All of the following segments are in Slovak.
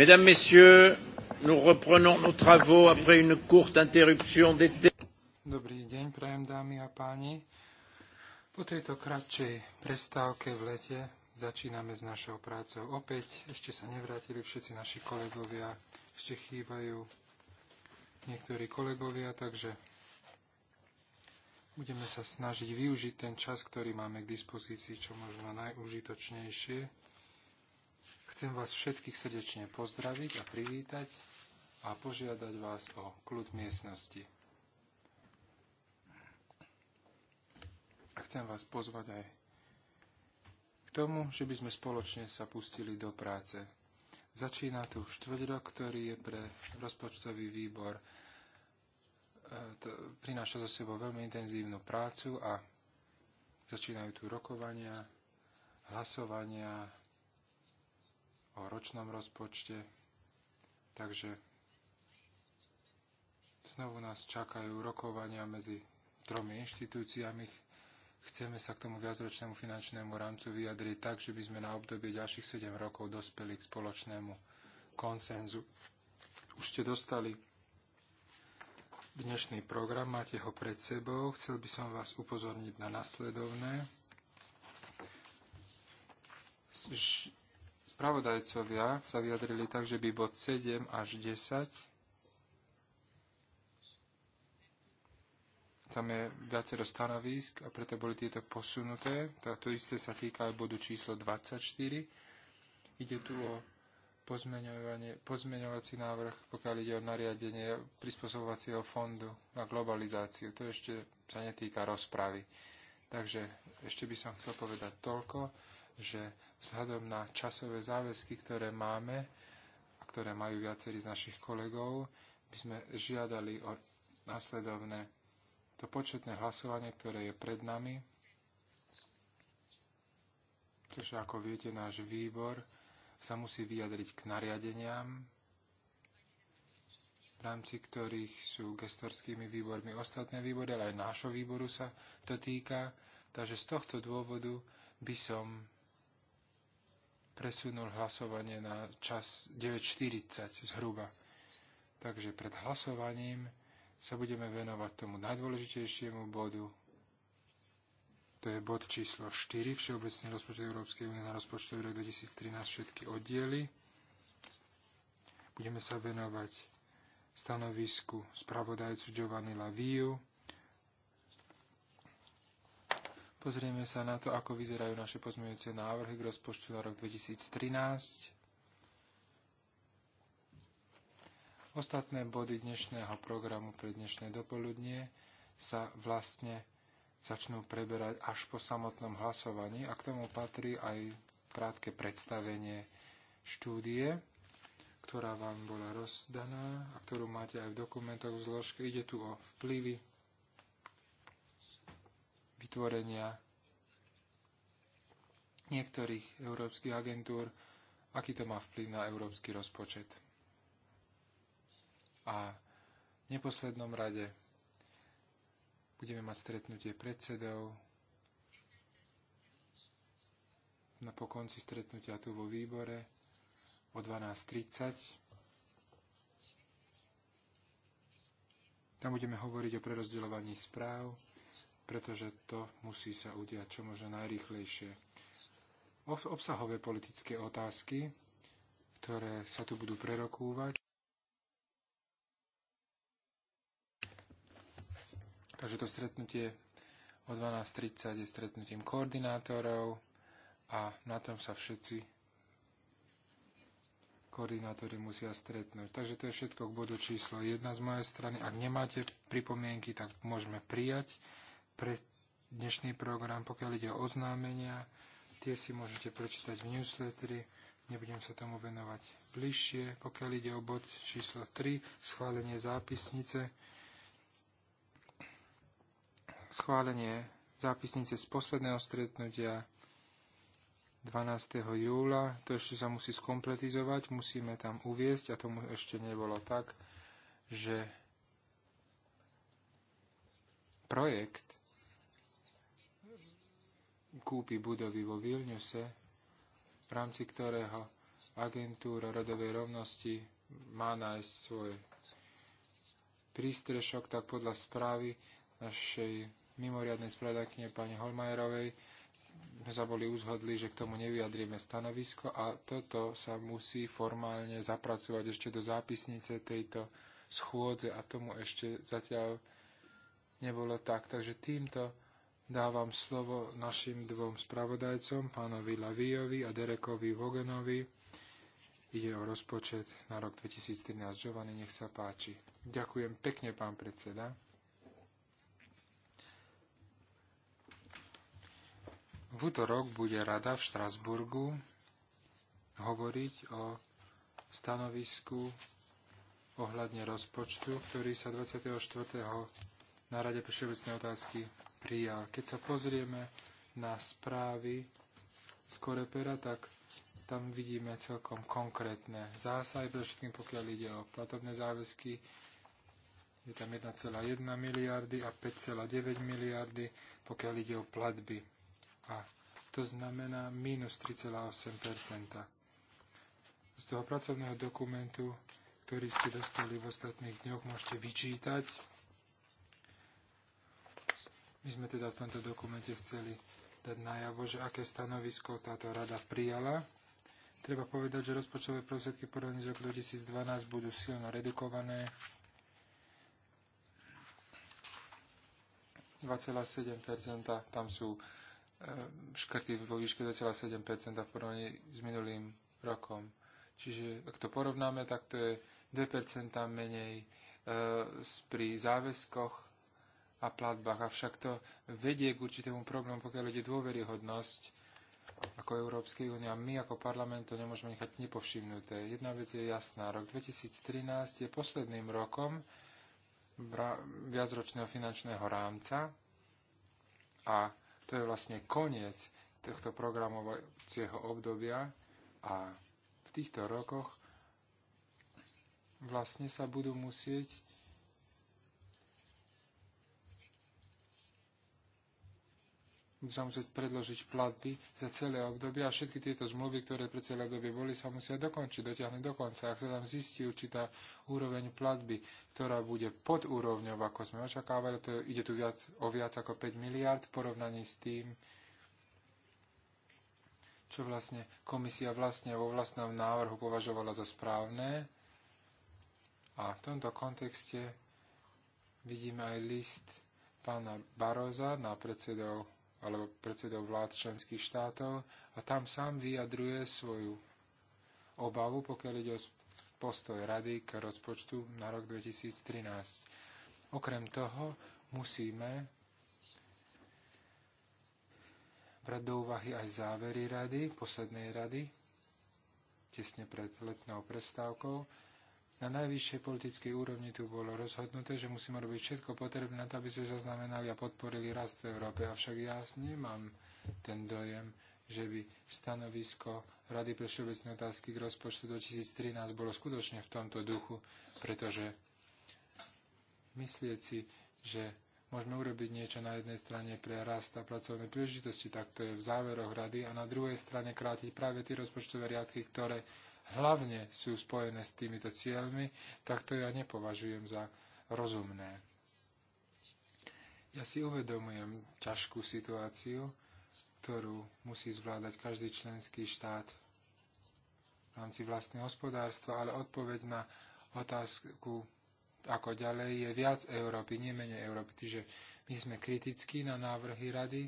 Mesdames, Messieurs, nous reprenons nos travaux après une courte interruption d'été. Dobrý deň, prajem dámy a páni. Po tejto kratšej prestávke v lete začíname s našou prácou opäť. Ešte sa nevrátili všetci naši kolegovia, ešte chýbajú niektorí kolegovia, takže budeme sa snažiť využiť ten čas, ktorý máme k dispozícii, čo možno najúžitočnejšie. Chcem vás všetkých srdečne pozdraviť a privítať a požiadať vás o kľud miestnosti. A chcem vás pozvať aj k tomu, že by sme spoločne sa pustili do práce. Začína tu rok, ktorý je pre rozpočtový výbor e, prináša za sebou veľmi intenzívnu prácu a začínajú tu rokovania, hlasovania, o ročnom rozpočte. Takže znovu nás čakajú rokovania medzi tromi inštitúciami. Chceme sa k tomu viacročnému finančnému rámcu vyjadriť tak, že by sme na obdobie ďalších 7 rokov dospeli k spoločnému konsenzu. Už ste dostali dnešný program, máte ho pred sebou. Chcel by som vás upozorniť na nasledovné Spravodajcovia sa vyjadrili tak, že by bod 7 až 10 tam je viacero stanovísk a preto boli tieto posunuté. To isté sa týka aj bodu číslo 24. Ide tu o pozmeňovací návrh, pokiaľ ide o nariadenie prispôsobovacieho fondu na globalizáciu. To ešte sa netýka rozpravy. Takže ešte by som chcel povedať toľko že vzhľadom na časové záväzky, ktoré máme a ktoré majú viacerí z našich kolegov, by sme žiadali o následovné to početné hlasovanie, ktoré je pred nami. Pretože, ako viete, náš výbor sa musí vyjadriť k nariadeniam, v rámci ktorých sú gestorskými výbormi ostatné výbory, ale aj nášho výboru sa to týka. Takže z tohto dôvodu by som presunul hlasovanie na čas 9.40 zhruba. Takže pred hlasovaním sa budeme venovať tomu najdôležitejšiemu bodu. To je bod číslo 4, Všeobecný rozpočet Európskej únie na rozpočtový rok 2013, všetky oddiely. Budeme sa venovať stanovisku spravodajcu Giovanni Laviu, Pozrieme sa na to, ako vyzerajú naše pozmeňujúce návrhy k rozpočtu na rok 2013. Ostatné body dnešného programu pre dnešné dopoludnie sa vlastne začnú preberať až po samotnom hlasovaní a k tomu patrí aj krátke predstavenie štúdie, ktorá vám bola rozdaná a ktorú máte aj v dokumentoch v zložke. Ide tu o vplyvy vytvorenia niektorých európskych agentúr, aký to má vplyv na európsky rozpočet. A v neposlednom rade budeme mať stretnutie predsedov na po konci stretnutia tu vo výbore o 12.30. Tam budeme hovoriť o prerozdeľovaní správ pretože to musí sa udiať čo možno najrýchlejšie. Obsahové politické otázky, ktoré sa tu budú prerokúvať. Takže to stretnutie o 12.30 je stretnutím koordinátorov a na tom sa všetci koordinátori musia stretnúť. Takže to je všetko k bodu číslo 1 z mojej strany. Ak nemáte pripomienky, tak môžeme prijať pre dnešný program, pokiaľ ide o oznámenia, tie si môžete prečítať v newsletteri, nebudem sa tomu venovať bližšie. Pokiaľ ide o bod číslo 3, schválenie zápisnice, schválenie zápisnice z posledného stretnutia 12. júla, to ešte sa musí skompletizovať, musíme tam uviesť a tomu ešte nebolo tak, že projekt kúpy budovy vo Vilniuse, v rámci ktorého agentúra rodovej rovnosti má nájsť svoj prístrešok, tak podľa správy našej mimoriadnej spravodajkyne pani Holmajerovej sme sa boli uzhodli, že k tomu nevyjadrieme stanovisko a toto sa musí formálne zapracovať ešte do zápisnice tejto schôdze a tomu ešte zatiaľ nebolo tak. Takže týmto dávam slovo našim dvom spravodajcom, pánovi Lavíjovi a Derekovi Vogenovi. Ide o rozpočet na rok 2013. Giovanni, nech sa páči. Ďakujem pekne, pán predseda. V útorok bude rada v Štrasburgu hovoriť o stanovisku ohľadne rozpočtu, ktorý sa 24. na Rade pre všeobecné otázky prijal. Keď sa pozrieme na správy z Korepera, tak tam vidíme celkom konkrétne zásahy, predovšetkým pokiaľ ide o platobné záväzky, je tam 1,1 miliardy a 5,9 miliardy, pokiaľ ide o platby. A to znamená minus 3,8 Z toho pracovného dokumentu, ktorý ste dostali v ostatných dňoch, môžete vyčítať, my sme teda v tomto dokumente chceli dať najavo, že aké stanovisko táto rada prijala. Treba povedať, že rozpočtové prostriedky porovnaní z roku 2012 budú silno redukované. 2,7 tam sú e, škrty vo výške 2,7 v porovnaní s minulým rokom. Čiže ak to porovnáme, tak to je 2 menej e, pri záväzkoch a platbách. Avšak to vedie k určitému problému, pokiaľ ide dôveryhodnosť ako Európskej únie a my ako parlament to nemôžeme nechať nepovšimnuté. Jedna vec je jasná. Rok 2013 je posledným rokom viacročného finančného rámca a to je vlastne koniec tohto programovacieho obdobia a v týchto rokoch vlastne sa budú musieť sa musieť predložiť platby za celé obdobie a všetky tieto zmluvy, ktoré pre celé obdobie boli, sa musia dokončiť, dotiahnuť do konca. Ak sa tam zistí určitá úroveň platby, ktorá bude pod úrovňou, ako sme očakávali, to ide tu viac, o viac ako 5 miliard v porovnaní s tým, čo vlastne komisia vlastne vo vlastnom návrhu považovala za správne. A v tomto kontexte vidíme aj list pána Baroza na predsedov alebo predsedov vlád členských štátov a tam sám vyjadruje svoju obavu, pokiaľ ide o postoj rady k rozpočtu na rok 2013. Okrem toho musíme brať do úvahy aj závery rady, poslednej rady, tesne pred letnou prestávkou, na najvyššej politickej úrovni tu bolo rozhodnuté, že musíme robiť všetko potrebné na to, aby sme zaznamenali a podporili rast v Európe. Avšak ja nemám ten dojem, že by stanovisko Rady pre všeobecné otázky k rozpočtu 2013 bolo skutočne v tomto duchu, pretože myslieť si, že môžeme urobiť niečo na jednej strane pre rast a pracovné príležitosti, tak to je v záveroch rady, a na druhej strane krátiť práve tie rozpočtové riadky, ktoré hlavne sú spojené s týmito cieľmi, tak to ja nepovažujem za rozumné. Ja si uvedomujem ťažkú situáciu, ktorú musí zvládať každý členský štát v rámci vlastného hospodárstva, ale odpoveď na otázku, ako ďalej, je viac Európy, nie menej Európy. Čiže my sme kritickí na návrhy rady,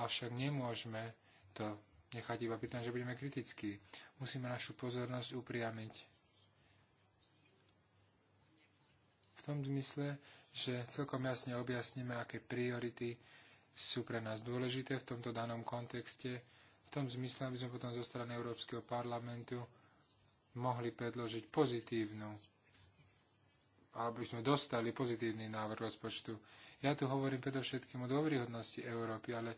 avšak nemôžeme to nechať iba pri tom, že budeme kritickí. Musíme našu pozornosť upriamiť v tom zmysle, že celkom jasne objasníme, aké priority sú pre nás dôležité v tomto danom kontexte, v tom zmysle, aby sme potom zo strany Európskeho parlamentu mohli predložiť pozitívnu, aby sme dostali pozitívny návrh rozpočtu. Ja tu hovorím predovšetkým o dôveryhodnosti Európy, ale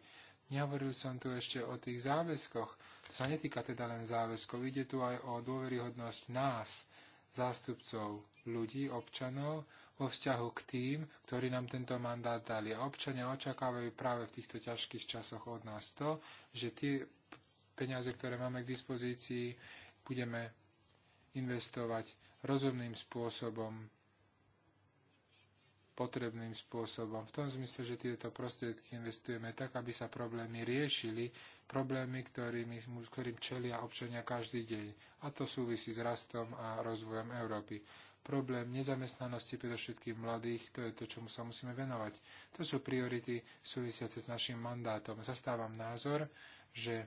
Nehovoril som tu ešte o tých záväzkoch. To sa netýka teda len záväzkov, ide tu aj o dôveryhodnosť nás, zástupcov ľudí, občanov, vo vzťahu k tým, ktorí nám tento mandát dali. A občania očakávajú práve v týchto ťažkých časoch od nás to, že tie peniaze, ktoré máme k dispozícii, budeme investovať rozumným spôsobom potrebným spôsobom. V tom zmysle, že tieto prostriedky investujeme tak, aby sa problémy riešili, problémy, ktorými, ktorým čelia občania každý deň. A to súvisí s rastom a rozvojom Európy. Problém nezamestnanosti predovšetkým mladých, to je to, čomu sa musíme venovať. To sú priority súvisiace s našim mandátom. Zastávam názor, že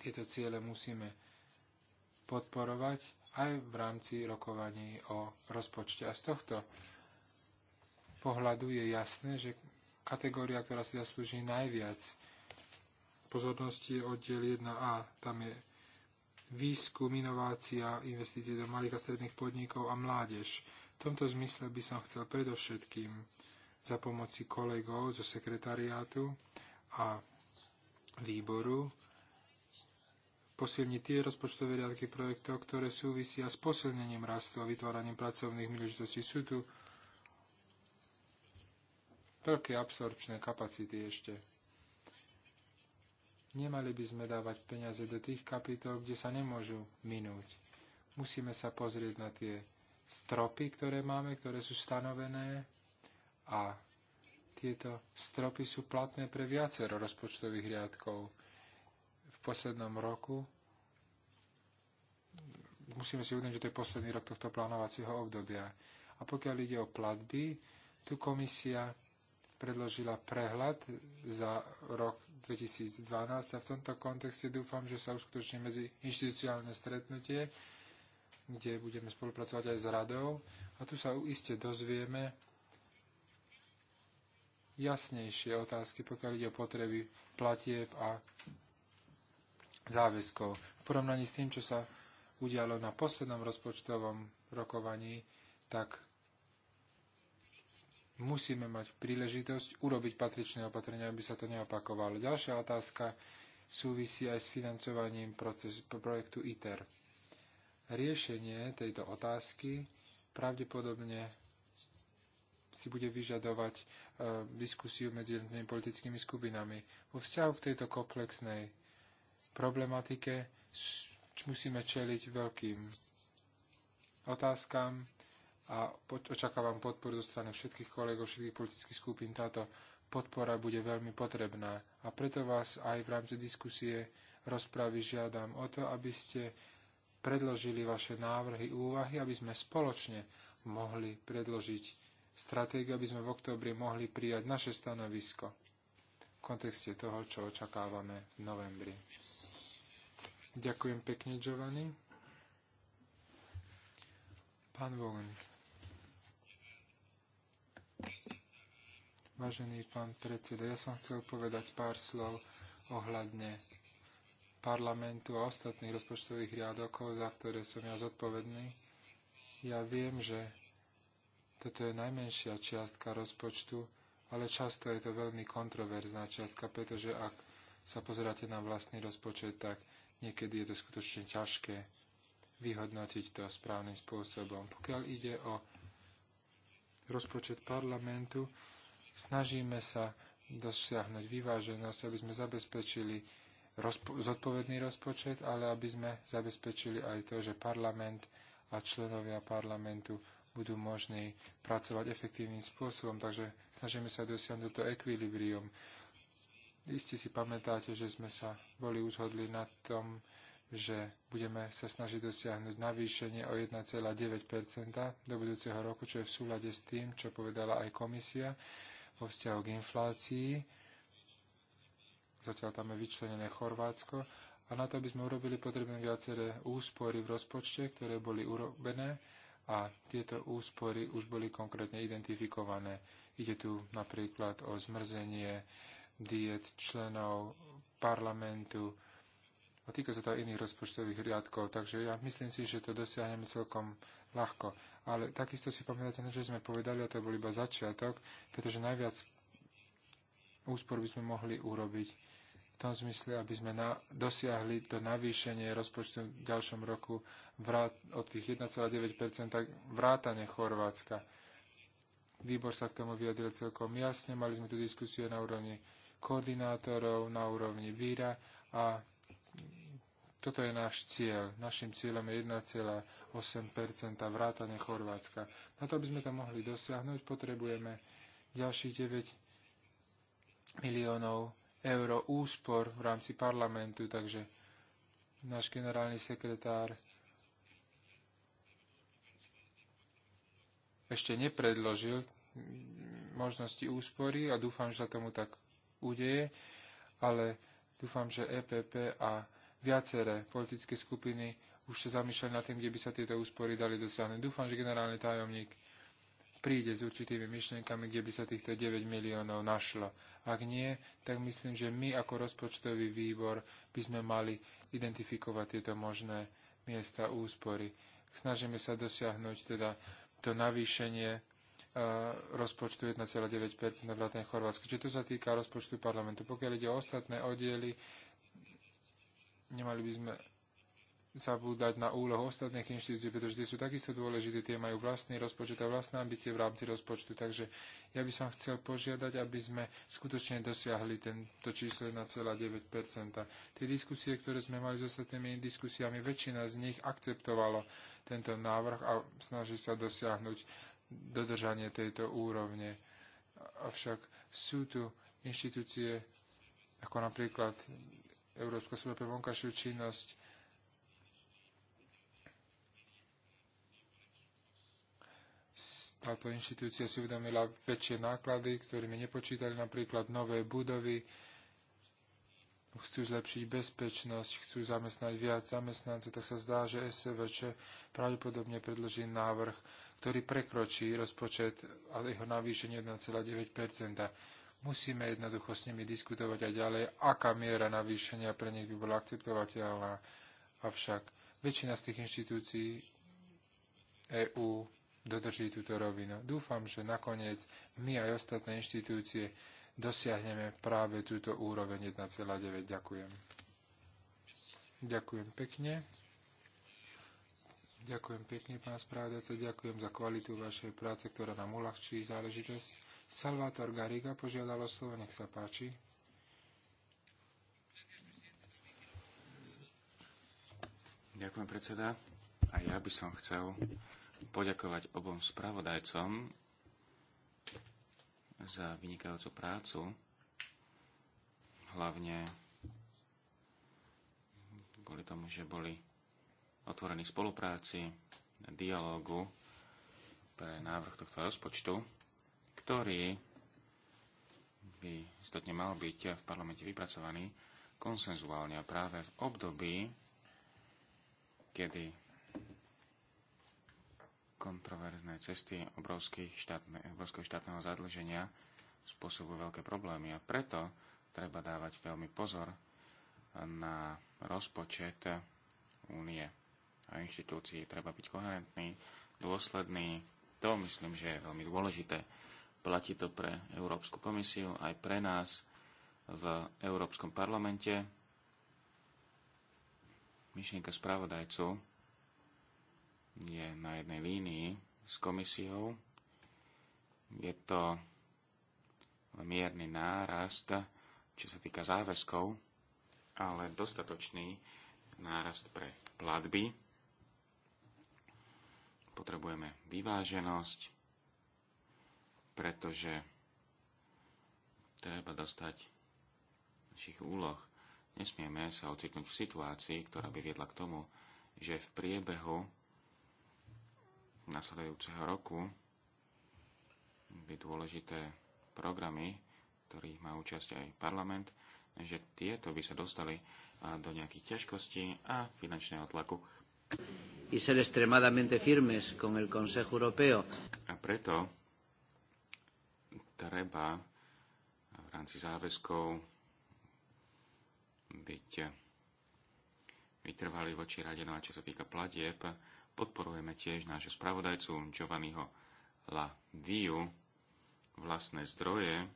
tieto ciele musíme podporovať aj v rámci rokovaní o rozpočte. A z tohto pohľadu je jasné, že kategória, ktorá si zaslúži najviac pozornosti je oddiel 1a. Tam je výskum, inovácia, investície do malých a stredných podnikov a mládež. V tomto zmysle by som chcel predovšetkým za pomoci kolegov zo sekretariátu a výboru posilniť tie rozpočtové riadky projektov, ktoré súvisia s posilnením rastu a vytváraním pracovných príležitostí. Sú tu veľké absorpčné kapacity ešte. Nemali by sme dávať peniaze do tých kapitol, kde sa nemôžu minúť. Musíme sa pozrieť na tie stropy, ktoré máme, ktoré sú stanovené a tieto stropy sú platné pre viacero rozpočtových riadkov. V poslednom roku musíme si uvedomiť, že to je posledný rok tohto plánovacieho obdobia. A pokiaľ ide o platby, tu komisia predložila prehľad za rok 2012 a v tomto kontexte dúfam, že sa uskutoční medzi inštitucionálne stretnutie, kde budeme spolupracovať aj s radou a tu sa iste dozvieme jasnejšie otázky, pokiaľ ide o potreby platieb a záväzkov. V porovnaní s tým, čo sa udialo na poslednom rozpočtovom rokovaní, tak musíme mať príležitosť urobiť patričné opatrenia, aby sa to neopakovalo. Ďalšia otázka súvisí aj s financovaním proces, projektu ITER. Riešenie tejto otázky pravdepodobne si bude vyžadovať e, diskusiu medzi jednotnými politickými skupinami. Vo vzťahu k tejto komplexnej problematike musíme čeliť veľkým otázkam, a očakávam podporu zo strany všetkých kolegov, všetkých politických skupín. Táto podpora bude veľmi potrebná. A preto vás aj v rámci diskusie rozpravy žiadam o to, aby ste predložili vaše návrhy, úvahy, aby sme spoločne mohli predložiť stratégiu, aby sme v októbri mohli prijať naše stanovisko v kontexte toho, čo očakávame v novembri. Ďakujem pekne, Giovanni. Pán Vogen. Vážený pán predseda, ja som chcel povedať pár slov ohľadne parlamentu a ostatných rozpočtových riadokov, za ktoré som ja zodpovedný. Ja viem, že toto je najmenšia čiastka rozpočtu, ale často je to veľmi kontroverzná čiastka, pretože ak sa pozeráte na vlastný rozpočet, tak niekedy je to skutočne ťažké vyhodnotiť to správnym spôsobom. Pokiaľ ide o rozpočet parlamentu, Snažíme sa dosiahnuť vyváženosť, aby sme zabezpečili rozpo- zodpovedný rozpočet, ale aby sme zabezpečili aj to, že parlament a členovia parlamentu budú možní pracovať efektívnym spôsobom, takže snažíme sa dosiahnuť toto ekvilibrium. Isti si pamätáte, že sme sa boli uzhodli na tom, že budeme sa snažiť dosiahnuť navýšenie o 1,9 do budúceho roku, čo je v súlade s tým, čo povedala aj komisia vo vzťahu k inflácii. Zatiaľ tam je vyčlenené Chorvátsko. A na to by sme urobili potrebné viaceré úspory v rozpočte, ktoré boli urobené a tieto úspory už boli konkrétne identifikované. Ide tu napríklad o zmrzenie diet členov parlamentu, a týka sa to aj iných rozpočtových riadkov, takže ja myslím si, že to dosiahneme celkom ľahko. Ale takisto si pamätáte na čo sme povedali, a to bol iba začiatok, pretože najviac úspor by sme mohli urobiť v tom zmysle, aby sme na, dosiahli to navýšenie rozpočtu v ďalšom roku vrát, od tých 1,9 vrátane Chorvátska. Výbor sa k tomu vyjadril celkom jasne, mali sme tu diskusie na úrovni koordinátorov, na úrovni víra a toto je náš cieľ. Našim cieľom je 1,8 vrátane Chorvátska. Na to, aby sme to mohli dosiahnuť, potrebujeme ďalších 9 miliónov eur úspor v rámci parlamentu, takže náš generálny sekretár ešte nepredložil možnosti úspory a dúfam, že sa tomu tak udeje, ale dúfam, že EPP a viaceré politické skupiny už sa zamýšľali nad tým, kde by sa tieto úspory dali dosiahnuť. Dúfam, že generálny tajomník príde s určitými myšlienkami, kde by sa týchto 9 miliónov našlo. Ak nie, tak myslím, že my ako rozpočtový výbor by sme mali identifikovať tieto možné miesta úspory. Snažíme sa dosiahnuť teda to navýšenie e, rozpočtu 1,9% vrátane Chorvátska. Čiže tu sa týka rozpočtu parlamentu. Pokiaľ ide o ostatné oddiely, nemali by sme zabúdať na úlohu ostatných inštitúcií, pretože tie sú takisto dôležité, tie majú vlastný rozpočet a vlastné ambície v rámci rozpočtu. Takže ja by som chcel požiadať, aby sme skutočne dosiahli tento číslo 1,9 Tie diskusie, ktoré sme mali s ostatnými diskusiami, väčšina z nich akceptovala tento návrh a snaží sa dosiahnuť dodržanie tejto úrovne. Avšak sú tu inštitúcie, ako napríklad Európsku sú pre vonkajšiu činnosť. Táto inštitúcia si uvedomila väčšie náklady, ktorými nepočítali napríklad nové budovy, chcú zlepšiť bezpečnosť, chcú zamestnať viac zamestnancov, tak sa zdá, že SVČ pravdepodobne predloží návrh, ktorý prekročí rozpočet a jeho navýšenie 1,9 Musíme jednoducho s nimi diskutovať aj ďalej, aká miera navýšenia pre nich by bola akceptovateľná. Avšak väčšina z tých inštitúcií EÚ dodrží túto rovinu. Dúfam, že nakoniec my aj ostatné inštitúcie dosiahneme práve túto úroveň 1,9. Ďakujem. Ďakujem pekne. Ďakujem pekne, pán správdaca, ďakujem za kvalitu vašej práce, ktorá nám uľahčí záležitosť. Salvator Gariga požiadalo slovo, nech sa páči. Ďakujem, predseda. A ja by som chcel poďakovať obom spravodajcom za vynikajúcu prácu, hlavne kvôli tomu, že boli otvorení spolupráci, dialógu pre návrh tohto rozpočtu ktorý by istotne mal byť v parlamente vypracovaný konsenzuálne a práve v období, kedy kontroverzné cesty obrovských štátne, obrovského štátneho zadlženia spôsobujú veľké problémy a preto treba dávať veľmi pozor na rozpočet únie a inštitúcií. Treba byť koherentný, dôsledný. To myslím, že je veľmi dôležité. Platí to pre Európsku komisiu, aj pre nás v Európskom parlamente. Myšlienka spravodajcu je na jednej línii s komisiou. Je to mierny nárast, čo sa týka záväzkov, ale dostatočný nárast pre platby. Potrebujeme vyváženosť, pretože treba dostať našich úloh. Nesmieme sa ocitnúť v situácii, ktorá by viedla k tomu, že v priebehu nasledujúceho roku by dôležité programy, ktorých má účasť aj parlament, že tieto by sa dostali do nejakých ťažkostí a finančného tlaku. A preto treba v rámci záväzkov byť vytrvali voči rade. No a čo sa týka platieb, podporujeme tiež nášho spravodajcu Giovanniho La Viu, vlastné zdroje,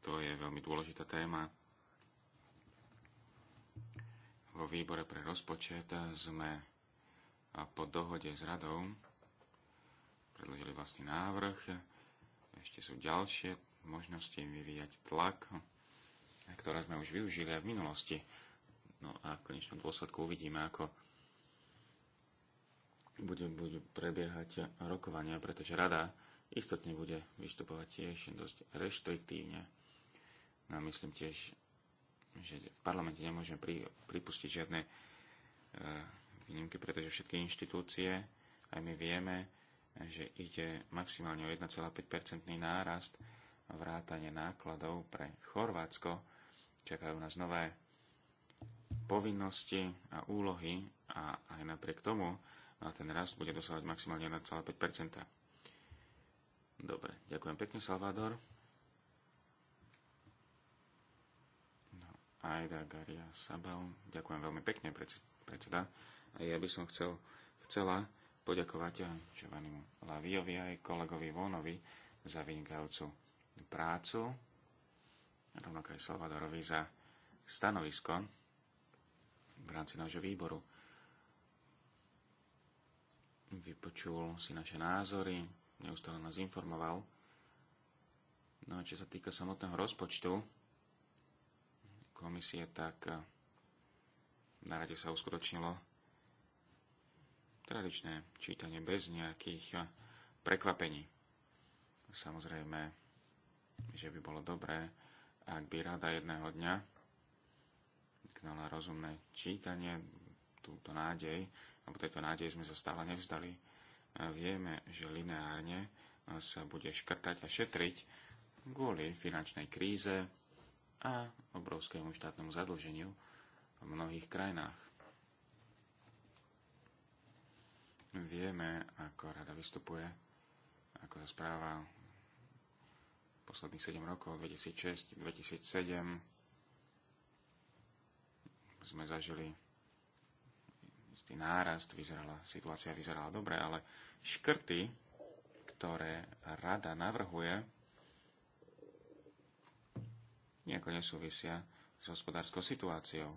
to je veľmi dôležitá téma. Vo výbore pre rozpočet sme po dohode s radou predložili vlastný návrh, ešte sú ďalšie možnosti vyvíjať tlak, ktoré sme už využili aj v minulosti. No a v konečnom dôsledku uvidíme, ako budú, prebiehať rokovania, pretože rada istotne bude vystupovať tiež dosť reštriktívne. No a myslím tiež, že v parlamente nemôžem pri, pripustiť žiadne e, výnimky, pretože všetky inštitúcie, aj my vieme, že ide maximálne o 1,5-percentný nárast vrátane nákladov pre Chorvátsko. Čakajú nás nové povinnosti a úlohy a aj napriek tomu a ten rast bude dosahovať maximálne 1,5 Dobre, ďakujem pekne, Salvador. No, Aida Garia Sabel, ďakujem veľmi pekne, predseda. A ja by som chcel, chcela poďakovať Giovannimu Laviovi aj kolegovi Vonovi za vynikajúcu prácu, rovnako aj Salvadorovi za stanovisko v rámci nášho výboru. Vypočul si naše názory, neustále nás informoval. No a čo sa týka samotného rozpočtu komisie, tak na rade sa uskutočnilo tradičné čítanie bez nejakých eh, prekvapení. Samozrejme, že by bolo dobré, ak by rada jedného dňa vyknala rozumné čítanie, túto nádej, alebo tejto nádej sme sa stále nevzdali. Vieme, že lineárne eh, sa bude škrtať a šetriť kvôli finančnej kríze a obrovskému štátnemu zadlženiu v mnohých krajinách. Vieme, ako rada vystupuje, ako sa správa posledných 7 rokov, 2006, 2007. Sme zažili istý nárast, vyzerala, situácia vyzerala dobre, ale škrty, ktoré rada navrhuje, nejako nesúvisia s hospodárskou situáciou.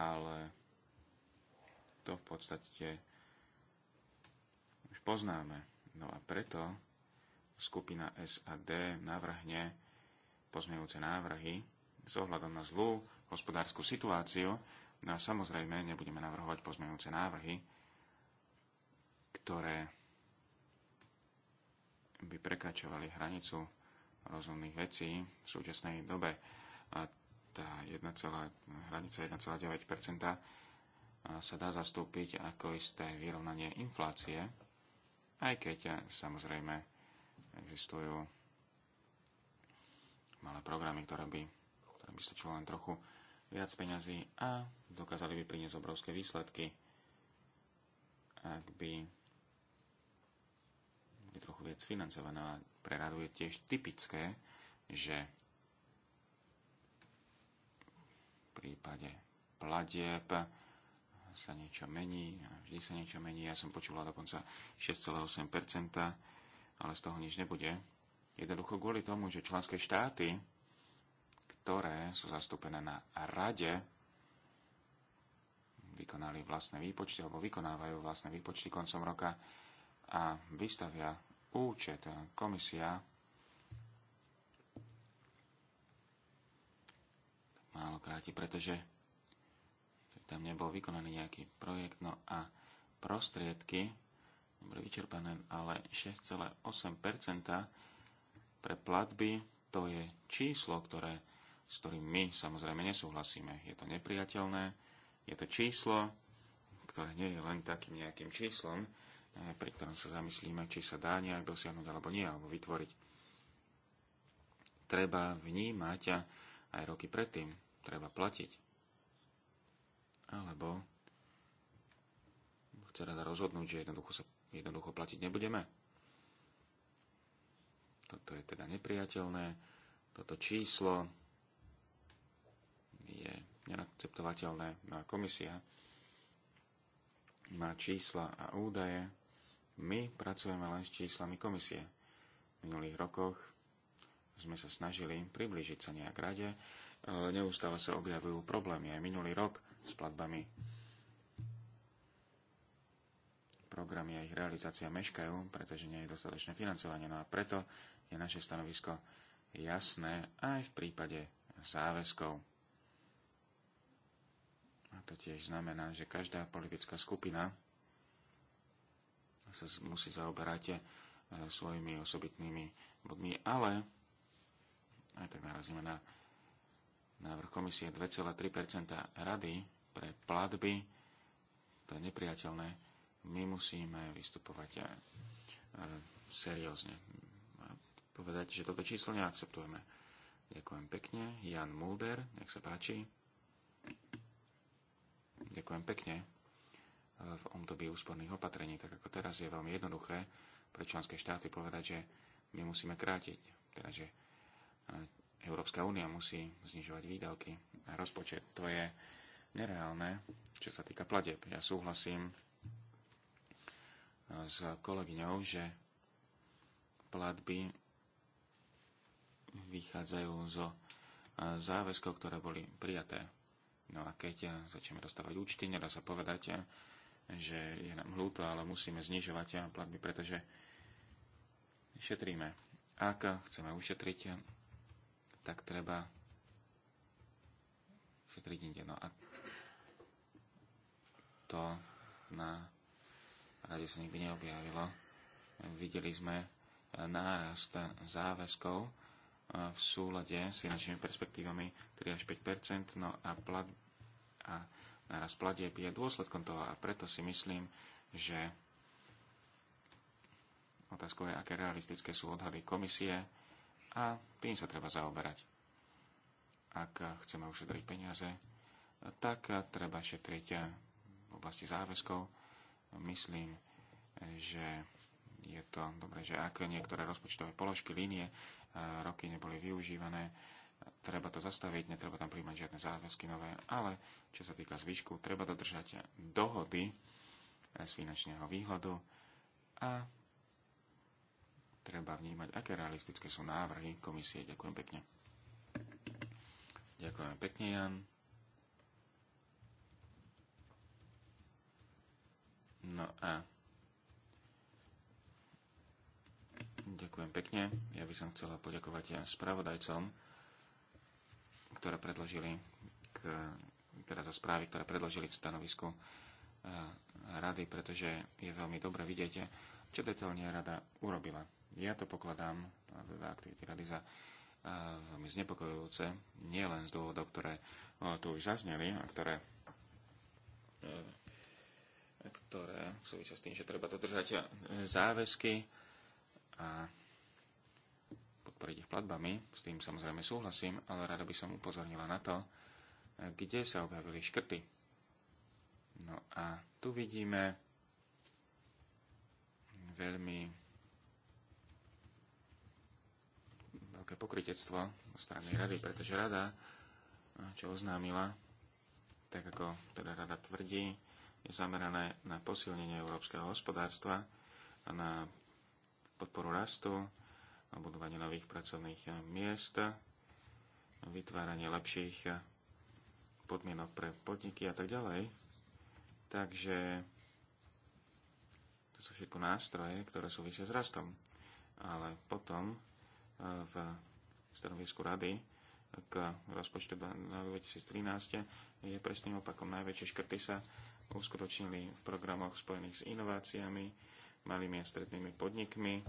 Ale to v podstate už poznáme. No a preto skupina SAD navrhne pozmejúce návrhy s ohľadom na zlú hospodárskú situáciu. No a samozrejme nebudeme navrhovať pozmejúce návrhy, ktoré by prekračovali hranicu rozumných vecí v súčasnej dobe. A tá 1, hranica 1,9 sa dá zastúpiť ako isté vyrovnanie inflácie, aj keď eh, samozrejme existujú malé programy, ktoré by, ktoré by stačilo len trochu viac peňazí a dokázali by priniesť obrovské výsledky, ak by je trochu viac A Pre radu je tiež typické, že v prípade platieb sa niečo mení, a vždy sa niečo mení. Ja som počúval dokonca 6,8%, ale z toho nič nebude. Jednoducho kvôli tomu, že členské štáty, ktoré sú zastúpené na rade, vykonali vlastné výpočty alebo vykonávajú vlastné výpočty koncom roka a vystavia účet komisia málo kráti, pretože tam nebol vykonaný nejaký projekt, no a prostriedky neboli vyčerpané, ale 6,8% pre platby to je číslo, ktoré, s ktorým my samozrejme nesúhlasíme. Je to nepriateľné, je to číslo, ktoré nie je len takým nejakým číslom, eh, pri ktorom sa zamyslíme, či sa dá nejak dosiahnuť alebo nie, alebo vytvoriť. Treba vnímať aj roky predtým treba platiť alebo chce rada rozhodnúť, že jednoducho, sa, jednoducho platiť nebudeme. Toto je teda nepriateľné. Toto číslo je neakceptovateľné. No a komisia má čísla a údaje. My pracujeme len s číslami komisie. V minulých rokoch sme sa snažili približiť sa nejak rade, ale neustále sa objavujú problémy. Aj minulý rok s platbami. Programy a ich realizácia meškajú, pretože nie je dostatočné financovanie. No a preto je naše stanovisko jasné aj v prípade záväzkov. A to tiež znamená, že každá politická skupina sa musí zaoberať e, svojimi osobitnými bodmi, ale aj tak narazíme na návrh komisie 2,3 rady pre platby, to je nepriateľné. My musíme vystupovať eh, seriózne. Povedať, že toto číslo neakceptujeme. Ďakujem pekne. Jan Mulder, nech sa páči. Ďakujem pekne. Eh, v období úsporných opatrení, tak ako teraz, je veľmi jednoduché pre členské štáty povedať, že my musíme krátiť. Teda, že eh, Európska únia musí znižovať výdavky a rozpočet. To je nereálne, čo sa týka pladeb. Ja súhlasím eh, s kolegyňou, že platby vychádzajú zo eh, záväzkov, ktoré boli prijaté. No a keď eh, začneme dostávať účty, nedá sa povedať, že je nám hlúto, ale musíme znižovať platby, pretože šetríme. Ak chceme ušetriť, tak treba šetriť inde. No a to na rade sa nikdy neobjavilo. Videli sme e, nárast záväzkov e, v súlade s finančnými perspektívami 3 až 5 no a, plat, a nárast platieb je dôsledkom toho a preto si myslím, že otázkou je, aké realistické sú odhady komisie, a tým sa treba zaoberať. Ak chceme ušetriť peniaze, tak treba šetriť v oblasti záväzkov. Myslím, že je to dobré, že ak niektoré rozpočtové položky, línie, eh, roky neboli využívané, treba to zastaviť, netreba tam príjmať žiadne záväzky nové, ale čo sa týka zvyšku, treba dodržať dohody eh, z finančného výhľadu a treba vnímať, aké realistické sú návrhy komisie. Ďakujem pekne. Ďakujem pekne, Jan. No a ďakujem pekne. Ja by som chcela poďakovať aj spravodajcom, ktoré predložili k, teda za správy, ktoré predložili k stanovisku eh, rady, pretože je veľmi dobre vidieť, čo detailne rada urobila. Ja to pokladám eh, teda aktivity rady za eh, veľmi znepokojujúce, nie len z dôvodov, ktoré eh, tu už zazneli a ktoré, ktoré súvisia s tým, že treba dodržať záväzky a podporiť ich platbami. S tým samozrejme súhlasím, ale rada by som upozornila na to, kde sa objavili škrty. No a tu vidíme veľmi veľké pokritectvo zo strany rady, pretože rada, eh, čo oznámila, tak ako teda rada tvrdí, je zamerané na posilnenie európskeho hospodárstva a na podporu rastu, na budovanie nových pracovných eh, miest, vytváranie lepších eh, podmienok pre podniky a tak ďalej. Takže to sú všetko nástroje, ktoré súvisia s rastom. Ale potom v stanovisku rady k rozpočtu na 2013 je presným opakom. Najväčšie škrty sa uskutočnili v programoch spojených s inováciami, malými a strednými podnikmi,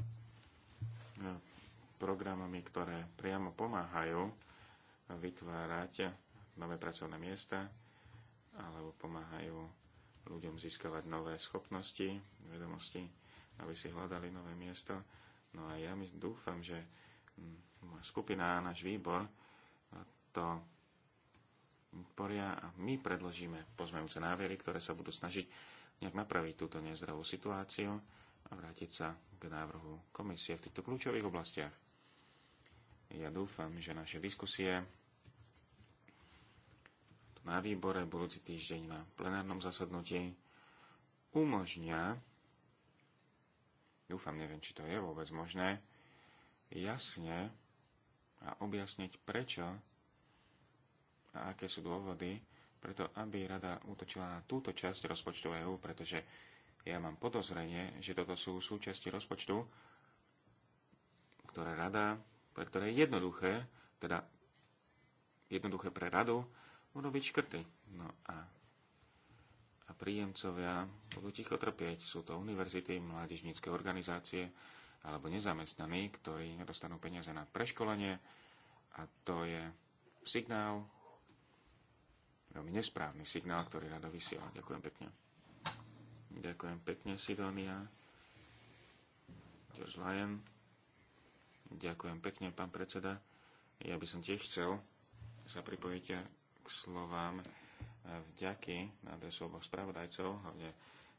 programami, ktoré priamo pomáhajú vytvárať nové pracovné miesta alebo pomáhajú ľuďom získavať nové schopnosti, vedomosti, aby si hľadali nové miesto. No a ja dúfam, že skupina, náš výbor to poria a my predložíme pozmejúce návery, ktoré sa budú snažiť nejak napraviť túto nezdravú situáciu a vrátiť sa k návrhu komisie v týchto kľúčových oblastiach. Ja dúfam, že naše diskusie na výbore budúci týždeň na plenárnom zasadnutí umožňa, dúfam, neviem, či to je vôbec možné, jasne a objasniť prečo a aké sú dôvody, preto aby rada útočila na túto časť rozpočtu EÚ, pretože ja mám podozrenie, že toto sú súčasti rozpočtu, ktoré rada, pre ktoré je jednoduché, teda jednoduché pre radu, budú byť škrty. No a, a príjemcovia budú ticho trpieť. Sú to univerzity, mládežnícke organizácie, alebo nezamestnaní, ktorí nedostanú peniaze na preškolenie a to je signál, veľmi nesprávny signál, ktorý rada vysiela. Ďakujem pekne. Ďakujem pekne, Sidonia. George Lyon. Ďakujem pekne, pán predseda. Ja by som tiež chcel sa pripojiť k slovám vďaky na adresu oboch spravodajcov. Hlavne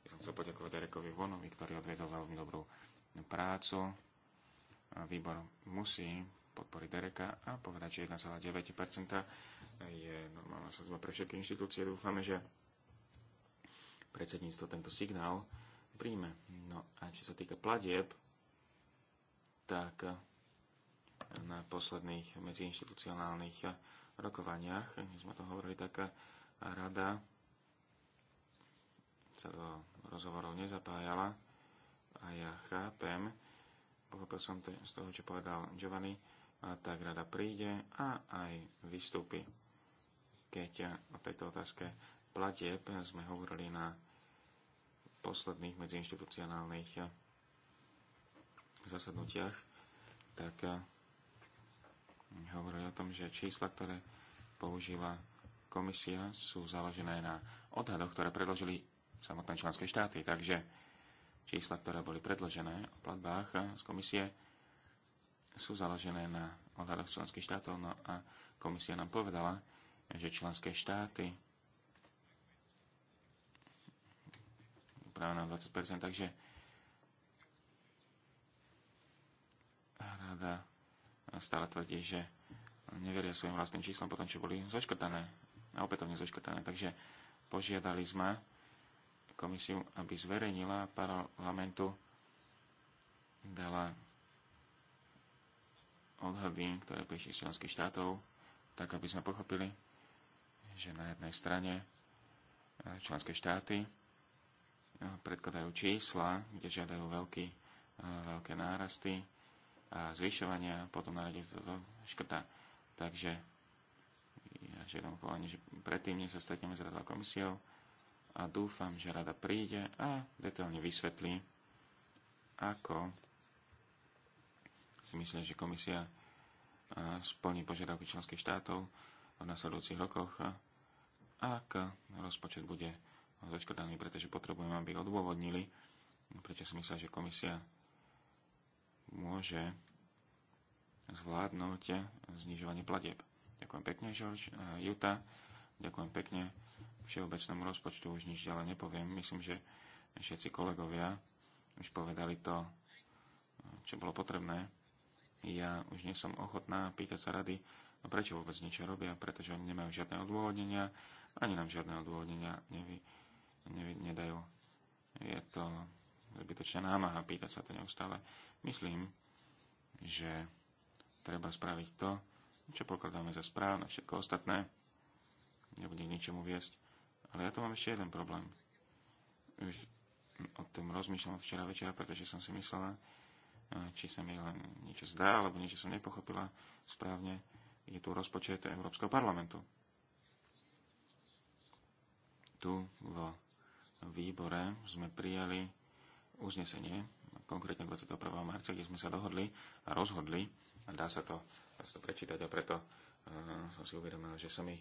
by som chcel poďakovať Derekovi Vonovi, ktorý odvedol veľmi dobrú prácu. Výbor musí podporiť Dereka a povedať, že 1,9% je normálna sazba pre všetky inštitúcie. Dúfame, že predsedníctvo tento signál príjme. No a čo sa týka platieb, tak na posledných medziinstitucionálnych rokovaniach, sme to hovorili, tak rada sa do rozhovorov nezapájala a ja chápem, pochopil som to z toho, čo povedal Giovanni, a tak rada príde a aj vystúpi. Keď o tejto otázke platieb sme hovorili na posledných medziinstitucionálnych eh, zasadnutiach, tak eh, hovorili o tom, že čísla, ktoré používa komisia, sú založené na odhadoch, ktoré predložili samotné členské štáty. Takže čísla, ktoré boli predložené o platbách eh, z komisie, sú založené na odhadoch členských štátov. No a komisia nám povedala, že členské štáty práve na 20%, takže rada stále tvrdí, že neveria svojim vlastným číslom potom, čo boli zoškrtané a opätovne zoškrtané. Takže požiadali sme komisiu, aby zverejnila parlamentu dala odhady, ktoré prišli z členských štátov, tak aby sme pochopili, že na jednej strane e, členské štáty e, predkladajú čísla, kde žiadajú veľký, e, veľké nárasty a zvyšovania, potom na rade to škrta. Takže ja žiadam povedanie, že predtým, než sa stretneme s radou komisiou, a dúfam, že rada príde a detailne vysvetlí, ako si myslí, že komisia splní požiadavky členských štátov v nasledujúcich rokoch, ak rozpočet bude zoškodaný, pretože potrebujem, aby odôvodnili, prečo si myslia, že komisia môže zvládnuť znižovanie pladeb. Ďakujem pekne, George, Juta. Ďakujem pekne všeobecnom rozpočtu už nič ďalej nepoviem. Myslím, že všetci kolegovia už povedali to, čo bolo potrebné. Ja už nie som ochotná pýtať sa rady, prečo vôbec niečo robia, pretože oni nemajú žiadne odôvodnenia, ani nám žiadne odôvodnenia nevy, nevy, nedajú. Je to zbytočná námaha pýtať sa to neustále. Myslím, že treba spraviť to, čo pokladáme za správne, všetko ostatné nebude k ničomu viesť. Ale ja tu mám ešte jeden problém. Už o tom rozmýšľam včera večera, pretože som si myslela, e, či sa mi len niečo zdá, alebo niečo som nepochopila správne. Je tu rozpočet Európskeho parlamentu. Tu vo výbore sme prijali uznesenie, konkrétne 21. marca, kde sme sa dohodli a rozhodli, a dá sa to, dá sa to prečítať a preto uh, som si uvedomil, že sa mi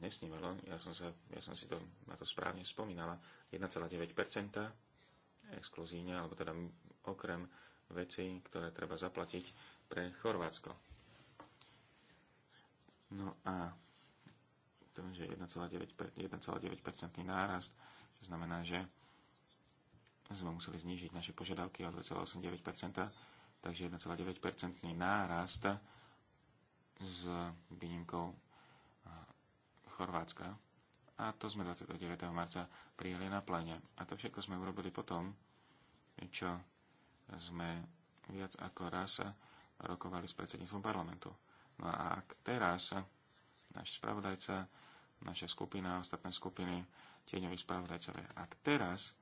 nesnívalo, ja som, sa, ja som si to na to správne spomínala, 1,9% exkluzívne, alebo teda okrem veci, ktoré treba zaplatiť pre Chorvátsko. No a to je 1,9% nárast, to znamená, že sme museli znížiť naše požiadavky o 2,89%, takže 1,9% nárast s výnimkou Chorvátska. A to sme 29. marca prijeli na plene. A to všetko sme urobili potom, čo sme viac ako raz rokovali s predsedníctvom parlamentu. No a ak teraz náš spravodajca, naša skupina, ostatné skupiny, tieňoví spravodajcovia, ak teraz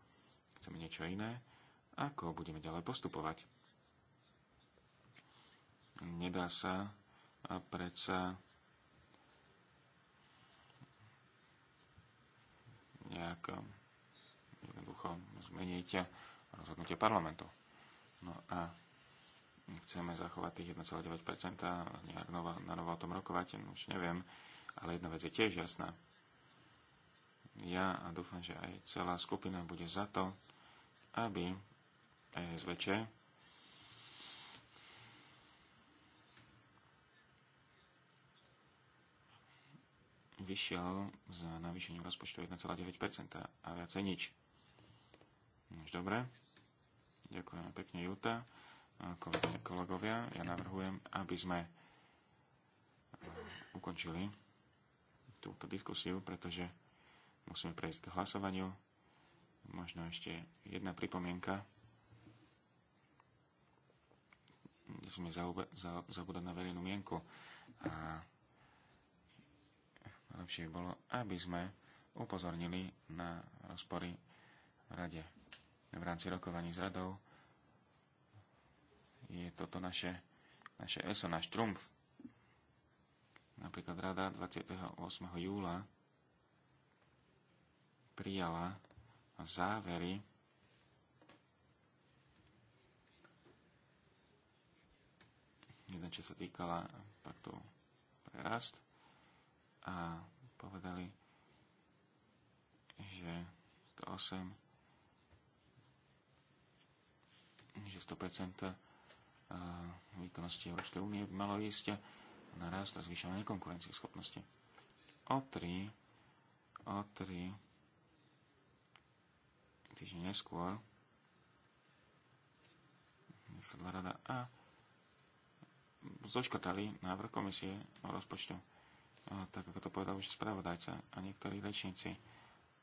chceme niečo iné, ako budeme ďalej postupovať. Nedá sa predsa nejak eh, jednoducho zmeniť rozhodnutie parlamentu. No a chceme zachovať tých 1,9% a nejak novo, na novo o tom rokovať, no už neviem, ale jedna vec je tiež jasná. Ja a dúfam, že aj celá skupina bude za to, aby ESVČ vyšiel s navýšením rozpočtu 1,9% a viacej nič. Už dobre. Ďakujem pekne, Juta. Kolegovia, kolegovia, ja navrhujem, aby sme ukončili túto diskusiu, pretože musíme prejsť k hlasovaniu. Možno ešte jedna pripomienka. Musíme zabúdať na verejnú mienku. A lepšie bolo, aby sme upozornili na rozpory v rade. V rámci rokovaní s radou je toto naše, naše ESO, náš trumf. Napríklad rada 28. júla prijala závery jedna, čo sa týkala paktu pre rast, a povedali, že 108 že 100% eh, výkonnosti Európskej únie by malo ísť na rast a zvyšovanie schopnosti. O 3 o 3 týždeň neskôr vysadla rada a zoškrtali návrh komisie o rozpočtu tak ako to povedal už spravodajca a niektorí rečníci.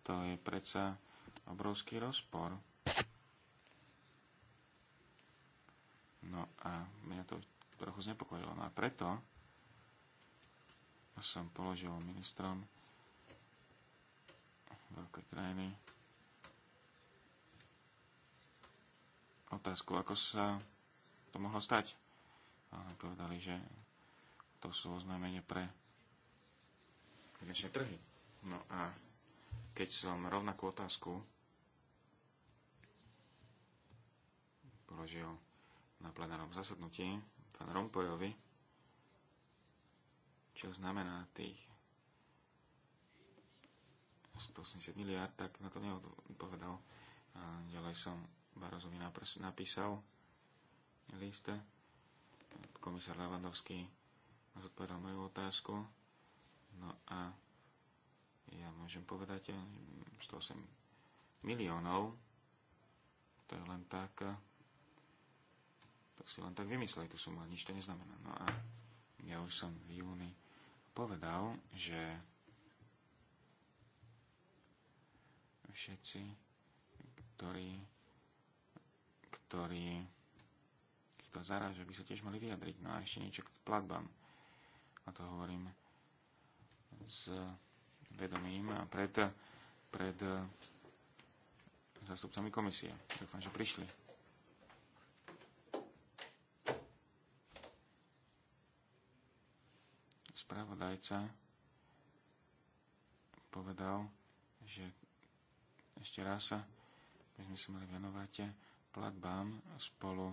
To je predsa obrovský rozpor. No a mňa to trochu znepokojilo. No a preto som položil ministrom veľkej krajiny otázku, ako sa to mohlo stať. A povedali, že to sú oznámenie pre finančné trhy. No a keď som rovnakú otázku položil na plenárnom zasadnutí pán Rompojovi, čo znamená tých 180 miliard, tak na to neodpovedal. A ďalej som Barozovi napísal list. Komisár Levandovský zodpovedal moju otázku No a ja môžem povedať 108 eh, miliónov. To je len tak, eh, tak si len tak vymysleli tú sumu, nič to neznamená. No a ja už som v júni povedal, že všetci, ktorí, ktorí ich to zaráža, by sa tiež mali vyjadriť. No a ešte niečo k platbám. A to hovorím s vedomím a pred, pred zástupcami komisie. Dúfam, že prišli. Spravodajca povedal, že ešte raz sa sme sa mali venovať platbám spolu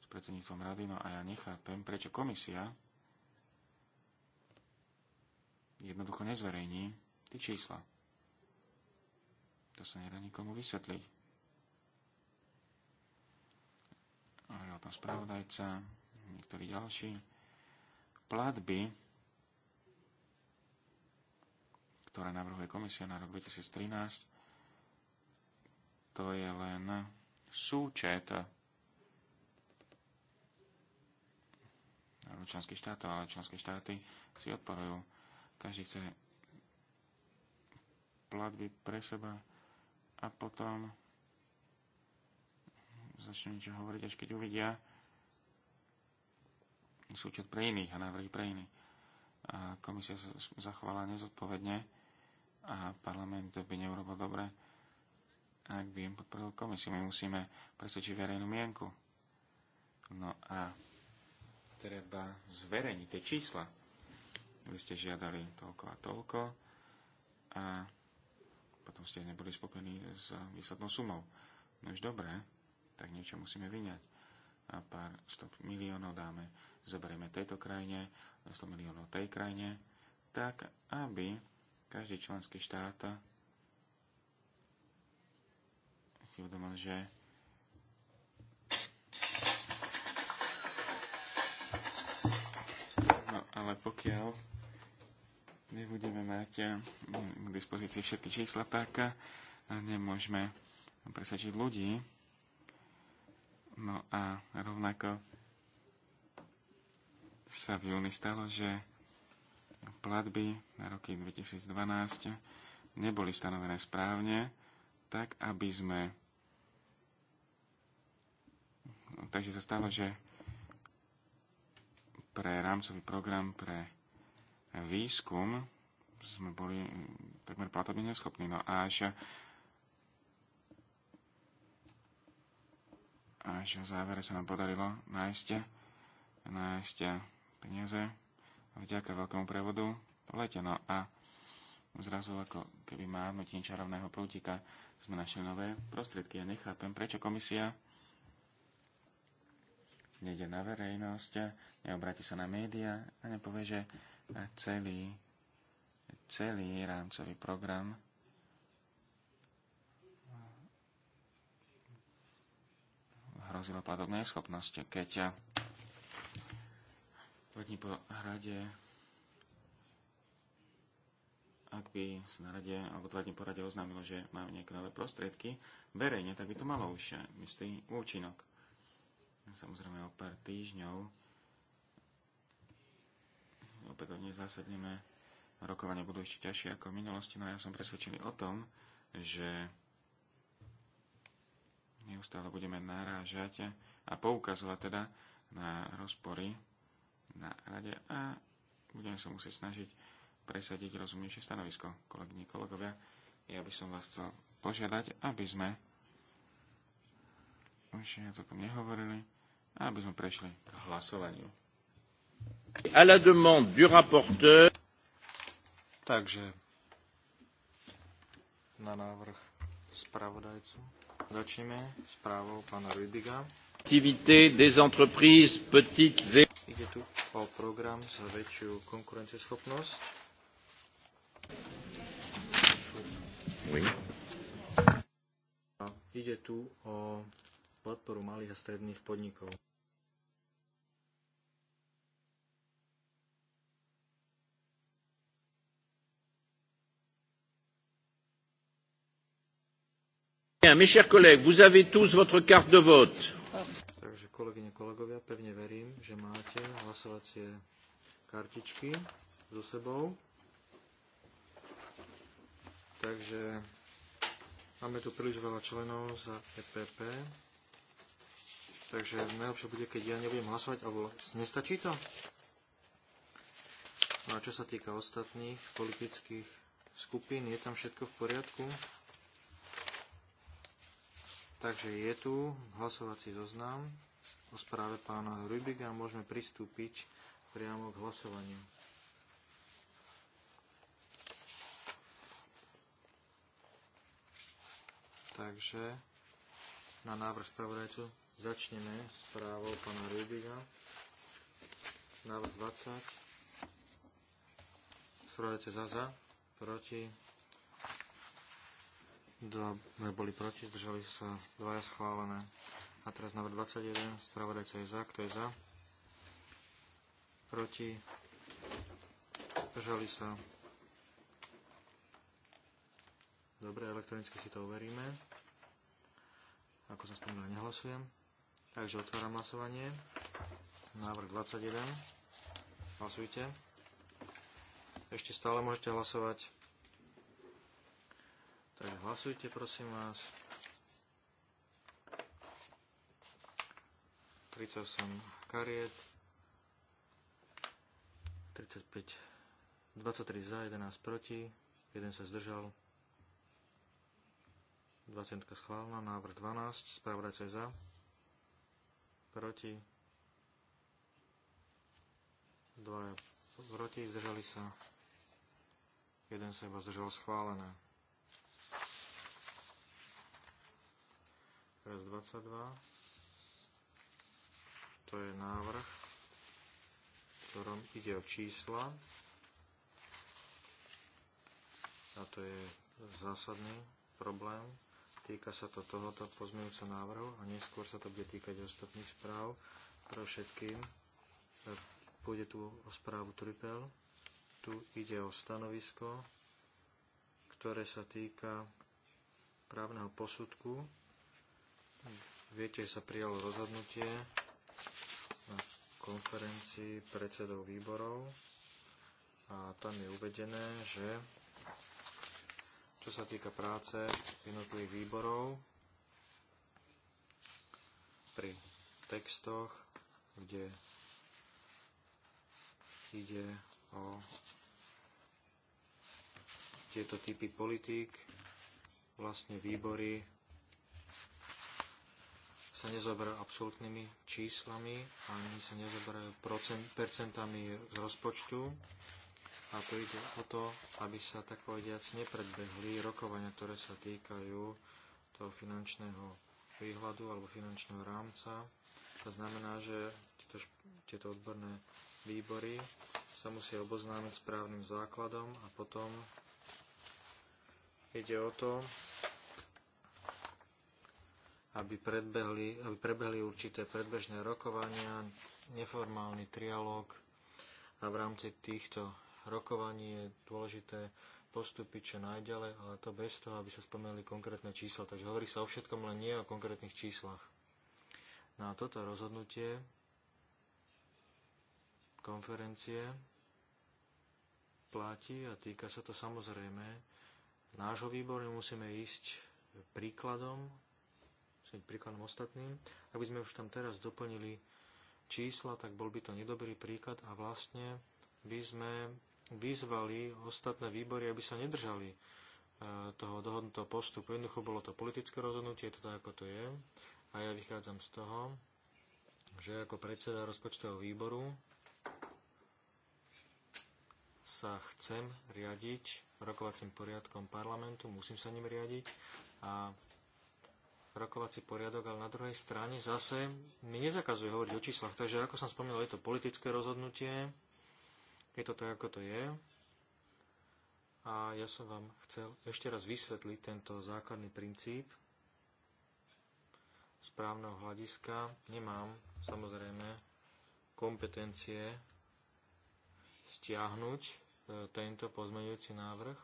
s predsedníctvom rady. No a ja nechápem, prečo komisia jednoducho nezverejní tie čísla. To sa nedá nikomu vysvetliť. Hovoril tam spravodajca, niektorí ďalší. Platby, ktoré navrhuje komisia na rok 2013, to je len súčet členských štátov, ale členské štáty si odporujú každý chce platby pre seba a potom začne niečo hovoriť, až keď uvidia súčet pre iných a návrhy pre iných. A komisia sa zachovala nezodpovedne a parlament by neurobil dobre, ak by im podporil komisiu. My musíme presvedčiť verejnú mienku. No a treba zverejniť tie čísla vy ste žiadali toľko a toľko a potom ste neboli spokojní s výslednou sumou. No už dobre, tak niečo musíme vyňať. A pár sto miliónov dáme, zoberieme tejto krajine, 100 miliónov tej krajine, tak aby každý členský štát si uvedomil, že ale pokiaľ nebudeme mať eh, k dispozícii všetky čísla, tak eh, nemôžeme presvedčiť ľudí. No a rovnako sa v júni stalo, že platby na roky 2012 neboli stanovené správne, tak aby sme... No, takže sa stalo, že pre rámcový program pre výskum sme boli takmer platobne neschopní. No až, až v závere sa nám podarilo nájsť, nájsť peniaze vďaka veľkému prevodu v lete. No a zrazu ako keby mávnutím čarovného prútika sme našli nové prostriedky. Ja nechápem, prečo komisia nejde na verejnosť, neobráti sa na médiá a nepovie, že celý, celý rámcový program Hrozilo platobná schopnosti, keď dní po hrade ak by na rade, alebo dva dní po rade oznámilo, že máme nejaké nové prostriedky verejne, tak by to malo už istý účinok. Samozrejme o pár týždňov opätovne zásadneme. Rokovania budú ešte ťažšie ako v minulosti, no ja som presvedčený o tom, že neustále budeme narážať a poukazovať teda na rozpory na rade a budeme sa musieť snažiť presadiť rozumnejšie stanovisko. Kolegyne, kolegovia, ja by som vás chcel požiadať, aby sme už viac o tom nehovorili aby sme prešli k hlasovaniu. A la demande du rapporteur. Takže na návrh spravodajcu začneme správou pána Rydiga. Activité des entreprises petites et... Ide tu o program za väčšiu konkurencieschopnosť. Oui. Ide tu o podporu malých a stredných podnikov. Mes chers collègues, vous avez tous votre carte de vote. Takže kolegyne, kolegovia, pevne verím, že máte hlasovacie kartičky so sebou. Takže máme tu príliš veľa členov za EPP. Takže najlepšie bude, keď ja nebudem hlasovať, alebo nestačí to? No a čo sa týka ostatných politických skupín, je tam všetko v poriadku? Takže je tu hlasovací zoznam o správe pána Rubiga a môžeme pristúpiť priamo k hlasovaniu. Takže na návrh spravodajcu Začneme správou pána Rubiga. Návrh 20. Spravodajce Zaza. Proti. Dva boli proti, zdržali sa dvaja schválené. A teraz návrh 21. Spravodajca je za. Kto je za? Proti. Zdržali sa Dobre, elektronicky si to overíme. Ako som spomínal, nehlasujem. Takže otváram hlasovanie. Návrh 21. Hlasujte. Ešte stále môžete hlasovať. Takže hlasujte, prosím vás. 38 kariet. 35. 23 za, 11 proti. 1 sa zdržal. 20 schválna, návrh 12, spravodajca je za proti, dvaja proti, zdržali sa, jeden sa iba zdržal schválené. Teraz 22. To je návrh, v ktorom ide o čísla. A to je zásadný problém týka sa to tohoto pozmeňujúceho návrhu a neskôr sa to bude týkať ostatných správ. Pre všetkým e, pôjde tu o správu Tripel. Tu ide o stanovisko, ktoré sa týka právneho posudku. Viete, že sa prijalo rozhodnutie na konferencii predsedov výborov a tam je uvedené, že čo sa týka práce jednotlivých výborov pri textoch, kde ide o tieto typy politík. Vlastne výbory sa nezoberajú absolútnymi číslami, ani sa nezoberajú percentami z rozpočtu a tu ide o to, aby sa tak povediac nepredbehli rokovania, ktoré sa týkajú toho finančného výhľadu alebo finančného rámca. To znamená, že tieto, tieto odborné výbory sa musia oboznámiť s právnym základom a potom ide o to, aby, predbehli, aby prebehli určité predbežné rokovania, neformálny trialóg a v rámci týchto rokovanie, je dôležité postúpiť čo najďalej, ale to bez toho, aby sa spomenuli konkrétne čísla. Takže hovorí sa o všetkom, len nie o konkrétnych číslach. Na no toto rozhodnutie konferencie platí a týka sa to samozrejme nášho výboru. Musíme ísť príkladom, musíme príkladom ostatným. Ak by sme už tam teraz doplnili čísla, tak bol by to nedobrý príklad a vlastne by sme vyzvali ostatné výbory, aby sa nedržali e, toho dohodnutého postupu. Jednoducho bolo to politické rozhodnutie, je to tak, ako to je. A ja vychádzam z toho, že ako predseda rozpočtového výboru sa chcem riadiť rokovacím poriadkom parlamentu, musím sa ním riadiť a rokovací poriadok, ale na druhej strane zase mi nezakazuje hovoriť o číslach. Takže ako som spomínal, je to politické rozhodnutie, je to tak, ako to je. A ja som vám chcel ešte raz vysvetliť tento základný princíp správneho hľadiska. Nemám samozrejme kompetencie stiahnuť e, tento pozmeňujúci návrh,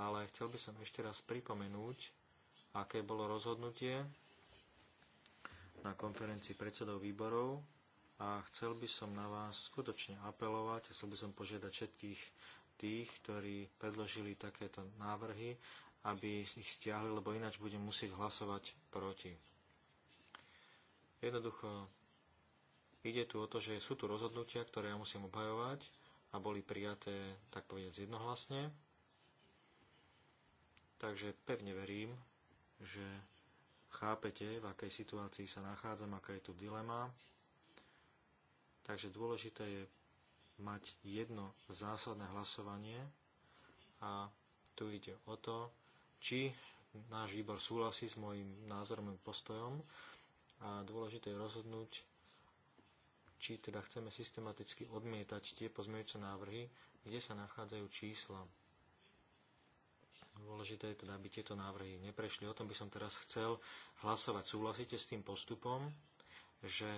ale chcel by som ešte raz pripomenúť, aké bolo rozhodnutie na konferencii predsedov výborov a chcel by som na vás skutočne apelovať, chcel by som požiadať všetkých tých, ktorí predložili takéto návrhy, aby ich stiahli, lebo ináč budem musieť hlasovať proti. Jednoducho, ide tu o to, že sú tu rozhodnutia, ktoré ja musím obhajovať a boli prijaté, tak povedať, jednohlasne. Takže pevne verím, že chápete, v akej situácii sa nachádzam, aká je tu dilema Takže dôležité je mať jedno zásadné hlasovanie a tu ide o to, či náš výbor súhlasí s môjim názorom a postojom a dôležité je rozhodnúť, či teda chceme systematicky odmietať tie pozmeňujúce návrhy, kde sa nachádzajú čísla. Dôležité je teda, aby tieto návrhy neprešli. O tom by som teraz chcel hlasovať. Súhlasíte s tým postupom, že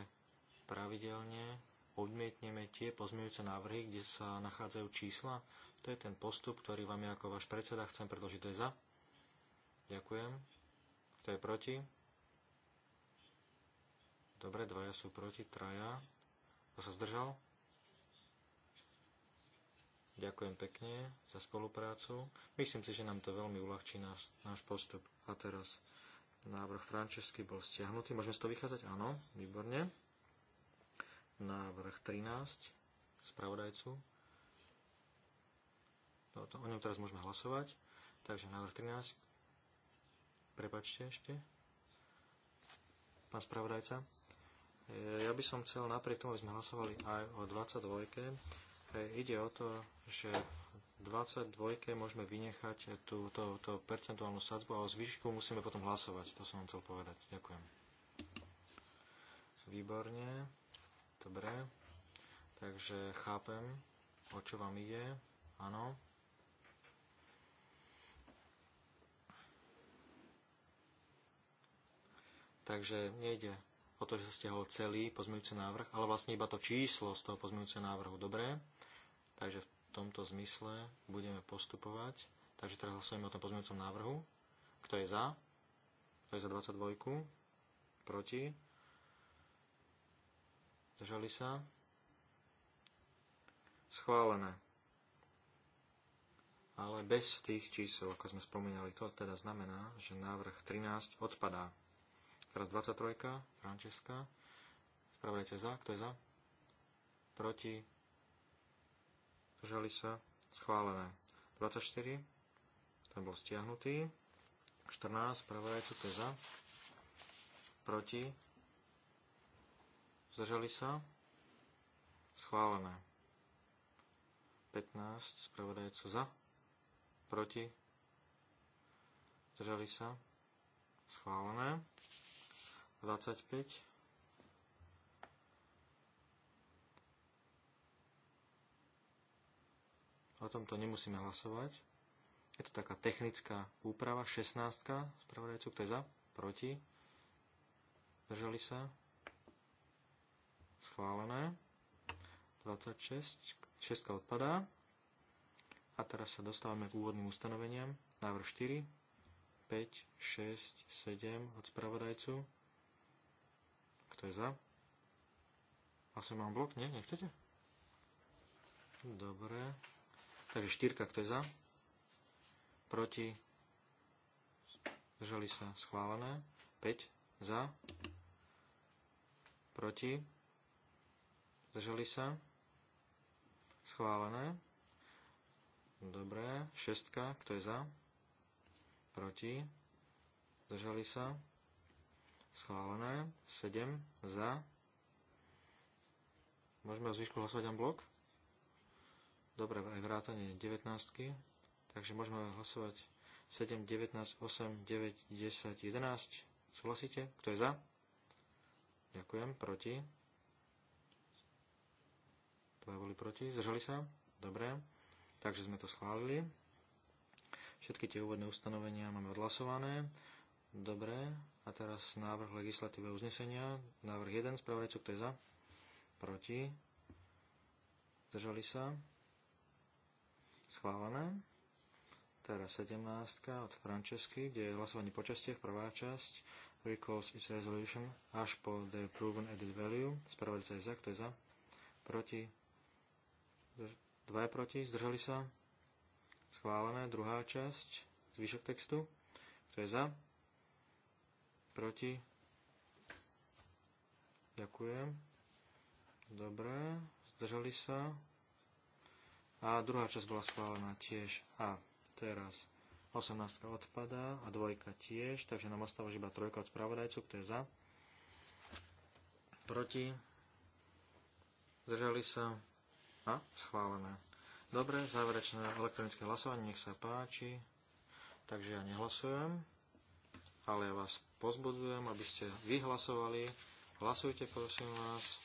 pravidelne odmietneme tie pozmeňujúce návrhy, kde sa nachádzajú čísla. To je ten postup, ktorý vám ja ako váš predseda chcem predložiť. To je za. Ďakujem. Kto je proti? Dobre, dvaja sú proti, traja. Kto sa zdržal? Ďakujem pekne za spoluprácu. Myslím si, že nám to veľmi uľahčí náš, náš postup. A teraz návrh frančesky bol stiahnutý. Môžeme z toho vychádzať? Áno, výborne návrh 13 spravodajcu. Toto, no, o ňom teraz môžeme hlasovať. Takže návrh 13. Prepačte ešte. Pán spravodajca. E, ja by som chcel napriek tomu, aby sme hlasovali aj o 22. E, ide o to, že v 22. môžeme vynechať túto tú, tú percentuálnu sadzbu a o zvyšku musíme potom hlasovať. To som vám chcel povedať. Ďakujem. Výborne. Dobre, takže chápem, o čo vám ide. Áno. Takže nejde o to, že sa stiahol celý pozmeňujúci návrh, ale vlastne iba to číslo z toho pozmeňujúceho návrhu. Dobre, takže v tomto zmysle budeme postupovať. Takže teraz hlasujeme o tom pozmeňujúcom návrhu. Kto je za? Kto je za 22? Proti? Zdržali sa? Schválené. Ale bez tých čísel, ako sme spomínali, to teda znamená, že návrh 13 odpadá. Teraz 23. Frančeska. Spravodajca za. Kto je za? Proti. Zdržali sa. Schválené. 24. Ten bol stiahnutý. 14. Spravodajcu. Kto je za? Proti Zdržali sa? Schválené. 15. Spravodajcu za? Proti? Zdržali sa? Schválené. 25. O tomto nemusíme hlasovať. Je to taká technická úprava. 16. Spravodajcu, kto je za? Proti? Zdržali sa? schválené. 26, 6 odpadá. A teraz sa dostávame k úvodným ustanoveniam. Návrh 4, 5, 6, 7 od spravodajcu. Kto je za? Asi mám blok, nie? Nechcete? Dobre. Takže 4 kto je za? Proti? Zdržali sa schválené. 5 za. Proti? Zdržali sa? Schválené. Dobre. Šestka. Kto je za? Proti. Zdržali sa? Schválené. Sedem. Za. Môžeme o zvyšku hlasovať en blok? Dobre, aj vrátanie 19. Takže môžeme hlasovať 7, 19, 8, 9, 10, 11. Súhlasíte? Kto je za? Ďakujem. Proti? Dva boli proti, zdržali sa? Dobre. Takže sme to schválili. Všetky tie úvodné ustanovenia máme odhlasované. Dobre. A teraz návrh legislatíve uznesenia. Návrh 1, spravodajcu, kto je za? Proti. Zdržali sa? Schválené. Teraz 17. od Francesky, kde je hlasovanie po častiach. Prvá časť recalls its resolution až po the proven added value. Spravodajca je za, kto je za? Proti Dva je proti, zdrželi sa. Schválené. Druhá časť, zvyšok textu. Kto je za? Proti. Ďakujem. Dobre, zdrželi sa. A druhá časť bola schválená tiež. A teraz 18 odpadá a dvojka tiež, takže nám ostáva iba trojka od spravodajcu, kto je za. Proti. Zdržali sa. A schválené. Dobre, záverečné elektronické hlasovanie, nech sa páči. Takže ja nehlasujem, ale ja vás pozbudzujem, aby ste vyhlasovali. Hlasujte, prosím vás.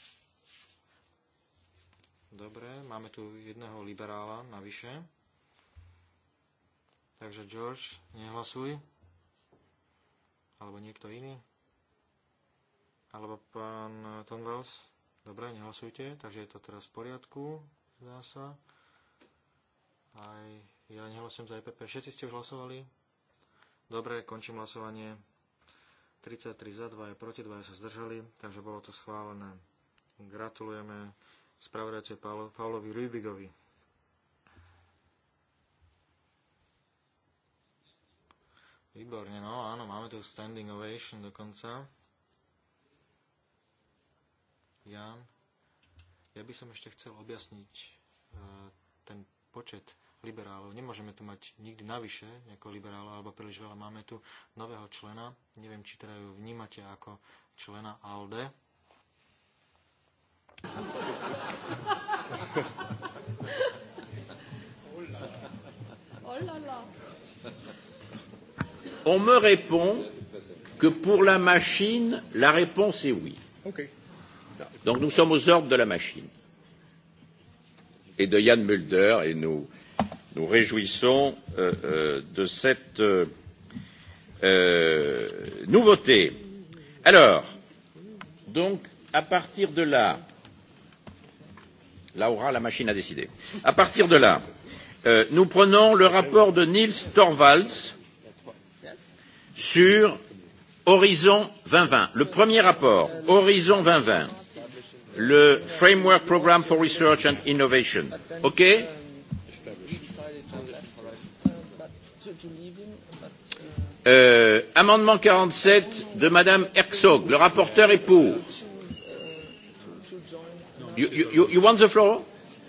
Dobre, máme tu jedného liberála navyše. Takže George, nehlasuj. Alebo niekto iný. Alebo pán Tonvels. Dobre, nehlasujte, takže je to teraz v poriadku, zdá sa. Aj ja nehlasujem za EPP. Všetci ste už hlasovali? Dobre, končím hlasovanie. 33 za, 2 je proti, 2 sa zdržali, takže bolo to schválené. Gratulujeme spravodajce Pavlovi Rubigovi. Výborne, no áno, máme tu standing ovation dokonca. Jan. Ja by som ešte chcel objasniť e, ten počet liberálov. Nemôžeme tu mať nikdy navyše ako liberálov, alebo príliš veľa. Máme tu nového člena. Neviem, či teda ju vnímate ako člena ALDE. On me répond que pour la machine, la réponse est oui. Okay. Donc nous sommes aux ordres de la machine et de Jan Mulder et nous nous réjouissons euh, euh, de cette euh, euh, nouveauté. Alors, donc à partir de là, là aura la machine à décider. À partir de là, euh, nous prenons le rapport de Niels Torvalds sur Horizon 2020. Le premier rapport, Horizon 2020 le Framework Programme for Research and Innovation. OK euh, Amendement 47 de Madame Herzog. Le rapporteur est pour. You, you, you want the floor?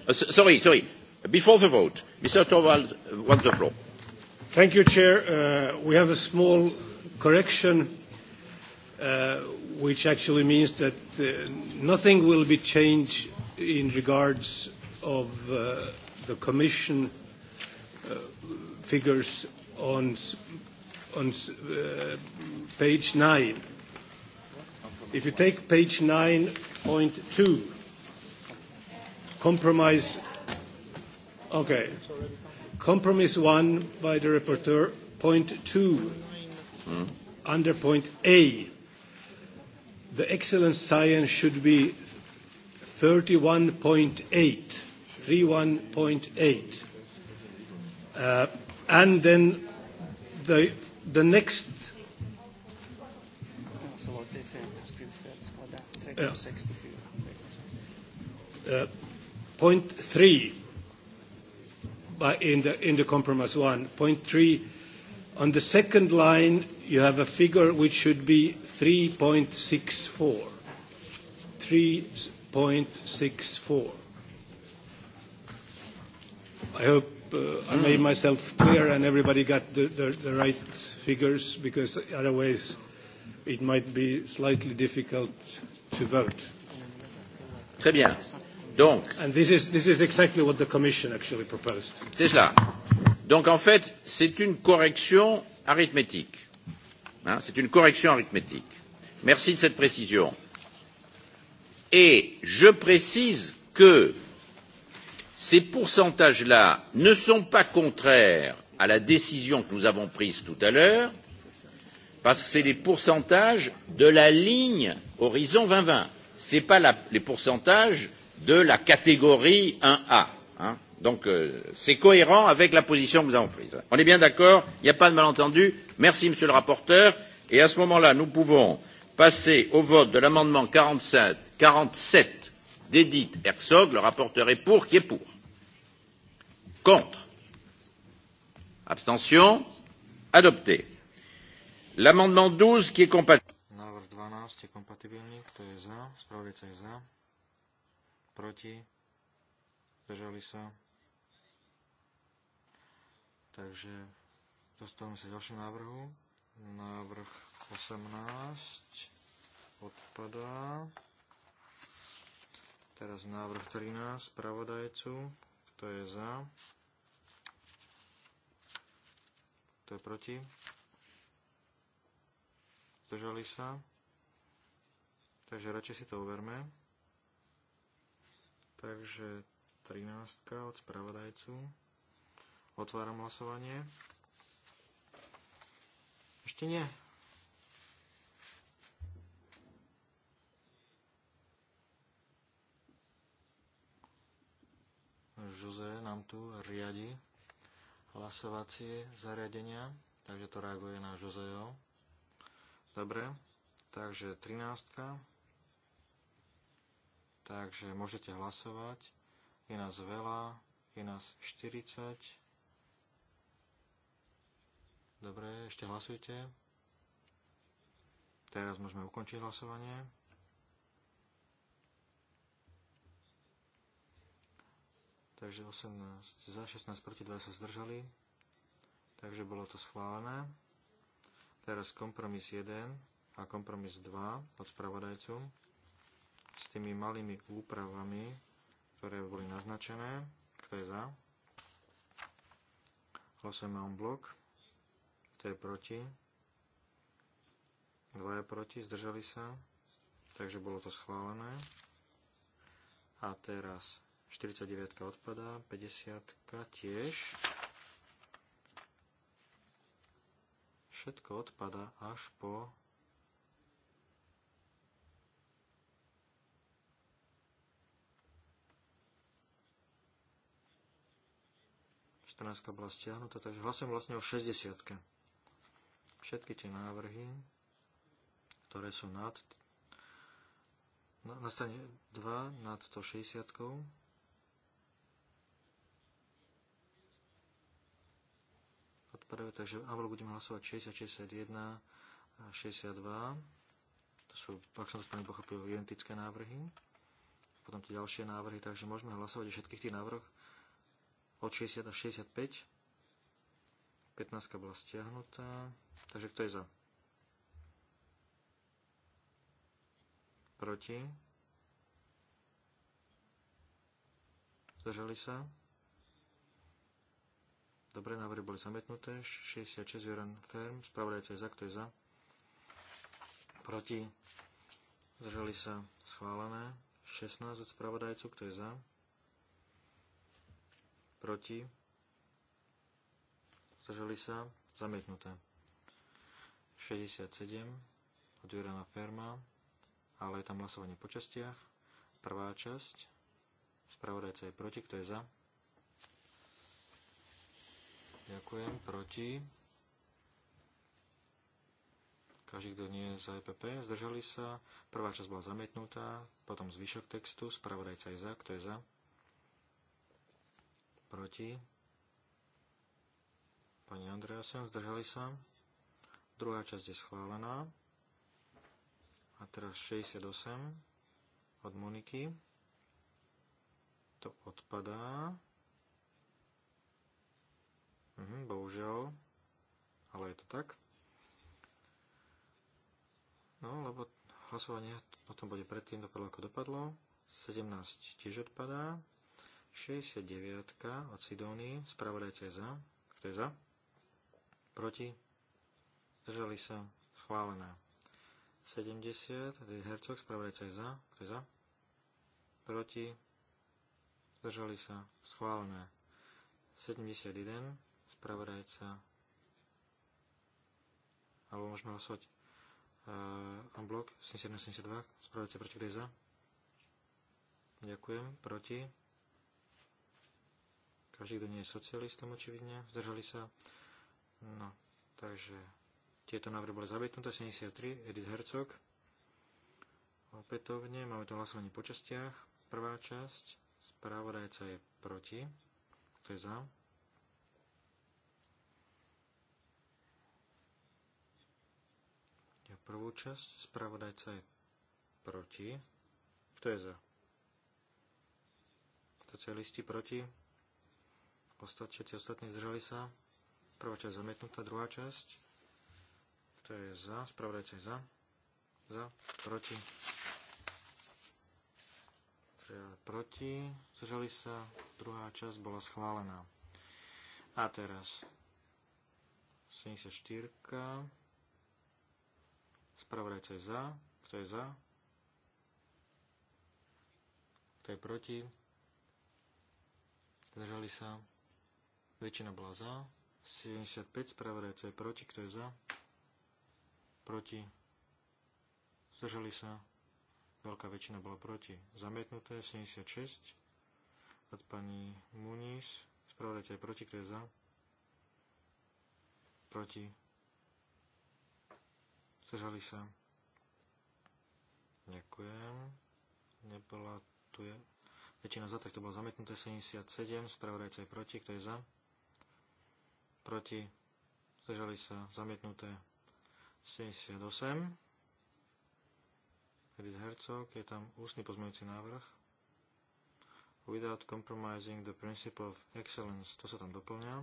Uh, sorry, sorry. Before the vote, Mr. Torvald wants the floor. Thank you, Chair. Uh, we have a small correction. Uh, which actually means that uh, nothing will be changed in regards of uh, the commission uh, figures on on uh, page 9. If you take page 9.2, compromise, okay, compromise 1 by the reporter point 2, mm. under point A the excellence science should be 31.8, 31.8. Uh, and then the, the next uh, uh, point three, by in the, in the compromise one, point three on the second line, you have a figure which should be 3.64. 3.64. I hope uh, I hmm. made myself clear and everybody got the, right figures, because otherwise it might be slightly difficult to vote. Très bien. Donc, And this is, this is exactly what the Commission actually proposed. C'est cela. Donc en fait, c'est une correction arithmétique. c'est une correction arithmétique. Merci de cette précision. Et je précise que ces pourcentages-là ne sont pas contraires à la décision que nous avons prise tout à l'heure, parce que c'est les pourcentages de la ligne Horizon deux mille vingt. Ce n'est pas la, les pourcentages de la catégorie un a hein. Donc euh, c'est cohérent avec la position que nous avons prise. On est bien d'accord, il n'y a pas de malentendu. Merci Monsieur le rapporteur. Et à ce moment-là, nous pouvons passer au vote de l'amendement quarante sept d'Edith Herzog. Le rapporteur est pour, qui est pour Contre Abstention Adopté. L'amendement douze qui est compatible. je kompatibilný. Kto je za? Spravodajca je za. Proti? Zdržali sa? Takže dostávame sa k ďalšiemu návrhu. Návrh 18 odpadá. Teraz návrh 13 spravodajcu. Kto je za? Kto je proti? Zdržali sa? Takže radšej si to overme. Takže 13 od spravodajcu. Otváram hlasovanie. Ešte nie. Jose nám tu riadi hlasovacie zariadenia, takže to reaguje na Joseho. Dobre, takže 13. Takže môžete hlasovať. Je nás veľa, je nás 40. Dobre, ešte hlasujte. Teraz môžeme ukončiť hlasovanie. Takže 18 za, 16 proti 2 sa zdržali. Takže bolo to schválené. Teraz kompromis 1 a kompromis 2 od spravodajcu s tými malými úpravami, ktoré boli naznačené. Kto je za? Hlasujeme on blok. Kto je proti? Dvaja proti, zdržali sa. Takže bolo to schválené. A teraz 49 odpadá, 50 tiež. Všetko odpadá až po bola stiahnutá, takže hlasujem vlastne o 60 všetky tie návrhy, ktoré sú nad na strane 2 nad 160 prvé, takže Amro budeme hlasovať 60, 61 a 62 to sú, ak som to správne pochopil, identické návrhy potom tie ďalšie návrhy, takže môžeme hlasovať o všetkých tých návrhoch od 60 až 65 15 bola stiahnutá. Takže kto je za? Proti? Zdržali sa? Dobre, návrhy boli zamietnuté. 66 Joran Ferm, spravodajca je za, kto je za? Proti? Zdržali sa? Schválené. 16 od spravodajcu, kto je za? Proti? zdržali sa, zamietnuté. 67 od Jurana Ferma, ale je tam hlasovanie po častiach. Prvá časť, spravodajca je proti, kto je za? Ďakujem, proti. Každý, kto nie je za EPP, zdržali sa. Prvá časť bola zamietnutá, potom zvyšok textu, spravodajca je za, kto je za? Proti pani Andreasen, zdržali sa. Druhá časť je schválená. A teraz 68 od Moniky. To odpadá. Mhm, bohužiaľ. Ale je to tak. No, lebo hlasovanie o tom bude predtým dopadlo, ako dopadlo. 17 tiež odpadá. 69 od Sidóny, spravodajca je za. Kto je za? proti, zdržali sa, schválená. 70, tedy Hercog, spravodajca je za, kto je za, proti, zdržali sa, schválené. 71, spravodajca, alebo môžeme hlasovať uh, blok 71, 72, spravodajca proti, kto je za. Ďakujem, proti. Každý, kto nie je socialistom, očividne, zdržali sa. No, takže tieto návrhy boli zabietnuté 73, Edith Herzog. Opätovne máme tu hlasovanie po častiach. Prvá časť, správodajca je proti. Kto je za? Je prvú časť, správodajca je proti. Kto je za? listy proti. Ostatčia, ostatní zdržali sa. Prvá časť zamietnutá, druhá časť. Kto je za? spravodajte je za. Za. Proti. Teda proti. zržali sa. Druhá časť bola schválená. A teraz 74. Spravodajte je za. Kto je za? Kto je proti? Zdržali sa. Väčšina bola za. 75, spravodajca je proti, kto je za? Proti. Zdržali sa. Veľká väčšina bola proti. Zamietnuté 76 od pani Muniz. Spravodajca je proti, kto je za? Proti. Zdržali sa. Ďakujem. Nebola tu je. Väčšina za, tak to bolo zamietnuté 77. Spravodajca je proti, kto je za? proti, zdržali sa zamietnuté 78. Edith Herzog, je tam ústny pozmeňujúci návrh. Without compromising the principle of excellence, to sa tam doplňa.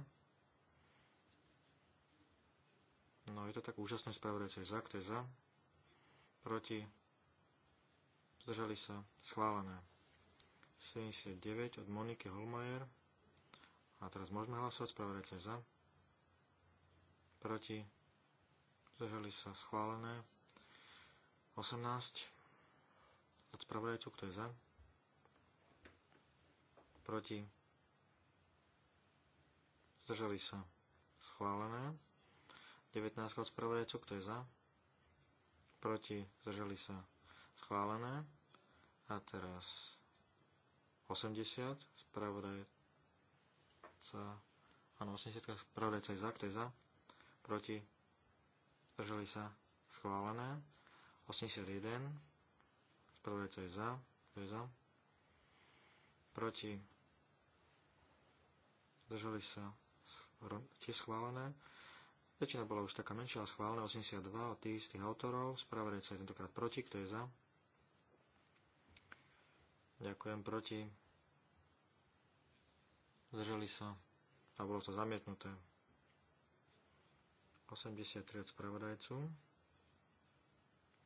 No je to tak úžasné spravodajce za, kto je za, proti, zdržali sa, schválené. 79 od Moniky Holmajer. A teraz môžeme hlasovať, spravodajce za proti, zdržali sa schválené. 18 od spravodajcu, kto je za, proti, zdržali sa schválené. 19 od spravodajcu, kto je za, proti, zdržali sa schválené. A teraz 80, spravodajca, áno, 80, spravodajca je za, kto je za, proti, zdržali sa, schválené. 81, spravodajca je za, kto je za, proti, zdržali sa, tiež schválené. Väčšina bola už taká menšia, ale schválená 82 od tých istých autorov. Spravodajca je tentokrát proti, kto je za? Ďakujem, proti. Zdržali sa a bolo to zamietnuté. 83 od spravodajcu.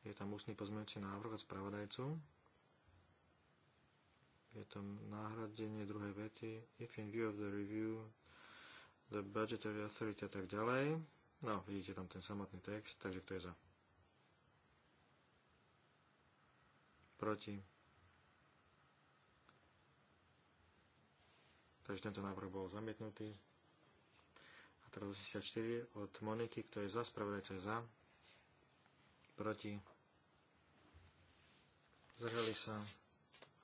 Je tam ústny pozmeňujúci návrh od spravodajcu. Je tam náhradenie druhej vety. If in view of the review, the budgetary authority a tak ďalej. No, vidíte tam ten samotný text, takže kto je za? Proti. Takže tento návrh bol zamietnutý. 84 od Moniky, kto je za, spravodajca je za, proti, zdržali sa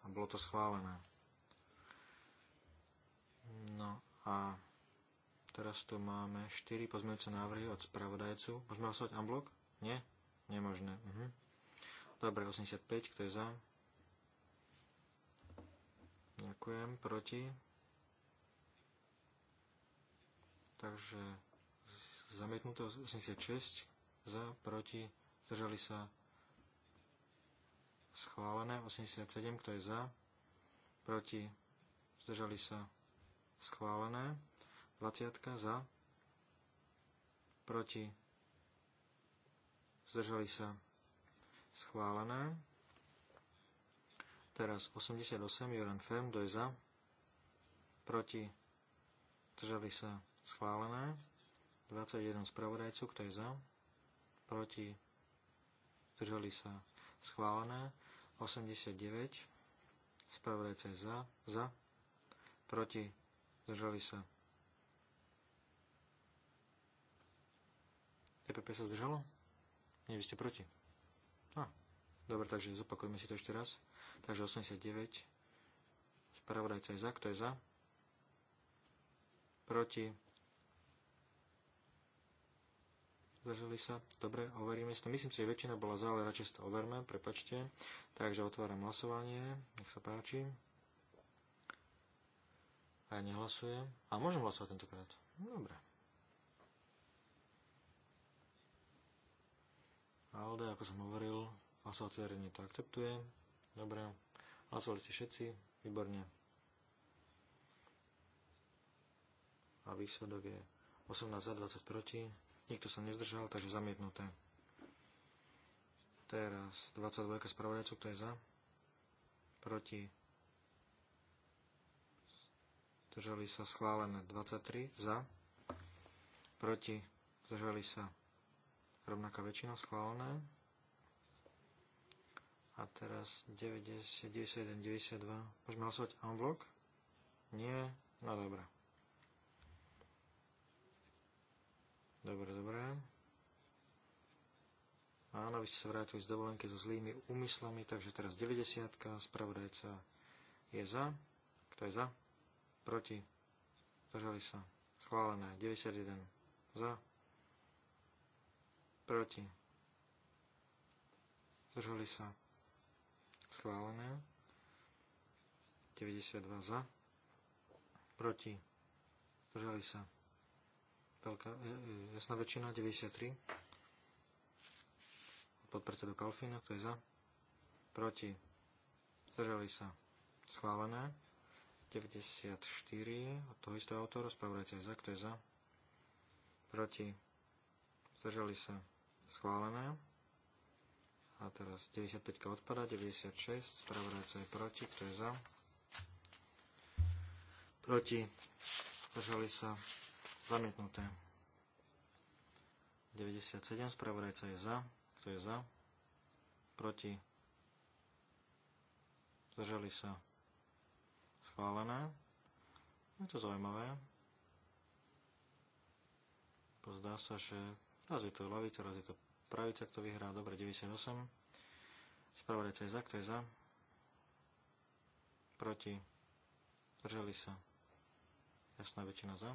a bolo to schválené. No a teraz tu máme 4 pozmeňujúce návrhy od spravodajcu. Môžeme hlasovať unblock? Nie? Nemožné. Mhm. Dobre, 85, kto je za? Ďakujem. Proti? Takže zamietnuté 86 za, proti, zdržali sa schválené 87, kto je za, proti, zdržali sa schválené 20 za, proti, zdržali sa schválené. Teraz 88, Joran Fem, kto je za, proti, zdržali sa Schválené. 21 spravodajcu, kto je za? Proti. Zdržali sa. Schválené. 89. Spravodajca je za. Za. Proti. Zdržali sa. TPP e sa zdržalo? Nie, vy ste proti. No, dobre, takže zopakujeme si to ešte raz. Takže 89. Spravodajca je za. Kto je za? Proti Zdržali sa? Dobre, overíme si to. Myslím si, že väčšina bola za, ale radšej to overme, prepačte. Takže otváram hlasovanie, nech sa páči. A ja nehlasujem. A môžem hlasovať tentokrát? Dobre. Alde, ako som hovoril, hlasovacie zariadenie to akceptuje. Dobre. Hlasovali ste všetci? Výborne. A výsledok je 18 za 20 proti. Nikto sa nezdržal, takže zamietnuté. Teraz 22 spravodajcov, kto je za? Proti? Zdržali sa schválené 23 za. Proti? Zdržali sa rovnaká väčšina schválené. A teraz 90, 91, 92. Môžeme hlasovať en bloc? Nie? No dobré. Dobre, dobre. Áno, vy ste sa vrátili z dovolenky so zlými úmyslami, takže teraz 90. Spravodajca je za. Kto je za? Proti. Zdržali sa. Schválené. 91. Za. Proti. Zdržali sa. Schválené. 92 za. Proti. Zdržali sa veľká, e, e, jasná väčšina, 93. Podpredsedu Kalfina, kto je za? Proti. Zdržali sa. Schválené. 94 od toho istého autora. je za. Kto je za? Proti. Zdržali sa. Schválené. A teraz 95 odpada, 96, spravodajca je proti, kto je za? Proti, zdržali sa, Zamietnuté. 97. Spravodajca je za. Kto je za? Proti. Zdržali sa. Schválené. Je to zaujímavé. Pozdá sa, že raz je to lavica, raz je to pravica, kto vyhrá. Dobre, 98. Spravodajca je za. Kto je za? Proti. Zdržali sa. Jasná väčšina za.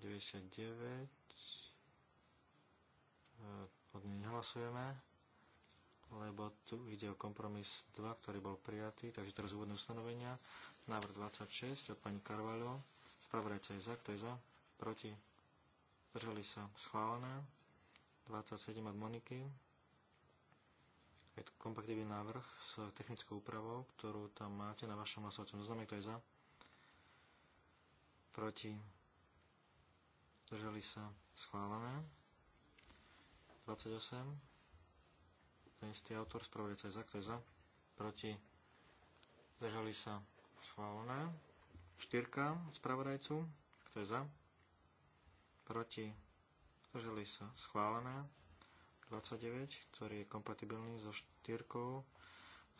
99. Od nej nehlasujeme, lebo tu ide o kompromis 2, ktorý bol prijatý, takže teraz úvodné ustanovenia. Návrh 26 od pani Karvalho. Spravodajca je za, kto je za? Proti? držali sa schválené. 27 od Moniky. Je to kompaktívny návrh s technickou úpravou, ktorú tam máte na vašom hlasovacom zozname. Kto je za? Proti? Zdržali sa. Schválené. 28. Ten istý autor. Spravodajca je za. Kto je za? Proti. Zdržali sa. Schválené. Štyrka spravodajcu. Kto je za? Proti. Zdržali sa. Schválené. 29, ktorý je kompatibilný so štyrkou.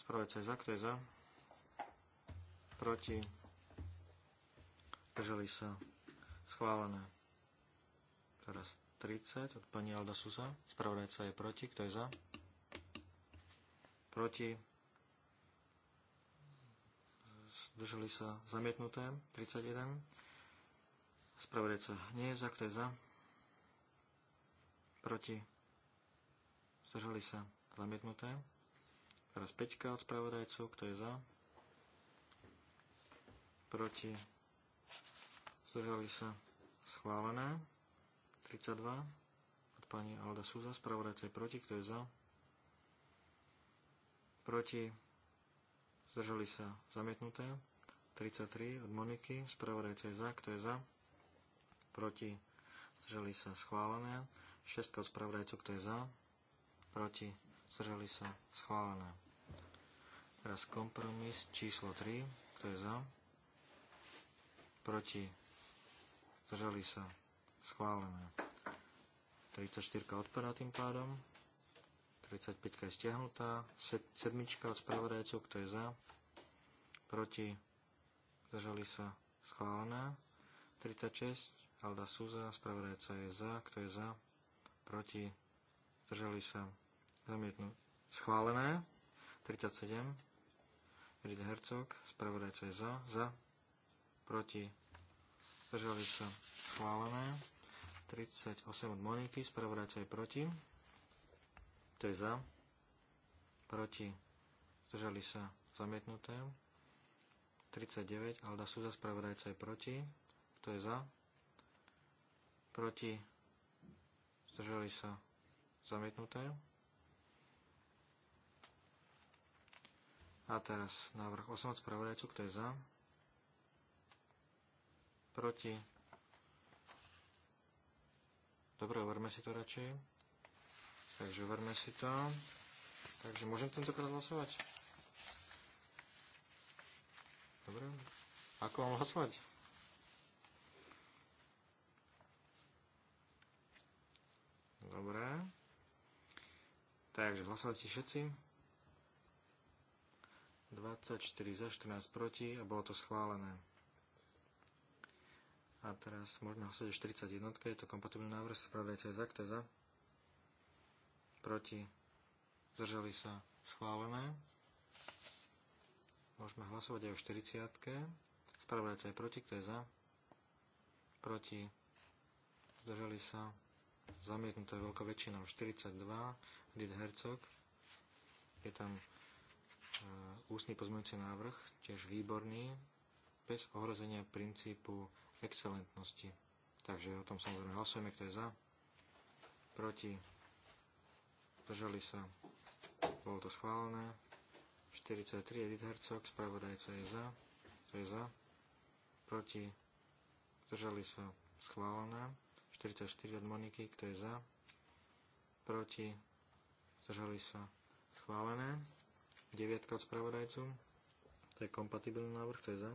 Spravodajca je za. Kto je za? Proti. Zdržali sa. Schválené. Teraz 30 od pani Alda Susa. Spravodajca je proti. Kto je za? Proti. Zdržali sa zamietnuté. 31. Spravodajca nie je za. Kto je za? Proti. Zdržali sa zamietnuté. Teraz 5 od spravodajcu. Kto je za? Proti. Zdržali sa schválené. 32 od pani Alda Súza, spravodajca je proti, kto je za? Proti, zdržali sa zamietnuté. 33 od Moniky, spravodajca je za, kto je za? Proti, zdržali sa schválené. 6 od spravodajcov. kto je za? Proti, zdržali sa schválené. Teraz kompromis číslo 3, kto je za? Proti, zdržali sa schválené. 34 odpadá tým pádom. 35 je stiahnutá. 7 od spravodajcov, kto je za. Proti. Zdržali sa schválená. 36 Alda Suza, spravodajca je za. Kto je za? Proti. Zdržali sa zamietnú. Schválené. 37 Rid Hercog, spravodajca je za. Za. Proti. Zdržali sa schválené. 38 od Moniky, spravodajca je proti. To je za. Proti. Zdržali sa zamietnuté. 39 Alda Suza, spravodajca je proti. Kto je za? Proti. Zdržali sa zamietnuté. A teraz návrh 8 od spravodajcu, kto je za? Proti Dobre, overme si to radšej. Takže overme si to. Takže môžem tentokrát hlasovať? Dobre. Ako mám hlasovať? Dobre. Takže hlasovali si všetci. 24 za, 14 proti a bolo to schválené. A teraz môžeme hlasovať 41. Je to kompatibilný návrh spravodajca je za, kto je za? Proti? Zdržali sa? Schválené. Môžeme hlasovať aj o 40. Spravodajca je proti, kto je za? Proti? Zdržali sa? Zamietnuté veľkou väčšinou 42. Edith Hercog. Je tam e, ústny pozmeňujúci návrh, tiež výborný, bez ohrozenia princípu excelentnosti. Takže o tom samozrejme hlasujeme, kto je za, proti, držali sa, bolo to schválené. 43 Edith Hercog, spravodajca je za, kto je za, proti, držali sa, schválené. 44 od Moniky, kto je za, proti, držali sa, schválené. 9 od spravodajcu, to je kompatibilný návrh, kto je za,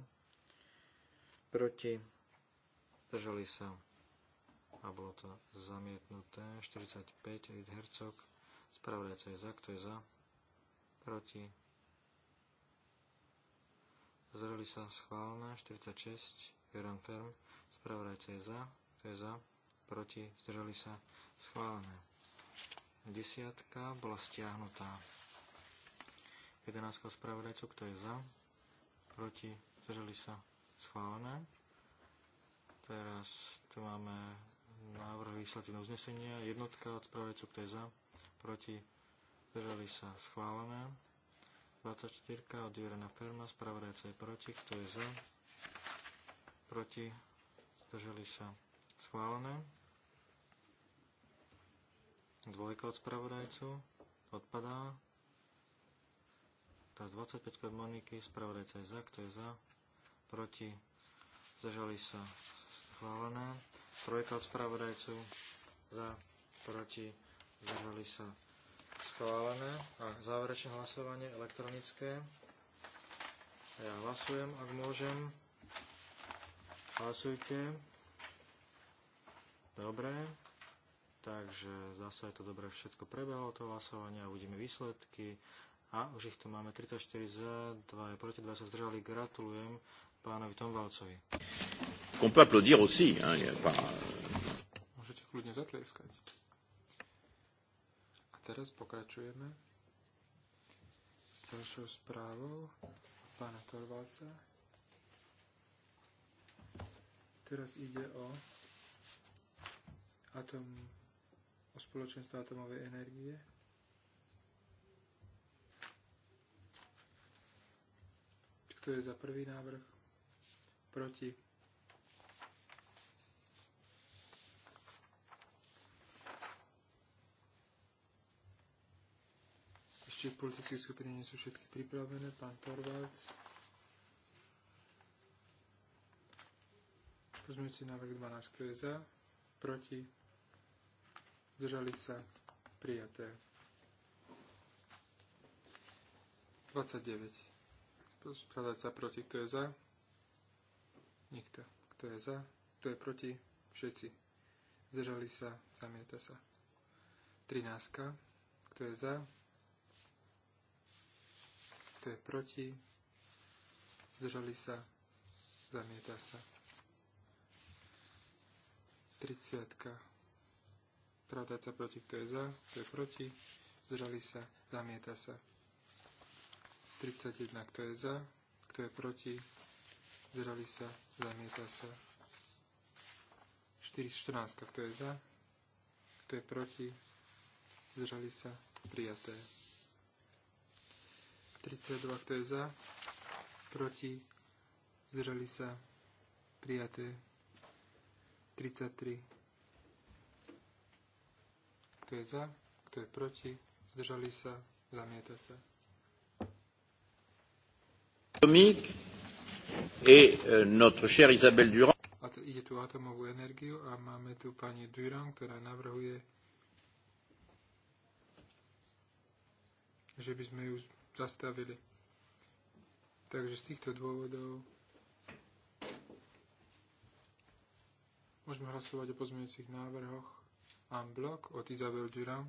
proti, zdržali sa a bolo to zamietnuté. 45, Edith spravodajca je za, kto je za, proti, zdržali sa, schválne, 46, Göran Ferm, spravodajca je za, kto je za, proti, zdržali sa, schválené. Desiatka bola stiahnutá. Jedenáctka spravodajcu, kto je za, proti, zdržali sa, schválené. Teraz tu máme návrh legislatívneho uznesenia. Jednotka od spravodajcu, kto je za, proti, zdržali sa, schválené. 24 od Jurena Ferma, spravodajca je proti, kto je za, proti, zdržali sa, schválené. Dvojka od spravodajcu, odpadá. Teraz 25 od Moniky, spravodajca je za, kto je za, proti, zdržali sa, schválená. Trojka od spravodajcu za, proti, zdržali sa schválené. A záverečné hlasovanie elektronické. Ja hlasujem, ak môžem. Hlasujte. Dobre. Takže zase je to dobre všetko prebehlo, to hlasovanie a uvidíme výsledky. A už ich tu máme 34 za, 2 proti, 2 sa zdržali. Gratulujem pánovi Tomvalcovi qu'on peut applaudir aussi. Hein, y a pas... Môžete kľudne A teraz pokračujeme s ďalšou správou pána Torvalca. Teraz ide o atom, o spoločenstvo atomovej energie. Kto je za prvý návrh? Proti? ešte politické skupiny nie sú všetky pripravené. Pán Torvalds. Pozmeňujúci návrh 12, kto je za, proti, zdržali sa, prijaté. 29. Spravdať sa proti, kto je za? Nikto. Kto je za? Kto je proti? Všetci. Zdržali sa, zamieta sa. 13. Kto je za? kto je proti, zdržali sa, zamieta sa. 30. Pravdať sa proti, kto je za, kto je proti, zdržali sa, zamieta sa. 31. Kto je za, kto je proti, zdržali sa, zamieta sa. 14. Kto je za, kto je proti, zdržali sa, prijaté. 32, kto je za, proti, zdržali sa, prijaté. 33, kto je za, kto je proti, zdržali sa, zamieta sa. Et euh, notre chère Isabelle Durand. Ide tu atomovú energiu a máme tu pani Durand, ktorá navrhuje, že by sme ju zastavili. Takže z týchto dôvodov môžeme hlasovať o pozmeňujúcich návrhoch bloc od Izabel Durán.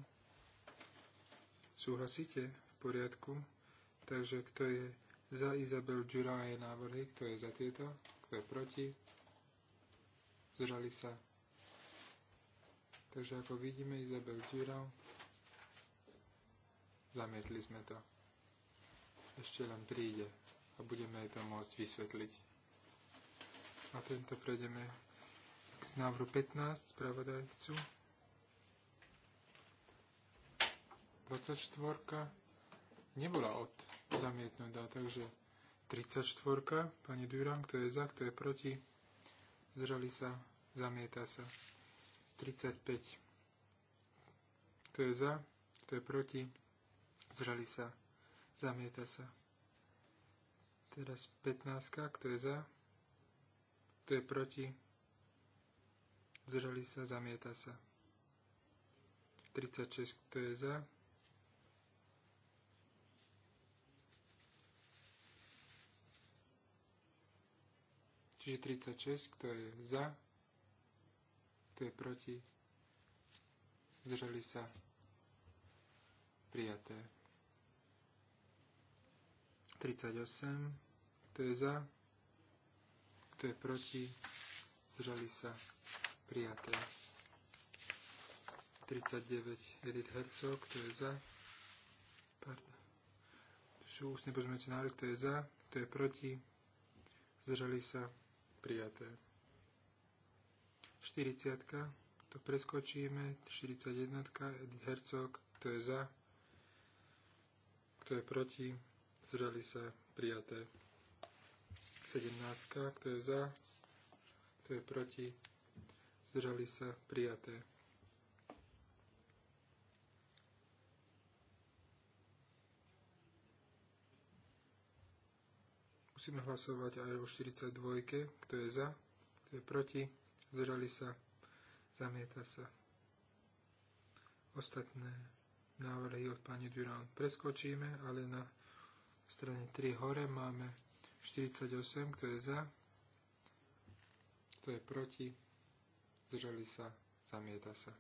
Súhlasíte? V poriadku. Takže kto je za Izabel Durán je návrhy, kto je za tieto, kto je proti, zdržali sa. Takže ako vidíme, Izabel Durán zamietli sme to ešte len príde a budeme aj to môcť vysvetliť. A tento prejdeme k návru 15 spravodajcu. 24 nebola od zamietnutá, takže 34 pani Durán, kto je za, kto je proti, zdržali sa, zamieta sa. 35 kto je za, kto je proti, zdržali sa, Zamieta sa. Teraz 15. Kto je za? Kto je proti? Zdržali sa. Zamieta sa. 36. Kto je za? Čiže 36. Kto je za? Kto je proti? Zdržali sa. Prijaté. 38. Kto je za? Kto je proti? Zdržali sa prijaté. 39. Edith Hercog. Kto je za? Pardon. Sú ústne pozmeňujúce návrh. Kto je za? Kto je proti? Zdržali sa prijaté. 40. To preskočíme. 41. Edith Hercog. Kto je za? Kto je proti? zdržali sa, prijaté. 17, kto je za, kto je proti, zdržali sa, prijaté. Musíme hlasovať aj o 42, kto je za, kto je proti, zdržali sa, zamieta sa. Ostatné návrhy od pani Durán preskočíme, ale na v strane 3 hore máme 48, kto je za, kto je proti, zdržali sa, zamieta sa.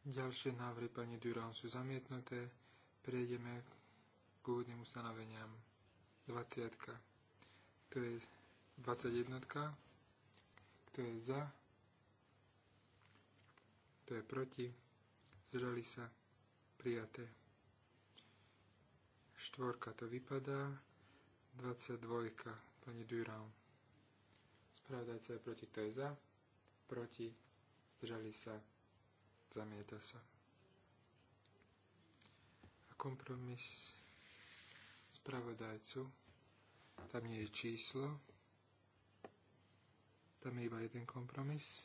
Ďalšie návrhy pani Durán sú zamietnuté. Prejdeme k úvodným ustanoveniam. 20. To je 21. Kto je za? Kto je proti? Zdržali sa? Prijaté. Štvorka to vypadá. 22. Pani Durán. Spravodajca je proti. Kto je za? Proti. Zdržali sa. Zamieta sa. A kompromis spravodajcu. Tam nie je číslo. Tam je iba jeden kompromis.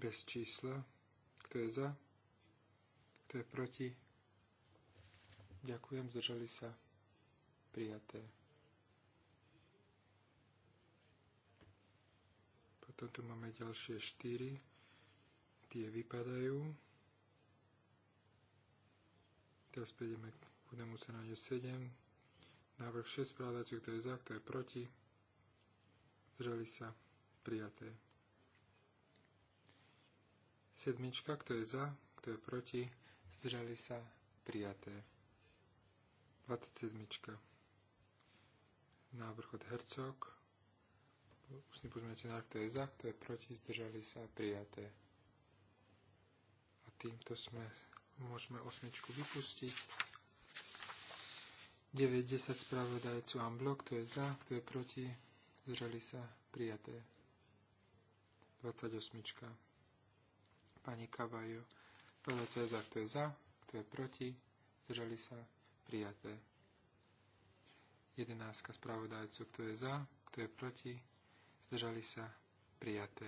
Bez čísla. Kto je za? Kto je proti? Ďakujem, zdržali sa. Prijaté. Potom tu máme ďalšie 4. Tie vypadajú. Teraz prejdeme k budnému cenaniu 7. Návrh 6 správdajúcich, kto je za, kto je proti. Zdržali sa. Prijaté. Sedmička, kto je za, kto je proti. Zdržali sa. Prijaté. 27. Návrh od Hercog. Ústny pozmeňujúci návrh, kto je za, kto je proti, zdržali sa, prijaté. A týmto sme, môžeme osmičku vypustiť. 9, 10 spravodajcu Amblok, kto je za, kto je proti, zdržali sa, prijaté. 28. Pani Kavajo, kto je za, kto je za, kto je proti, zdržali sa, prijaté prijaté. 11. Spravodajcu, kto je za, kto je proti, zdržali sa, prijaté.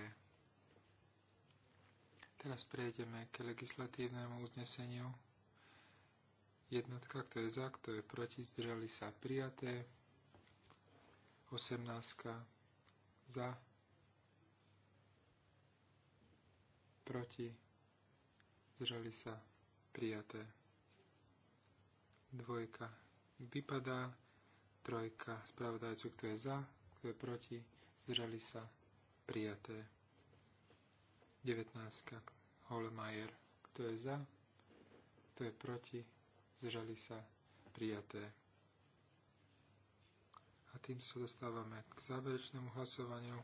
Teraz prejdeme k legislatívnemu uzneseniu. Jednotka, kto je za, kto je proti, zdržali sa, prijaté. 18. Za, proti, zdržali sa, prijaté. Dvojka vypadá. Trojka spravodajcu, kto je za, kto je proti. Zdržali sa prijaté. 19. Holmeier, kto je za, kto je proti. Zdržali sa prijaté. A tým sa dostávame k záverečnému hlasovaniu.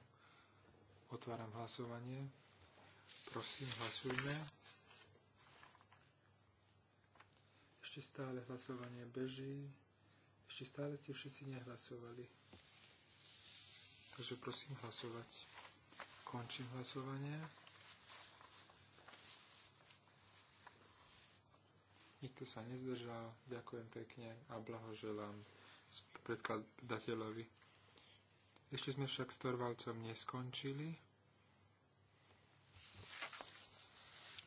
Otváram hlasovanie. Prosím, hlasujme. Ešte stále hlasovanie beží. Ešte stále ste všetci nehlasovali. Takže prosím hlasovať. Končím hlasovanie. Nikto sa nezdržal. Ďakujem pekne a blahoželám predkladateľovi. Ešte sme však s Torvalcom neskončili.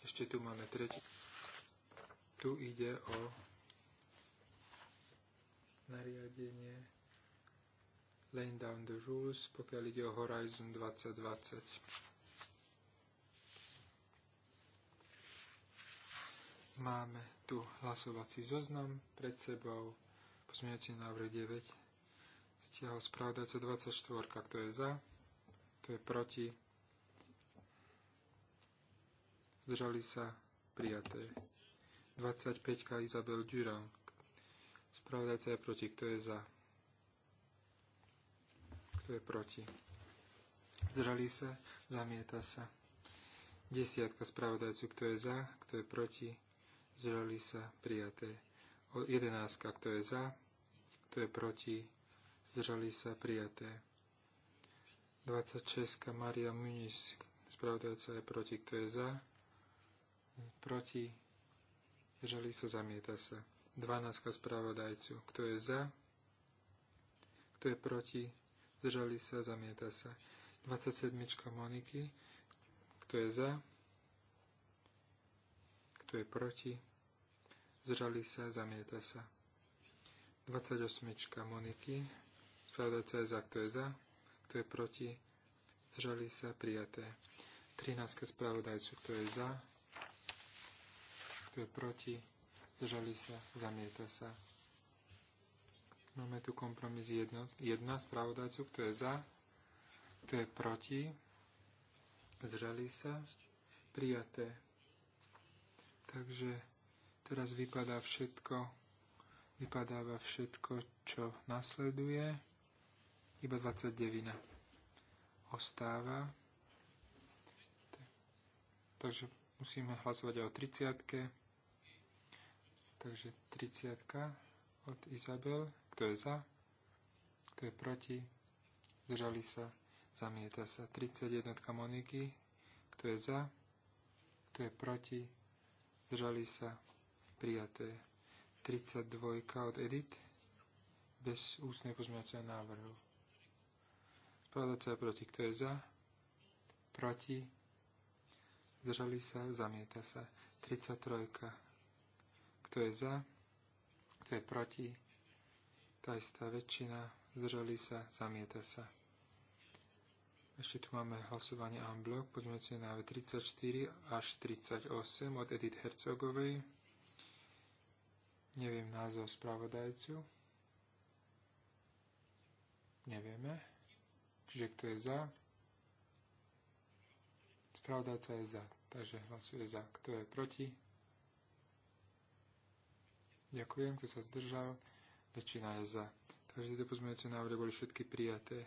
Ešte tu máme tretí. Tu ide o nariadenie Lane Down the Rules, pokiaľ ide o Horizon 2020. Máme tu hlasovací zoznam pred sebou, pozmeňujúci návrh 9, stiahol spravodajca 24, kto je za, kto je proti, zdržali sa prijaté. 25. Izabel Durand. Spravodajca je proti. Kto je za? Kto je proti? Zrali sa, zamieta sa. Desiatka spravodajcu, kto je za, kto je proti, zrali sa, prijaté. Jedenáctka, kto je za, kto je proti, zrali sa, prijaté. 26. Maria Muniz, spravodajca je proti, kto je za, proti, zdržali sa, zamieta sa. 12 spravodajcu, kto je za, kto je proti, zdržali sa, zamieta sa. 27 Moniky, kto je za, kto je proti, zdržali sa, zamieta sa. 28 Moniky, spravodajca je za, kto je za, kto je proti, zdržali sa, prijaté. 13 spravodajcu, kto je za, kto je proti, zdržali sa, zamieta sa. Máme tu kompromis 1, jedna spravodajcu, kto je za, kto je proti, zdržali sa, prijaté. Takže teraz vypadá všetko, vypadáva všetko, čo nasleduje, iba 29 ostáva. Takže musíme hlasovať aj o 30. Takže 30 od Izabel. Kto je za? Kto je proti? Zdržali sa. Zamieta sa. 31 Moniky. Kto je za? Kto je proti? Zdržali sa. Prijaté. 32 od Edit. Bez ústnej pozmeňovacieho návrhu. Spravodajca je proti. Kto je za? Proti? Zdržali sa. Zamieta sa. 33 kto je za? Kto je proti? Tá istá väčšina. Zdržali sa. Zamieta sa. Ešte tu máme hlasovanie en bloc. Poďme si na 34 až 38 od Edith Hercogovej. Neviem názov spravodajcu. Nevieme. Čiže kto je za? Spravodajca je za, takže hlasuje za. Kto je proti? Ďakujem, kto sa zdržal. Väčšina je za. Takže tieto pozmeňujúce návrhy boli všetky prijaté.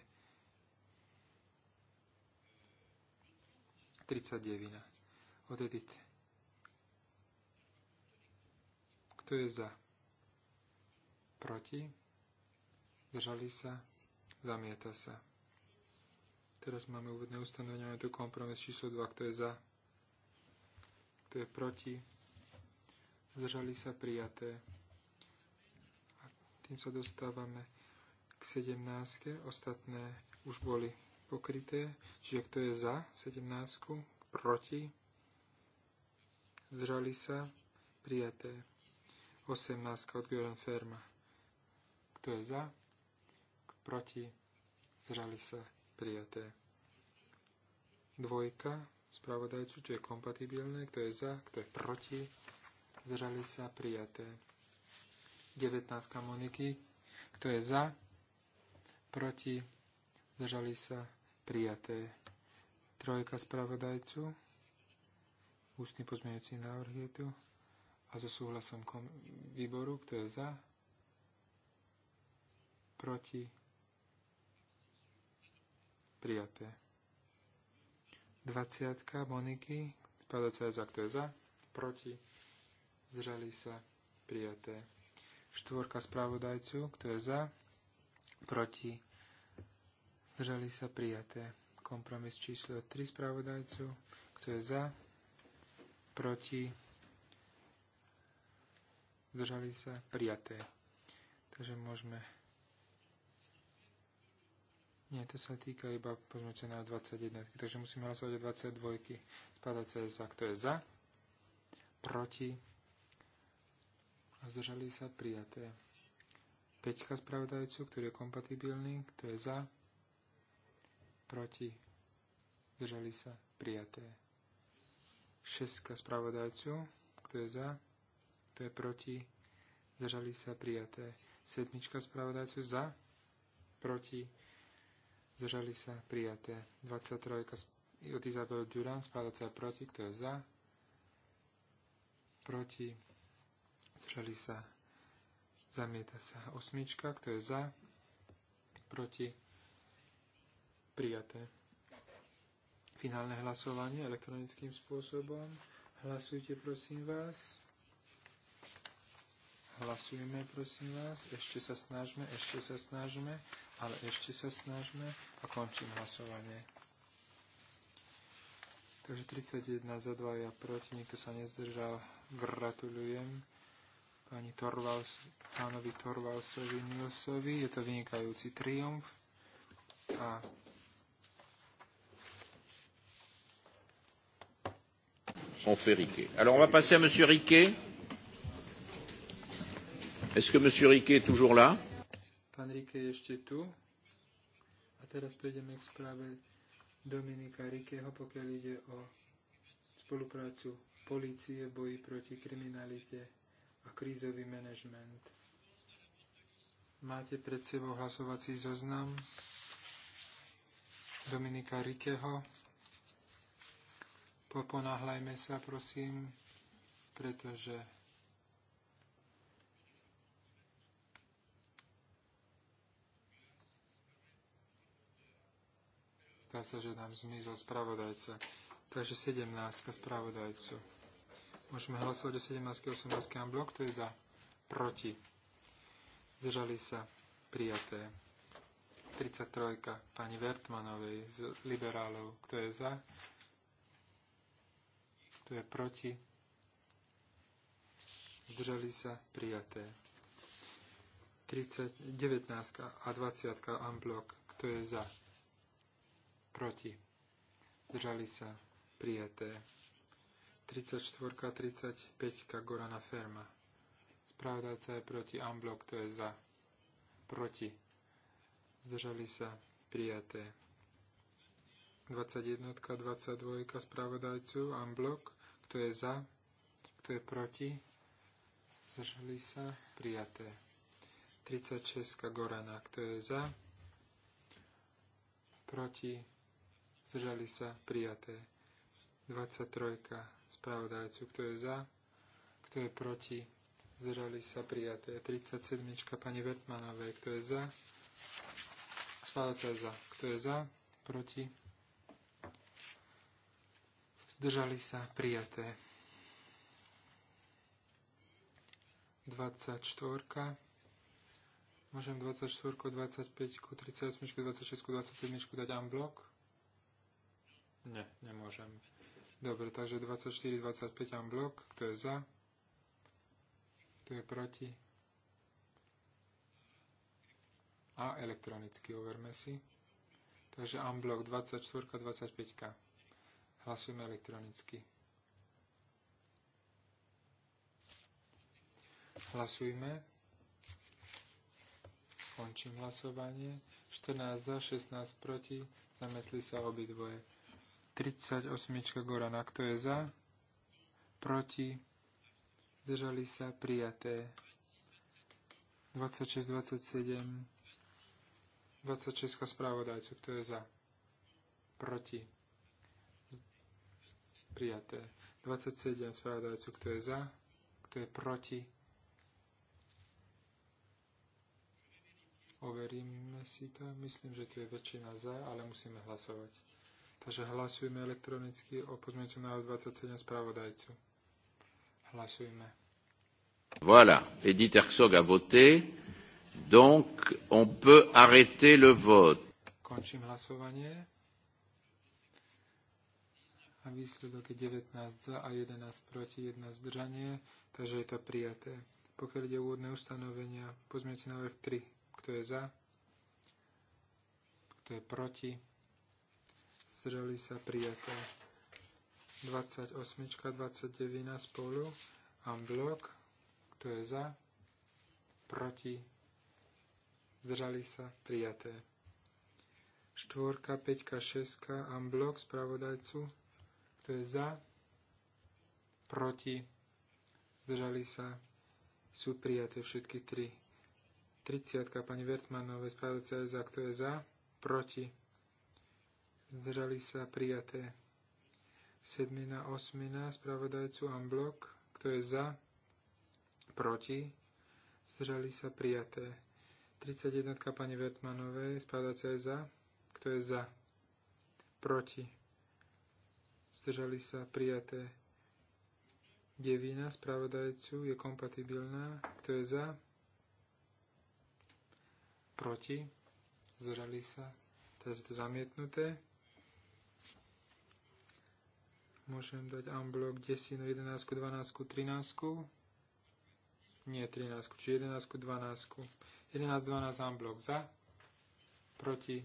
39. Od Kto je za? Proti? Zdržali sa? Zamieta sa. Teraz máme úvodné ustanovenie, máme tu kompromis číslo 2. Kto je za? Kto je proti? Zdržali sa prijaté. Tým sa dostávame k 17. Ostatné už boli pokryté. Čiže kto je za 17. Proti. Zdrali sa. Prijaté. 18. od Gören Ferma. Kto je za? Proti. Zdrali sa. Prijaté. Dvojka spravodajcu, čo je kompatibilné, kto je za, kto je proti, Zdrali sa prijaté. 19 Moniky. Kto je za? Proti? Zdržali sa? Prijaté. Trojka spravodajcu. Ústny pozmeňujúci návrh je tu. A so súhlasom výboru. Kto je za? Proti? Prijaté. 20 Moniky. Spravodajca je za. Kto je za? Proti? Zdržali sa? Prijaté. Štvorka spravodajcu, kto je za, proti, zdržali sa prijaté. Kompromis číslo 3 spravodajcu, kto je za, proti, zdržali sa prijaté. Takže môžeme... Nie, to sa týka iba pozmeňujúce na 21, takže musíme hlasovať o 22. Spadať sa za, kto je za, proti, zdržali sa prijaté. Peťka spravodajcu, ktorý je kompatibilný, kto je za, proti, zdržali sa prijaté. Šestka spravodajcu, kto je za, kto je proti, zdržali sa prijaté. Sedmička spravodajcu za, proti, zdržali sa prijaté. 23 od Izabel Duran, spravodajca proti, kto je za, proti, zdržali sa, zamieta sa. Osmička, kto je za, proti, prijaté. Finálne hlasovanie elektronickým spôsobom. Hlasujte, prosím vás. Hlasujeme, prosím vás. Ešte sa snažme, ešte sa snažme, ale ešte sa snažme a končím hlasovanie. Takže 31 za 2 ja proti, nikto sa nezdržal. Gratulujem pani Torvals, pánovi Torvalsovi Nilsovi. Je to vynikajúci triumf a on fait Riquet. Alors on va passer à Monsieur Riquet. Est-ce que Monsieur Riquet est toujours là Pan Riquet est ešte tu. A teraz prejdeme k správe Dominika Rikeho, pokiaľ ide o spoluprácu policie v boji proti kriminalite a krízový manažment. Máte pred sebou hlasovací zoznam Dominika Rikeho. Poponáhľajme sa, prosím, pretože Zdá sa, že nám zmizol spravodajca. Takže 17 spravodajcu. Môžeme hlasovať o 17. a 18. blok. Kto je za? Proti. Zdržali sa prijaté. 33. pani Vertmanovej z liberálov. Kto je za? Kto je proti? Zdržali sa prijaté. 30, 19. a 20. amblok. Kto je za? Proti. Zdržali sa prijaté. 34, 35 Gorana Ferma. Spravodajca je proti Amblok, to je za. Proti. Zdržali sa prijaté. 21, 22 spravodajcu Amblok, kto je za, kto je proti. Zdržali sa prijaté. 36 Gorana, kto je za, proti. Zdržali sa prijaté. 23 spravodajcu. Kto je za? Kto je proti? Zdržali sa prijaté. 37. pani Vertmanovej. Kto je za? Spravodajca je za. Kto je za? Proti? Zdržali sa prijaté. 24. Môžem 24, 25, 38, 26, 27 dať unblock? Nie, nemôžem. Dobre, takže 24, 25 am blok, kto je za, kto je proti. A elektronicky overme si. Takže am blok 24, 25. Hlasujeme elektronicky. Hlasujme. Končím hlasovanie. 14 za, 16 proti. Zametli sa obidvoje. 38. Gorana, kto je za? Proti? Zdržali sa? Prijaté. 26, 27. 26 správodajcu, kto je za? Proti? Prijaté. 27 správodajcu, kto je za? Kto je proti? Overíme si to. Myslím, že tu je väčšina za, ale musíme hlasovať. Takže hlasujme elektronicky o pozmeňujúcom návrhu 27 spravodajcu. Hlasujme. Voilà, Edith Herzog a voté. Donc, on peut arrêter le vote. Končím hlasovanie. A výsledok je 19 za a 11 proti, 1 zdržanie, takže je to prijaté. Pokiaľ ide o úvodné ustanovenia, pozmeňujúci návrh 3. Kto je za? Kto je proti? zdržali sa prijaté. 28, 29 spolu, unblock, kto je za, proti, zdržali sa prijaté. 4, 5, 6, unblock spravodajcu, kto je za, proti, zdržali sa, sú prijaté všetky tri. 30. pani Vertmanové, spravodajca za, kto je za, proti, zdržali sa prijaté. Sedmina, osmina, spravodajcu blok, kto je za, proti, zdržali sa prijaté. 31. pani Vertmanovej, spravodajca je za, kto je za, proti, zdržali sa prijaté. Devina spravodajcu je kompatibilná, kto je za, proti, zdržali sa, teraz je to zamietnuté. Môžem dať unblock 10, 11, 12, 13. Nie 13, či 11, 12. 11, 12 unblock za, proti,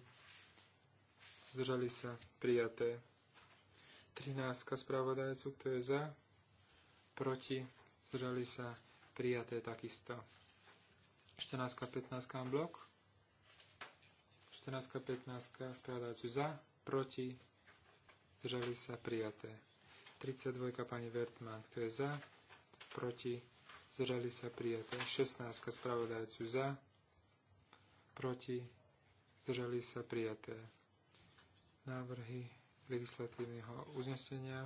zdržali sa, prijaté. 13 spravodajcu, kto je za, proti, zdržali sa, prijaté takisto. 14, 15 blok. 14, 15 spravodajcu za, proti, zdržali sa, prijaté. 32 pani Vertman, kto je za, proti, zdržali sa prijaté. 16 spravodajcu za, proti, zdržali sa prijaté. Návrhy legislatívneho uznesenia.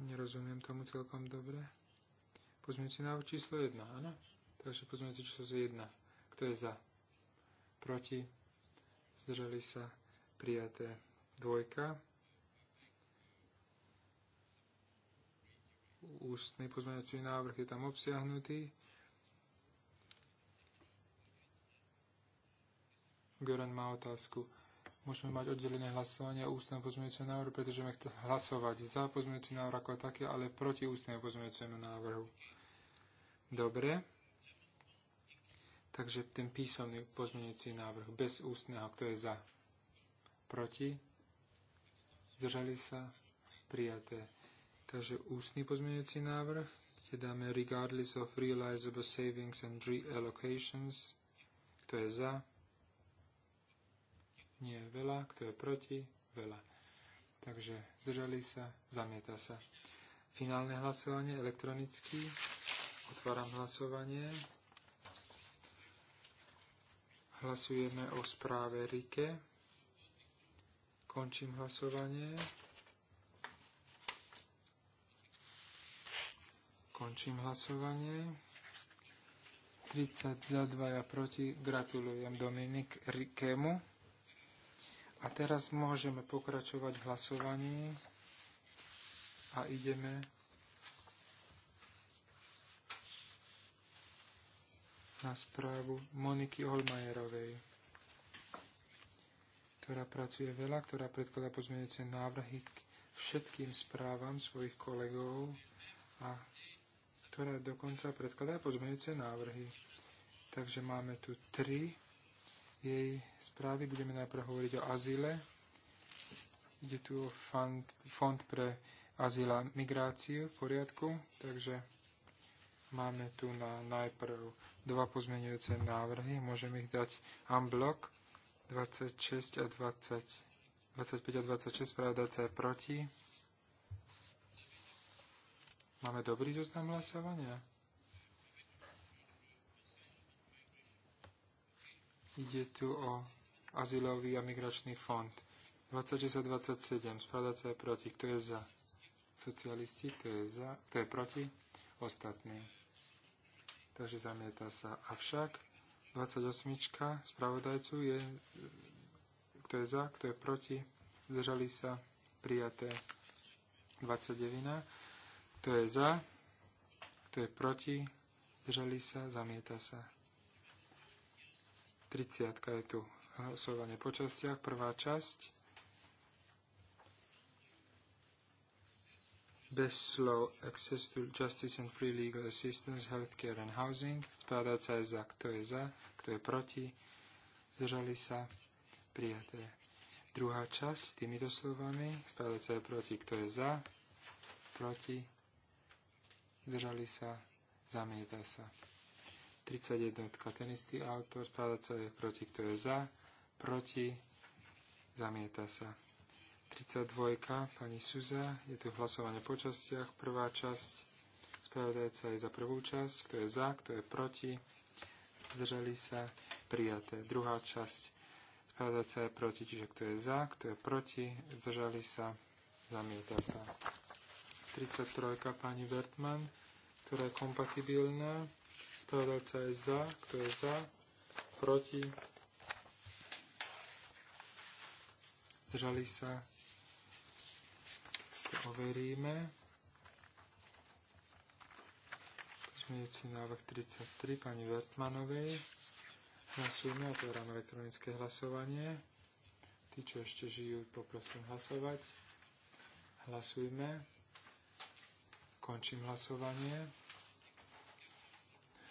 Nerozumiem tomu celkom dobre. Pozmeňujúci návrh číslo 1, áno? Takže pozmeňujúci číslo 1. Kto je za? Proti? Zdržali sa prijaté. Dvojka. Ústny pozmeňovací návrh je tam obsiahnutý. Goran má otázku. Môžeme mať oddelené hlasovanie o ústnom pozmeňujúcom návrhu, pretože sme chceme hlasovať za pozmeňujúci návrh ako také, ale proti ústnemu pozmeňujúcemu návrhu. Dobre. Takže ten písomný pozmeňujúci návrh bez ústneho, kto je za? Proti? zdržali sa, prijaté. Takže ústny pozmeňujúci návrh, kde dáme regardless of realizable savings and reallocations, kto je za, nie je veľa, kto je proti, veľa. Takže zdržali sa, zamieta sa. Finálne hlasovanie elektronicky. Otváram hlasovanie. Hlasujeme o správe Rike. Končím hlasovanie. Končím hlasovanie. 30 za 2 a proti. Gratulujem Dominik Rikemu. A teraz môžeme pokračovať v hlasovaní a ideme na správu Moniky Holmajerovej ktorá pracuje veľa, ktorá predkladá pozmeňujúce návrhy k všetkým správam svojich kolegov a ktorá dokonca predkladá pozmeňujúce návrhy. Takže máme tu tri jej správy. Budeme najprv hovoriť o azile. Ide tu o fond, fond pre azyl a migráciu v poriadku. Takže máme tu na najprv dva pozmeňujúce návrhy. Môžeme ich dať unblock 26 a 20, 25 a 26 spravodajca je proti. Máme dobrý zoznam hlasovania? Ide tu o azylový a migračný fond. 26 a 27. Spravodajca je proti. Kto je za? Socialisti. Kto je, za? Kto je proti? Ostatní. Takže zamieta sa. Avšak 28. Spravodajcu je, kto je za, kto je proti, zdržali sa prijaté 29. Kto je za, kto je proti, zdržali sa, zamieta sa. 30. je tu hlasovanie po častiach. Prvá časť bez slov Access to Justice and Free Legal Assistance, Healthcare and Housing. Vkladať sa je za, kto je za, kto je proti. Zdržali sa prijaté. Druhá časť s týmito slovami. Vkladať sa je proti, kto je za, proti. Zdržali sa, zamieta sa. 31. Ten istý autor. Vkladať sa je proti, kto je za, proti. Zamieta sa. 32. Pani Suza. Je tu hlasovanie po častiach. Prvá časť. Spravodajca je za prvú časť. Kto je za, kto je proti. Zdržali sa. Prijaté. Druhá časť. Spravodajca je proti. Čiže kto je za, kto je proti. Zdržali sa. Zamieta sa. 33. Pani Vertman, ktorá je kompatibilná. Spravodajca je za, kto je za, proti. Zdržali sa overíme. Pozmeňujúci návrh 33 pani Vertmanovej. Hlasujeme, otvoráme elektronické hlasovanie. Tí, čo ešte žijú, poprosím hlasovať. Hlasujme. Končím hlasovanie.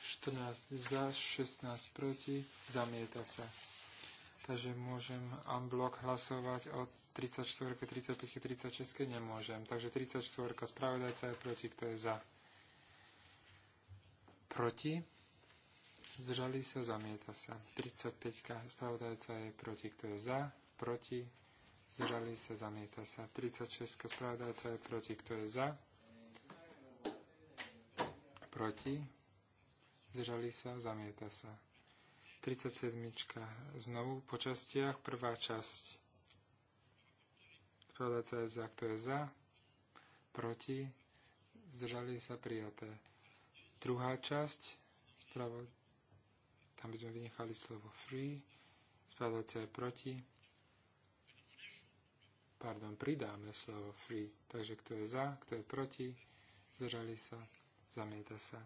14 za, 16 proti, zamieta sa. Takže môžem unblock hlasovať od 34, 35, 36 nemôžem. Takže 34, spravodajca je proti, kto je za. Proti. Zdržali sa, zamieta sa. 35, spravodajca je proti, kto je za. Proti. Zdržali sa, zamieta sa. 36, spravodajca je proti, kto je za. Proti. Zdržali sa, zamieta sa. 37. Znovu po častiach. Prvá časť aj za kto je za, proti, zdržali sa prijaté. Druhá časť, spravo, tam by sme vynechali slovo free, spravda C aj proti, pardon, pridáme slovo free, takže kto je za, kto je proti, zdržali sa, zamieta sa.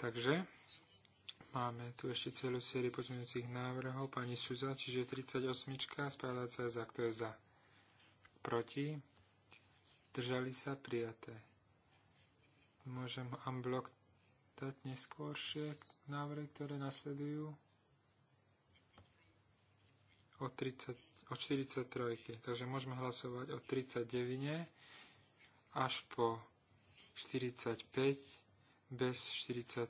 Takže máme tu ešte celú sériu pozmeňujúcich návrhov. Pani Suza, čiže 38. spádacia za, kto je za proti, držali sa prijaté. Môžem unblock dať neskôršie návrhy, ktoré nasledujú o, 30, o 43. Takže môžeme hlasovať o 39 až po 45 bez 43.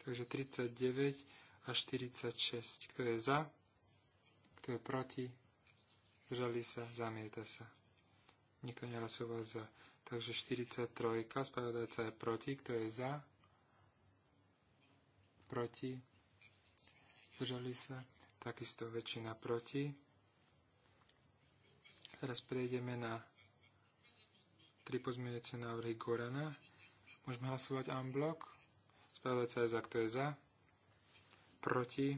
Takže 39 a 46. Kto je za? Kto je proti? zdržali sa, zamieta sa. Nikto nehlasoval za. Takže 43, spravodajca je proti, kto je za, proti, zdržali sa, takisto väčšina proti. Teraz prejdeme na tri pozmeňujúce návrhy Gorana. Môžeme hlasovať en bloc. Spravodajca je za, kto je za, proti,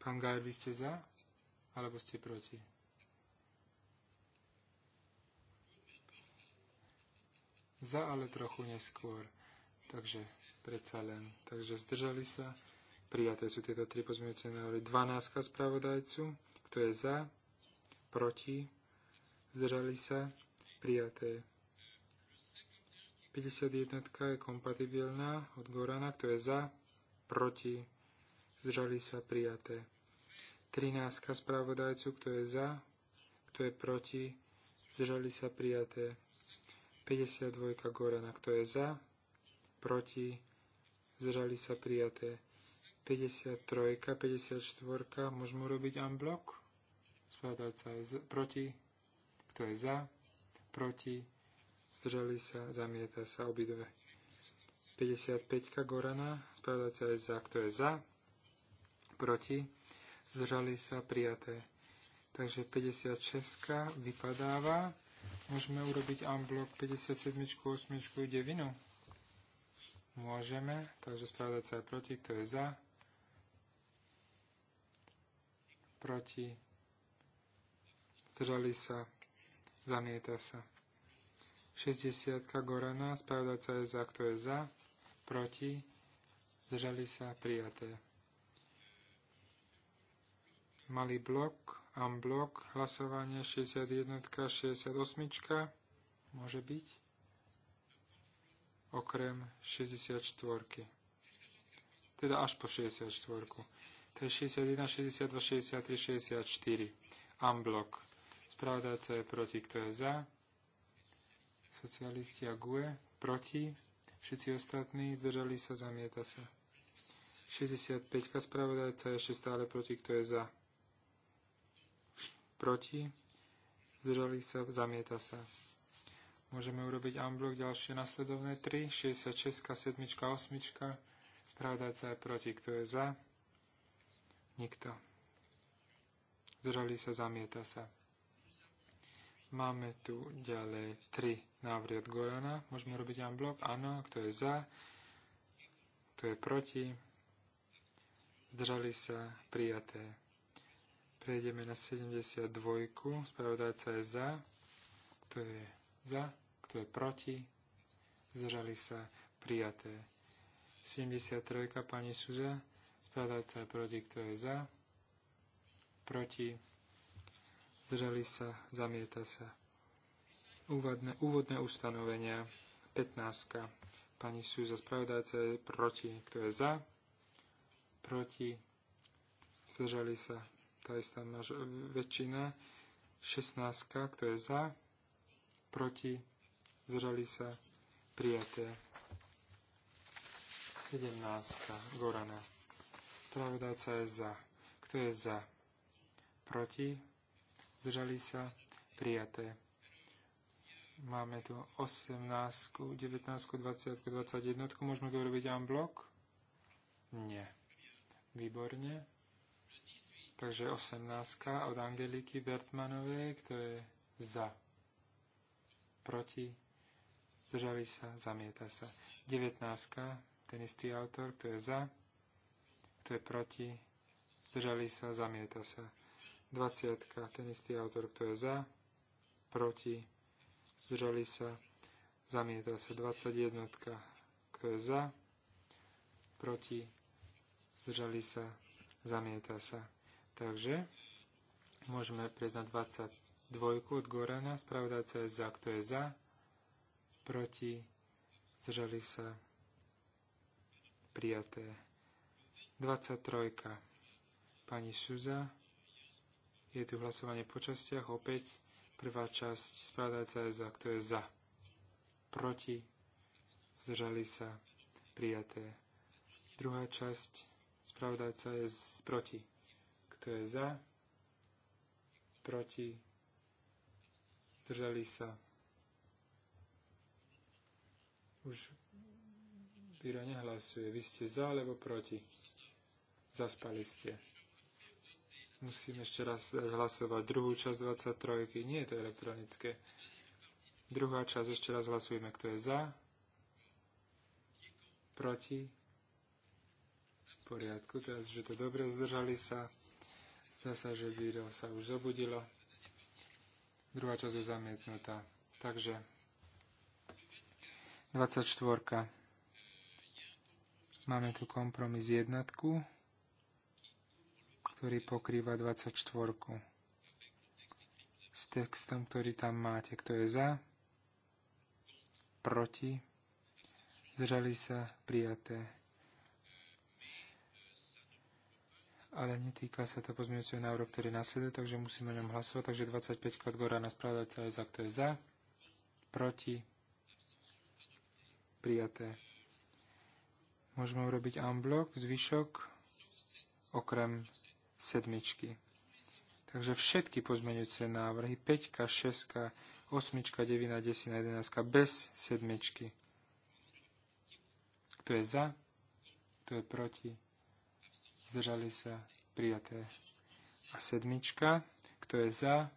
Pán Gajer, vy ste za? Alebo ste proti? Za, ale trochu neskôr. Takže predsa len. Takže zdržali sa. Prijaté sú tieto tri pozmeňujúce návrhy. 12 spravodajcu. Kto je za? Proti? Zdržali sa? Prijaté. 51 je kompatibilná od Gorana. Kto je za? Proti? zžali sa prijaté. 13 spravodajcu, kto je za, kto je proti, zžali sa prijaté. 52 Gorana, kto je za, proti, zžali sa prijaté. 53, 54, môžeme urobiť unblock? Spravodajca je z, proti, kto je za, proti, zdržali sa, zamieta sa obidve. 55 Gorana, spravodajca je za, kto je za, proti, zdržali sa prijaté. Takže 56 vypadáva. Môžeme urobiť unblock 57, 8, 9. Môžeme, takže spravodať sa proti, kto je za. Proti. Zdržali sa. Zamieta sa. 60 Gorana, spravodať sa je za, kto je za. Proti. Zdržali sa, prijaté malý blok, unblock, hlasovanie 61, 68, môže byť, okrem 64. Teda až po 64. To je 61, 62, 63, 64. Unblock. Spravodajca je proti, kto je za. Socialisti a GUE proti. Všetci ostatní zdržali sa, zamieta sa. 65. Spravodajca je ešte stále proti, kto je za proti, zdržali sa, zamieta sa. Môžeme urobiť unblock ďalšie nasledovné 3, 66, 7, 8, správdať sa aj proti, kto je za, nikto. Zdržali sa, zamieta sa. Máme tu ďalej 3 návry od Gojana. Môžeme robiť unblock? Áno, kto je za, kto je proti, zdržali sa, prijaté. Prejdeme na 72. Spravodajca je za. Kto je za? Kto je proti? Zdržali sa prijaté. 73. Pani Suza. Spravodajca je proti. Kto je za? Proti. Zdržali sa. Zamieta sa. Úvodné, úvodné ustanovenia. 15. Pani Suza. Spravodajca je proti. Kto je za? Proti. Zdržali sa tá istá väčšina. 16, kto je za, proti, zdržali sa, prijaté. 17, Gorana. Pravodajca je za. Kto je za? Proti, zdržali sa, prijaté. Máme tu 18, 19, 20, 21. Môžeme to urobiť en blok? Nie. Výborne. Takže 18 od Angeliky Bertmanovej, kto je za, proti, zdržali sa, zamieta sa. 19 ten istý autor, kto je za, kto je proti, zdržali sa, zamieta sa. 20 ten istý autor, kto je za, proti, zdržali sa, zamieta sa. 21 kto je za, proti, zdržali sa, zamieta sa. Takže môžeme prejsť na 22 od Gorana. Spravodajca je za. Kto je za? Proti? Zdržali sa? Prijaté. 23. Pani Suza. Je tu hlasovanie po častiach. Opäť prvá časť. Spravodajca je za. Kto je za? Proti? Zdržali sa? Prijaté. Druhá časť. Spravodajca je proti kto je za? Proti? Držali sa? Už Bíra nehlasuje. Vy ste za alebo proti? Zaspali ste. Musím ešte raz hlasovať druhú časť 23. Nie je to elektronické. Druhá časť ešte raz hlasujeme. Kto je za? Proti? V poriadku. Teraz že to dobre. Zdržali sa. Zdá sa, že Bíro sa už zobudilo. Druhá časť je zamietnutá. Takže 24. Máme tu kompromis jednotku, ktorý pokrýva 24. S textom, ktorý tam máte. Kto je za? Proti? Zdržali sa prijaté. ale netýka sa to pozmeňujúceho návrhu, ktorý následuje, takže musíme o ňom hlasovať. Takže 25 gora na spravodajca je za, kto je za, proti, prijaté. Môžeme urobiť unblock, zvyšok, okrem sedmičky. Takže všetky pozmeňujúce návrhy 5, 6, 8, 9, 10, 11 bez sedmičky. Kto je za, kto je proti, zdržali sa prijaté. A sedmička, kto je za,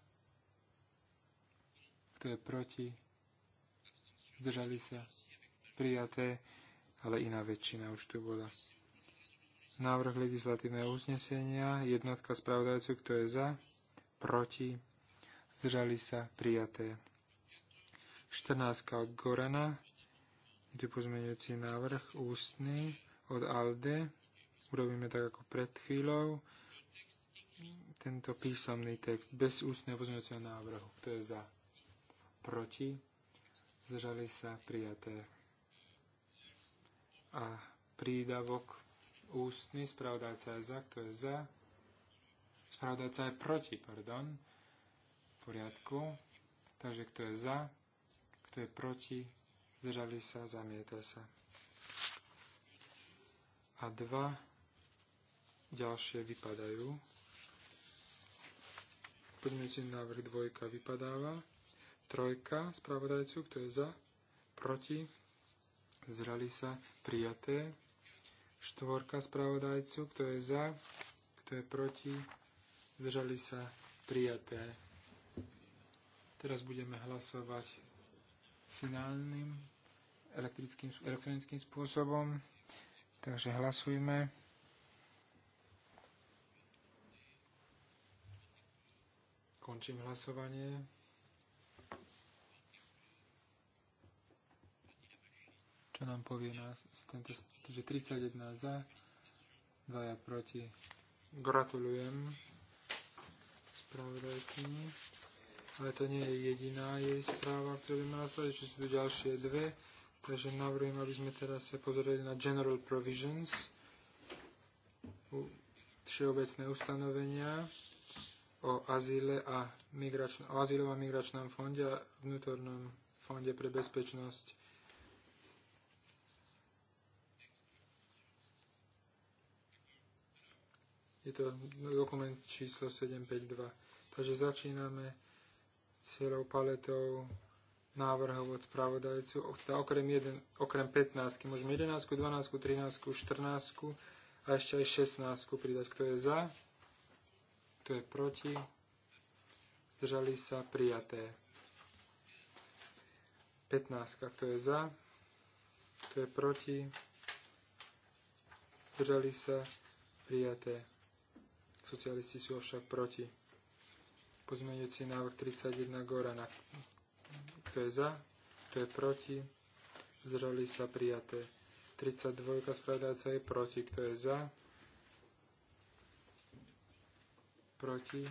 kto je proti, zdržali sa prijaté, ale iná väčšina už tu bola. Návrh legislatívneho uznesenia, jednotka spravodajcu, kto je za, proti, zdržali sa prijaté. 14 od Gorana, je tu pozmeňujúci návrh ústny od Alde, Urobíme tak ako pred chvíľou tento písomný text bez ústneho pozmeňovacieho návrhu. Kto je za? Proti? Zdržali sa prijaté. A prídavok ústny, spravodajca je za, kto je za? Spravodajca je proti, pardon. V poriadku. Takže kto je za? Kto je proti? Zdržali sa, zamieta sa a dva ďalšie vypadajú. Podmienečný návrh dvojka vypadáva. Trojka spravodajcu, kto je za, proti, zrali sa, prijaté. Štvorka spravodajcu, kto je za, kto je proti, zrali sa, prijaté. Teraz budeme hlasovať finálnym elektronickým spôsobom. Takže hlasujme. Končím hlasovanie. Čo nám povie nás tento, že 31 za, 2 proti. Gratulujem spravodajkyni. Ale to nie je jediná jej správa, ktorú má nasledovať, sú tu ďalšie dve. Takže navrhujem, aby sme teraz sa pozreli na General Provisions, všeobecné ustanovenia o azyle a migračn- o azylovom a migračnom fonde a vnútornom fonde pre bezpečnosť. Je to dokument číslo 752. Takže začíname cieľou paletou návrhov od spravodajcu, teda okrem, jeden, okrem 15. Môžeme 11, 12, 13, 14 a ešte aj 16 pridať. Kto je za? Kto je proti? Zdržali sa prijaté. 15. Kto je za? Kto je proti? Zdržali sa prijaté. Socialisti sú však proti. Pozmeňujúci návrh 31 Gorana. Kto je za? Kto je proti? Zdržali sa prijaté. 32 spravodajca je proti. Kto je za? Proti?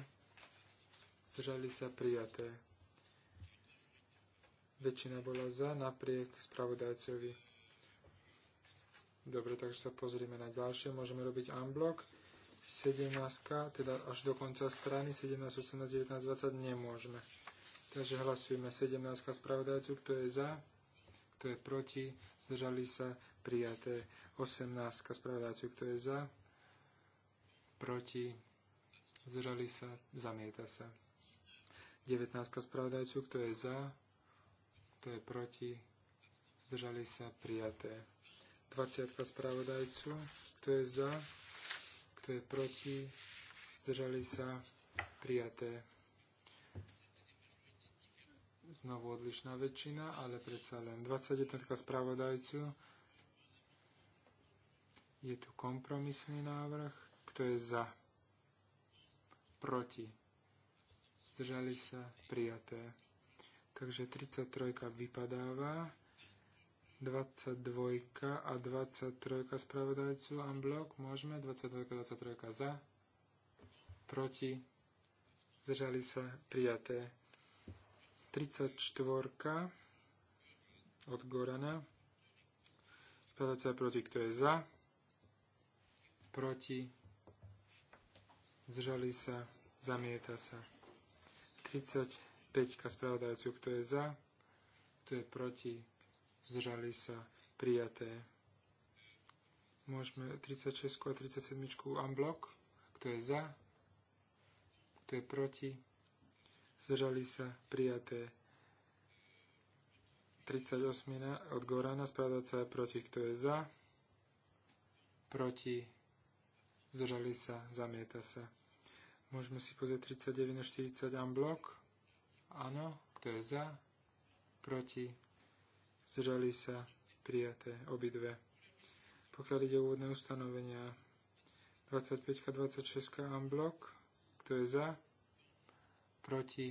Zdržali sa prijaté. Väčšina bola za, napriek spravodajcovi. Dobre, takže sa pozrieme na ďalšie. Môžeme robiť unblock. 17, teda až do konca strany, 17, 18, 19, 20 nemôžeme. Takže hlasujeme 17 spravodajcu, kto je za, kto je proti, zdržali sa prijaté 18 spravodajcu, kto je za, proti, zdržali sa, zamieta sa. 19 spravodajcu, kto je za, kto je proti, zdržali sa prijaté. 20 spravodajcu, kto je za, kto je proti, zdržali sa prijaté znovu odlišná väčšina, ale predsa len 21 spravodajcu. Je tu kompromisný návrh. Kto je za? Proti? Zdržali sa? Prijaté. Takže 33 vypadáva. 22 a 23 spravodajcu unblock. Môžeme 22 23 za? Proti? Zdržali sa? Prijaté. 34 od Gorana. 50 proti, kto je za, proti, zžali sa, zamieta sa. 35 spravodajcu, kto je za, kto je proti, zžali sa, prijaté. Môžeme 36 a 37 unblock, kto je za, kto je proti, zdržali sa, prijaté. 38 od Gorana, spravodajca sa proti, kto je za, proti, zdržali sa, zamieta sa. Môžeme si pozrieť 39 a 40 unblock. Áno, kto je za, proti, zdržali sa, prijaté, obidve. Pokiaľ ide o úvodné ustanovenia, 25 a 26 unblock, kto je za, proti,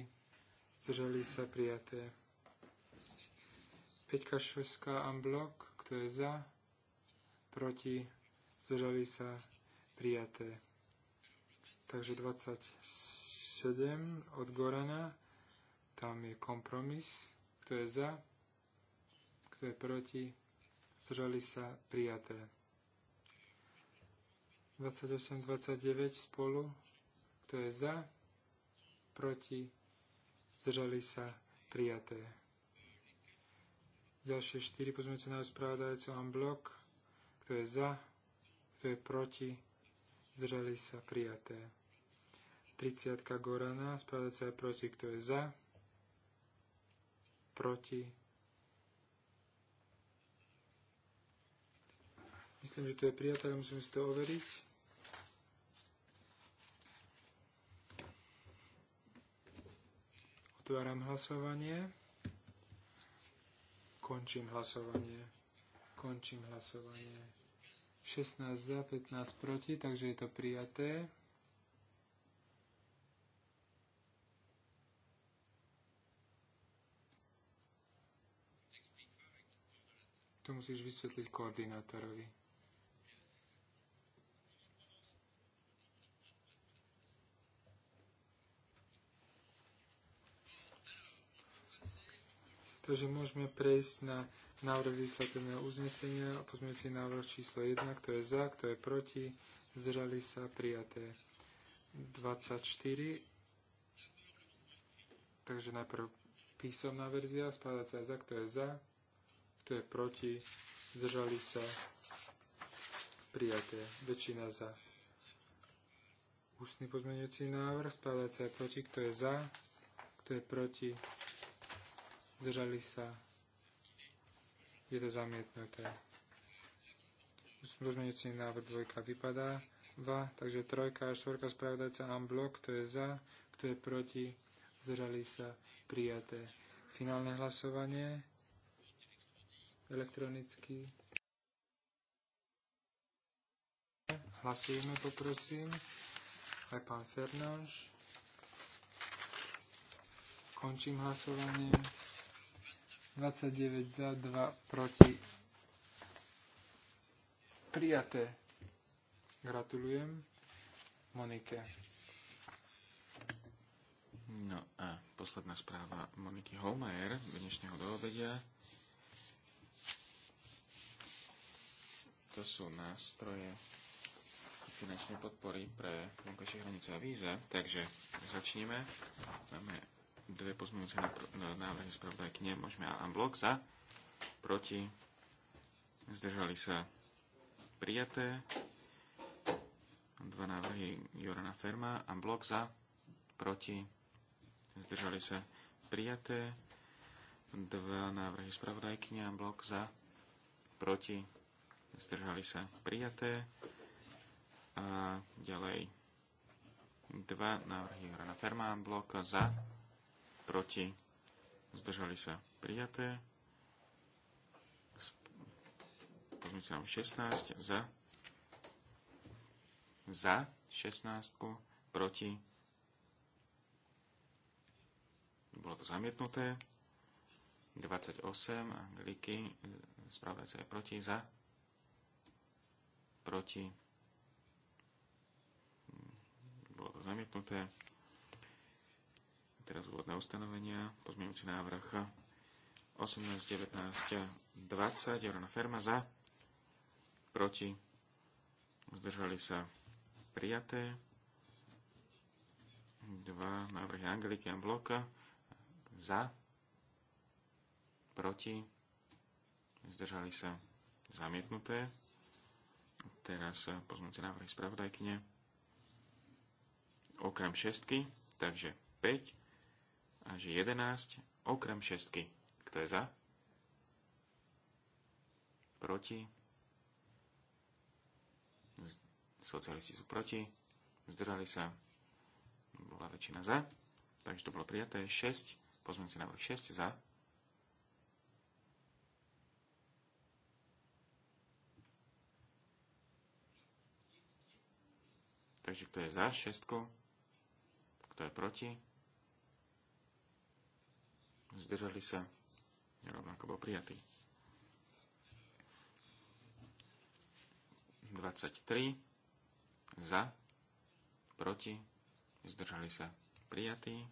zdržali sa prijaté. 5, 6 amblok, kto je za, proti, zdržali sa prijaté. Takže 27 od Gorana, tam je kompromis, kto je za, kto je proti, zdržali sa prijaté. 28, 29 spolu, kto je za, proti, zdržali sa, prijaté. Ďalšie štyri pozmeňujúce návrhy spravodajúce en blok, kto je za, kto je proti, zdržali sa, prijaté. 30 Gorana, spravodajúce je proti, kto je za, proti. Myslím, že to je prijaté, ale musíme si to overiť. Otváram hlasovanie. Končím hlasovanie. Končím hlasovanie. 16 za, 15 proti, takže je to prijaté. Tu musíš vysvetliť koordinátorovi. Takže môžeme prejsť na návrh výsledného uznesenia a pozmeňujúci návrh číslo 1, kto je za, kto je proti, zdržali sa prijaté 24. Takže najprv písomná verzia, spádacia za, kto je za, kto je proti, zdržali sa prijaté, väčšina za. Ústny pozmeňujúci návrh, spádacia proti, kto je za, kto je proti, Zdržali sa. Je to zamietnuté. Rozmenujúci návrh dvojka vypadá. Va, takže trojka a štvorka spravodajca unblock, kto je za, kto je proti, zdržali sa, prijaté. Finálne hlasovanie elektronicky. Hlasujeme, poprosím. Aj pán Fernáš. Končím hlasovanie. 29 za, 2 proti. Prijaté. Gratulujem Monike. No a posledná správa Moniky Holmajer dnešného doobedia. To sú nástroje finančnej podpory pre vonkajšie hranice a víza. Takže začneme. Máme dve pozmeňujúce návrhy spravodajky nemôžeme a blok za, proti, zdržali sa prijaté, dva návrhy Jorana Ferma a blok za, proti, zdržali sa prijaté, dva návrhy spravodajky a blok za, proti, zdržali sa prijaté a ďalej dva návrhy Jorana Ferma a blok za, proti, zdržali sa prijaté. Pozmite nám 16 za, za 16, proti, bolo to zamietnuté. 28 Angliky, sa aj proti, za, proti, bolo to zamietnuté teraz úvodné ustanovenia, pozmienujúci návrh 18, 19, 20, Jorona Ferma za, proti, zdržali sa prijaté, dva návrhy Angeliky a Bloka za, proti, zdržali sa zamietnuté. Teraz pozmienujúci návrhy spravodajkyne okrem šestky, takže 5, až 11 okrem 6. Kto je za? Proti? Socialisti sú proti. Zdržali sa. Bola väčšina za. Takže to bolo prijaté. 6. si návrh 6 za. Takže kto je za 6? Kto je proti? zdržali sa, nerovnako bol prijatý. 23 za, proti, zdržali sa, prijatý.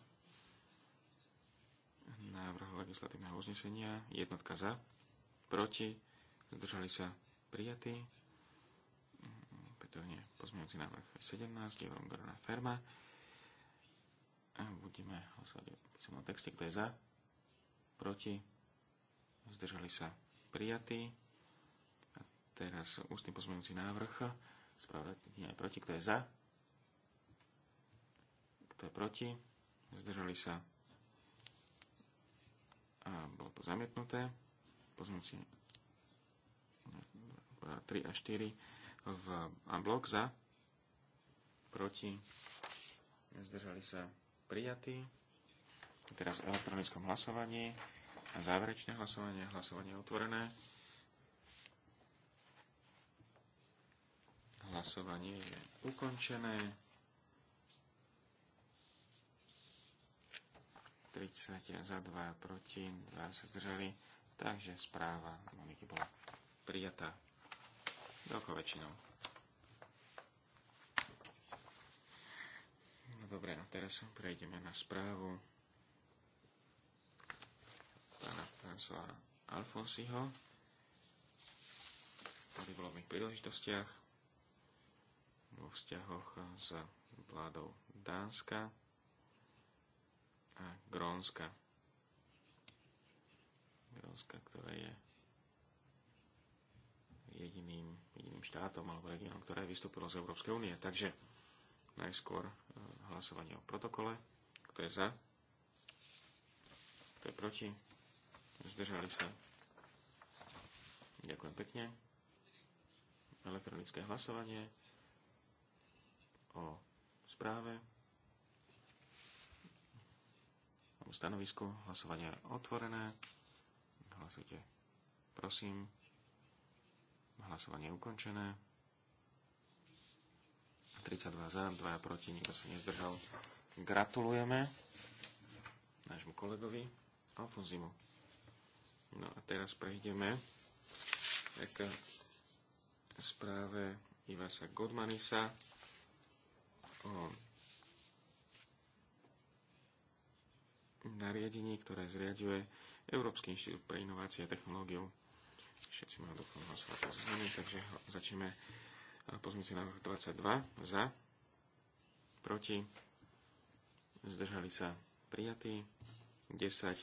Návrh legislatívneho uznesenia, jednotka za, proti, zdržali sa, prijatý. Opätovne pozmeňujúci návrh 17, Jeroen Ferma. A budeme hlasovať o písomnom texte, kto je za, proti, zdržali sa prijatí. A teraz ústny pozmeňujúci návrh, spravodajkynia je proti, kto je za, kto je proti, zdržali sa a bolo to zamietnuté. Pozmeňujúci 3 a 4 v unblock za, proti, zdržali sa prijatí. Teraz v elektronickom hlasovaní a záverečné hlasovanie, hlasovanie je otvorené. Hlasovanie je ukončené. 30 za 2 proti, 2 sa zdržali, takže správa Moniky bola prijatá veľkou väčšinou. No dobre, a teraz prejdeme na správu pána François Alfonsiho v mých príležitostiach vo vzťahoch s vládou Dánska a Grónska. Grónska, ktoré je jediným, jediným štátom alebo regiónom, ktoré vystúpilo z Európskej únie. Takže najskôr eh, hlasovanie o protokole. Kto je za? Kto je proti? zdržali sa. Ďakujem pekne. Elektronické hlasovanie o správe o stanovisku. Hlasovanie je otvorené. Hlasujte. Prosím. Hlasovanie je ukončené. 32 za, 2 proti, nikto sa nezdržal. Gratulujeme nášmu kolegovi Alfonzimu. No a teraz prejdeme k správe Ivasa Godmanisa o nariadení, ktoré zriaďuje Európsky inštitút pre inovácie a technológiu. Všetci majú dokonú hlasovacie zoznamy, takže začneme pozmíci na 22 za, proti, zdržali sa prijatí, 10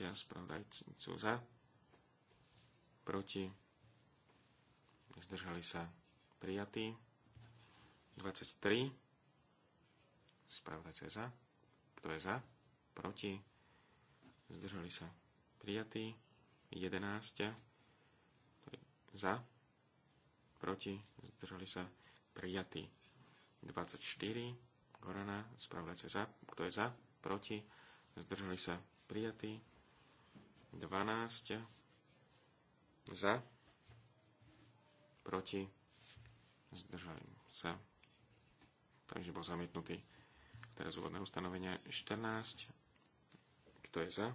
a spravodajcu za, proti, zdržali sa prijatí, 23, spravodajca je za, kto je za, proti, zdržali sa prijatí, 11, za, proti, zdržali sa prijatí, 24, Gorana, spravodajca je za, kto je za, proti, zdržali sa prijatí, 12, za, proti, zdržali sa. Takže bol zamietnutý teraz úvodné ustanovenia 14. Kto je za?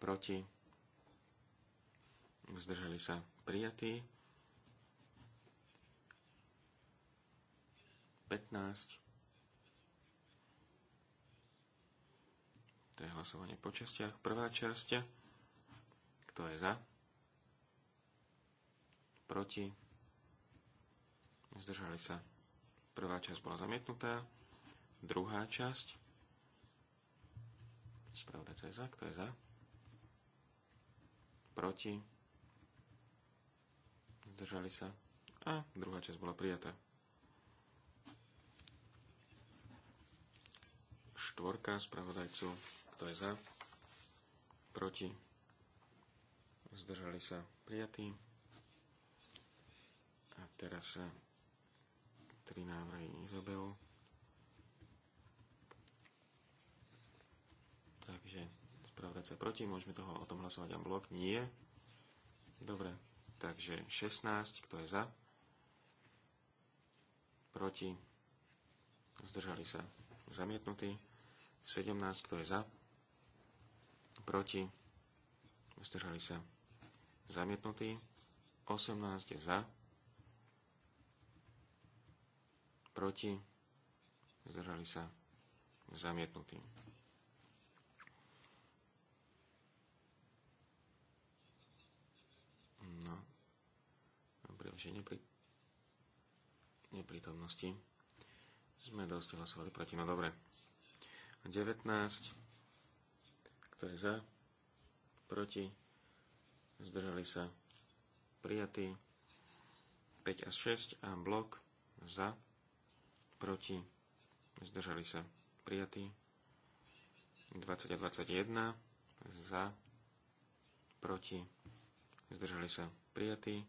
Proti? Zdržali sa prijatí. 15. To je hlasovanie po častiach. Prvá časť. Kto je za? Proti? Zdržali sa. Prvá časť bola zamietnutá. Druhá časť. Spravodajca je za. Kto je za? Proti? Zdržali sa. A druhá časť bola prijatá. Štvorka spravodajcu. Kto je za? Proti? zdržali sa prijatí. A teraz tri návrhy Izabel. Takže spravodať sa proti, môžeme toho o tom hlasovať a blok? Nie. Dobre, takže 16, kto je za? Proti? Zdržali sa zamietnutí. 17, kto je za? Proti? Zdržali sa zamietnutý, 18 za, proti, zdržali sa, zamietnutý. No, priloženie pri neprítomnosti sme dosť hlasovali proti, no dobre. 19, kto je za, proti, zdržali sa prijatí. 5 a 6 a blok za, proti, zdržali sa prijatí. 20 a 21 za, proti, zdržali sa prijatí.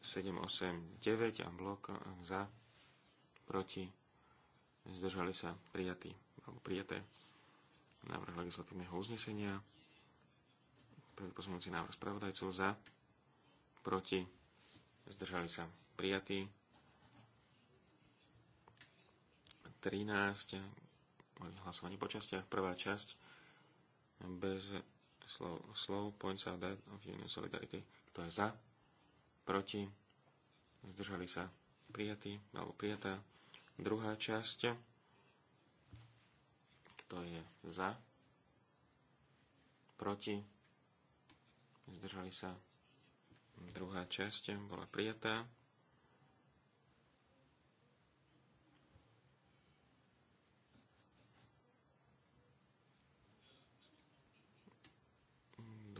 7, 8, 9 a blok za, proti, zdržali sa prijatí, alebo prijaté návrh legislatívneho uznesenia. Prvý pozmeňujúci návrh spravodajcov za, proti, zdržali sa prijatí. 13, hlasovanie po častiach, prvá časť, bez slov, slov points of that of Union Solidarity. Kto je za, proti, zdržali sa prijatí, alebo prijatá. Druhá časť, kto je za, proti, zdržali sa. Druhá časť bola prijatá.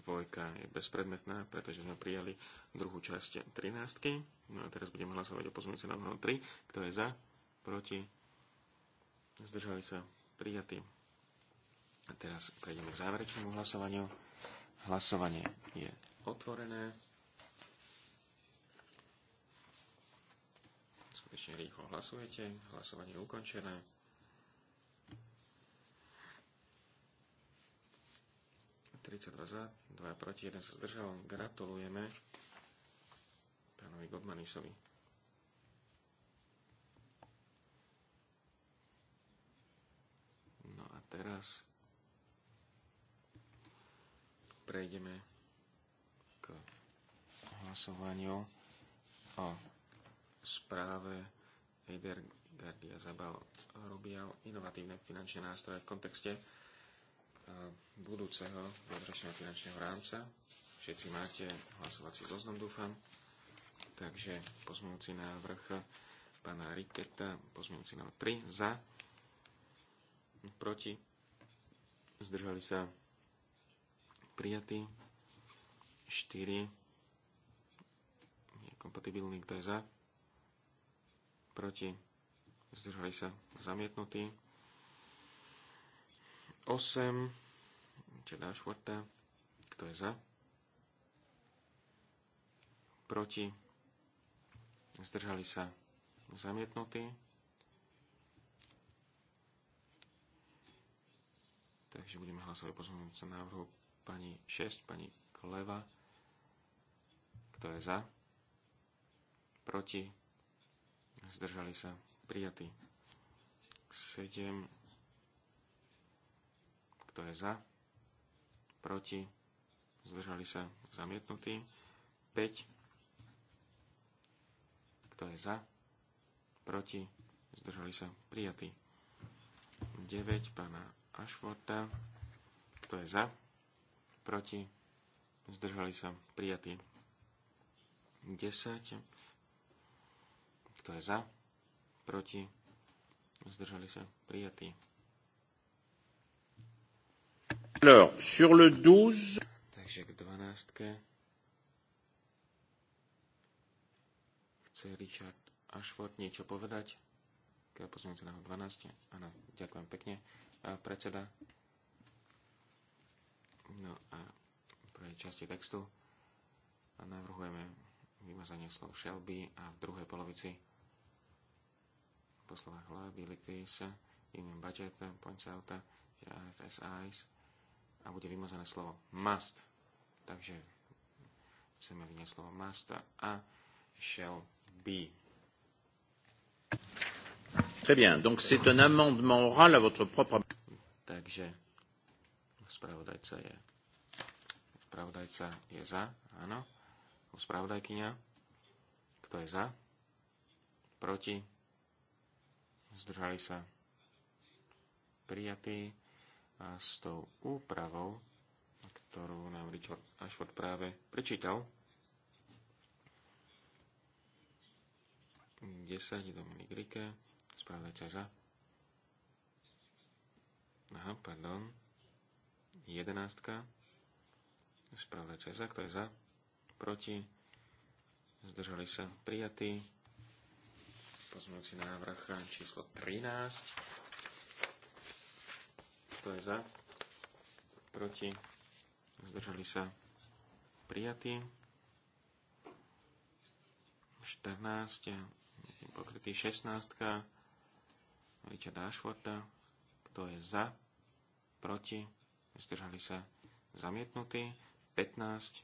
dvojka je bezpredmetná, pretože sme prijali druhú časť 13. No a teraz budeme hlasovať o pozmeňujúcom návrhu 3. Kto je za? Proti? Zdržali sa? Prijatí. A teraz prejdeme k záverečnému hlasovaniu. Hlasovanie je otvorené. Skutočne rýchlo hlasujete. Hlasovanie je ukončené. za, dva proti, jeden sa zdržal. Gratulujeme pánovi Godmanisovi. No a teraz prejdeme k hlasovaniu o správe Eder Gardia Zabal Rubial inovatívne finančné nástroje v kontexte e, budúceho viacročného finančného rámca. Všetci máte hlasovací zoznam, dúfam. Takže pozmúci návrh pána Riketa, pozmúci návrh 3 za, proti, zdržali sa prijatý. 4 je kompatibilný, kto je za, proti, zdržali sa zamietnutí. 8, čiže švorta. kto je za, proti, zdržali sa zamietnutí. Takže budeme hlasovať pozmeňujúce návrhu pani 6, pani Kleva. Kto je za? Proti? Zdržali sa prijatí. 7. Kto je za? Proti? Zdržali sa zamietnutí. 5. Kto je za? Proti? Zdržali sa prijatí. 9 pána Ashforda. Kto je za? proti, zdržali sa prijatí 10, kto je za, proti, zdržali sa prijatí. Alors, sur le 12... Takže k 12. Chce Richard Ashford niečo povedať? Keď pozrieme na 12. Áno, ďakujem pekne. A predseda, No a prvej časti textu navrhujeme vymazanie slov shall be a v druhej polovici po slovách liabilities, union budget, points out, IFSIs a bude vymazané slovo must. Takže chceme vyniesť slovo must a shall be. Très bien, donc c'est un amendement oral à votre propre... Takže Spravodajca je. Spravodajca je za, áno. Spravodajkyňa. Kto je za? Proti? Zdržali sa? Prijatý a s tou úpravou, ktorú nám Richard Ashford práve prečítal. 10 Dominik Rike, spravodajca je za. Aha, pardon jedenástka. Spravodajca je za, kto je za, proti, zdržali sa prijatí. Pozmeňujúci návrh číslo 13. Kto je za, proti, zdržali sa prijatí. 14, pokrytý 16, Richarda Ashforda, kto je za, proti, zdržali sa zamietnutí, 15,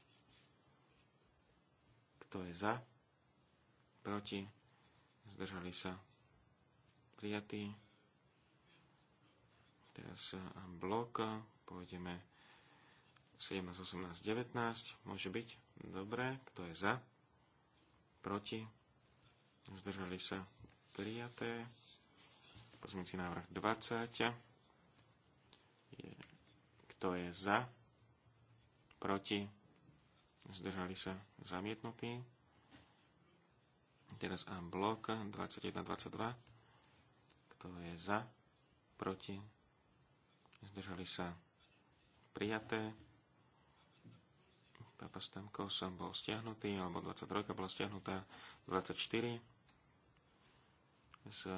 kto je za, proti, zdržali sa prijatí. Teraz eh, blok, pôjdeme 17, 18, 19, môže byť, dobre, kto je za, proti, zdržali sa prijaté, si návrh 20, kto je za? Proti? Zdržali sa zamietnutí. Teraz a blok 21-22. Kto je za? Proti? Zdržali sa prijaté. Papa Stanko som bol stiahnutý, alebo 23 bola stiahnutá, 24 s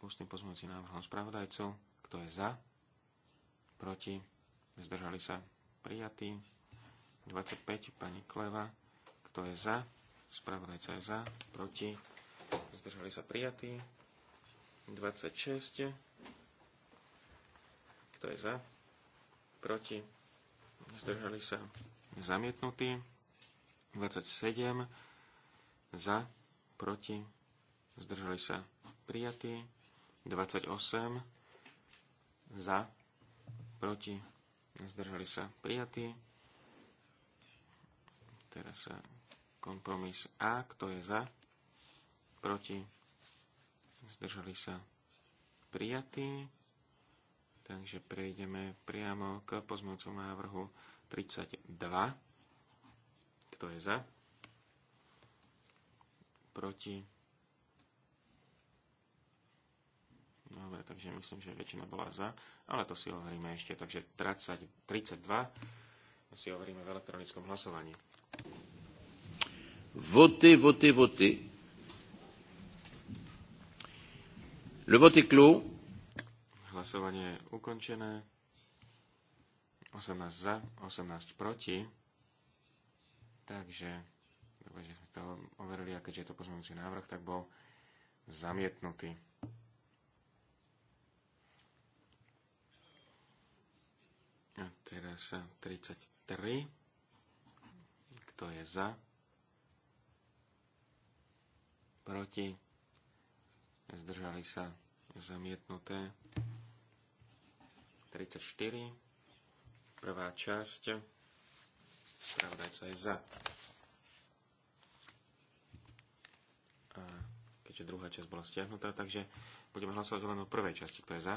ústnym pozmúcim návrhom spravodajcov. Kto je za? proti, zdržali sa prijatí. 25, pani Kleva, kto je za, spravodajca je za, proti, zdržali sa prijatí. 26, kto je za, proti, zdržali sa zamietnutí. 27, za, proti, zdržali sa prijatí. 28, za, proti, zdržali sa prijatí. Teraz sa kompromis A, kto je za, proti, zdržali sa prijatí. Takže prejdeme priamo k pozmúcom návrhu 32. Kto je za? Proti Dobre, takže myslím, že väčšina bola za, ale to si overíme ešte. Takže 30, 32 si overíme v elektronickom hlasovaní. Voty voty voty. Le vote Hlasovanie je ukončené. 18 za, 18 proti. Takže, dobre, že sme to overili a keďže je to pozmeňujúci návrh, tak bol zamietnutý. A teraz 33. Eh, Kto je za? Proti? Zdržali sa zamietnuté. 34. Prvá časť. Spravodajca je za. A keďže druhá časť bola stiahnutá, takže budeme hlasovať len o prvej časti. Kto je za?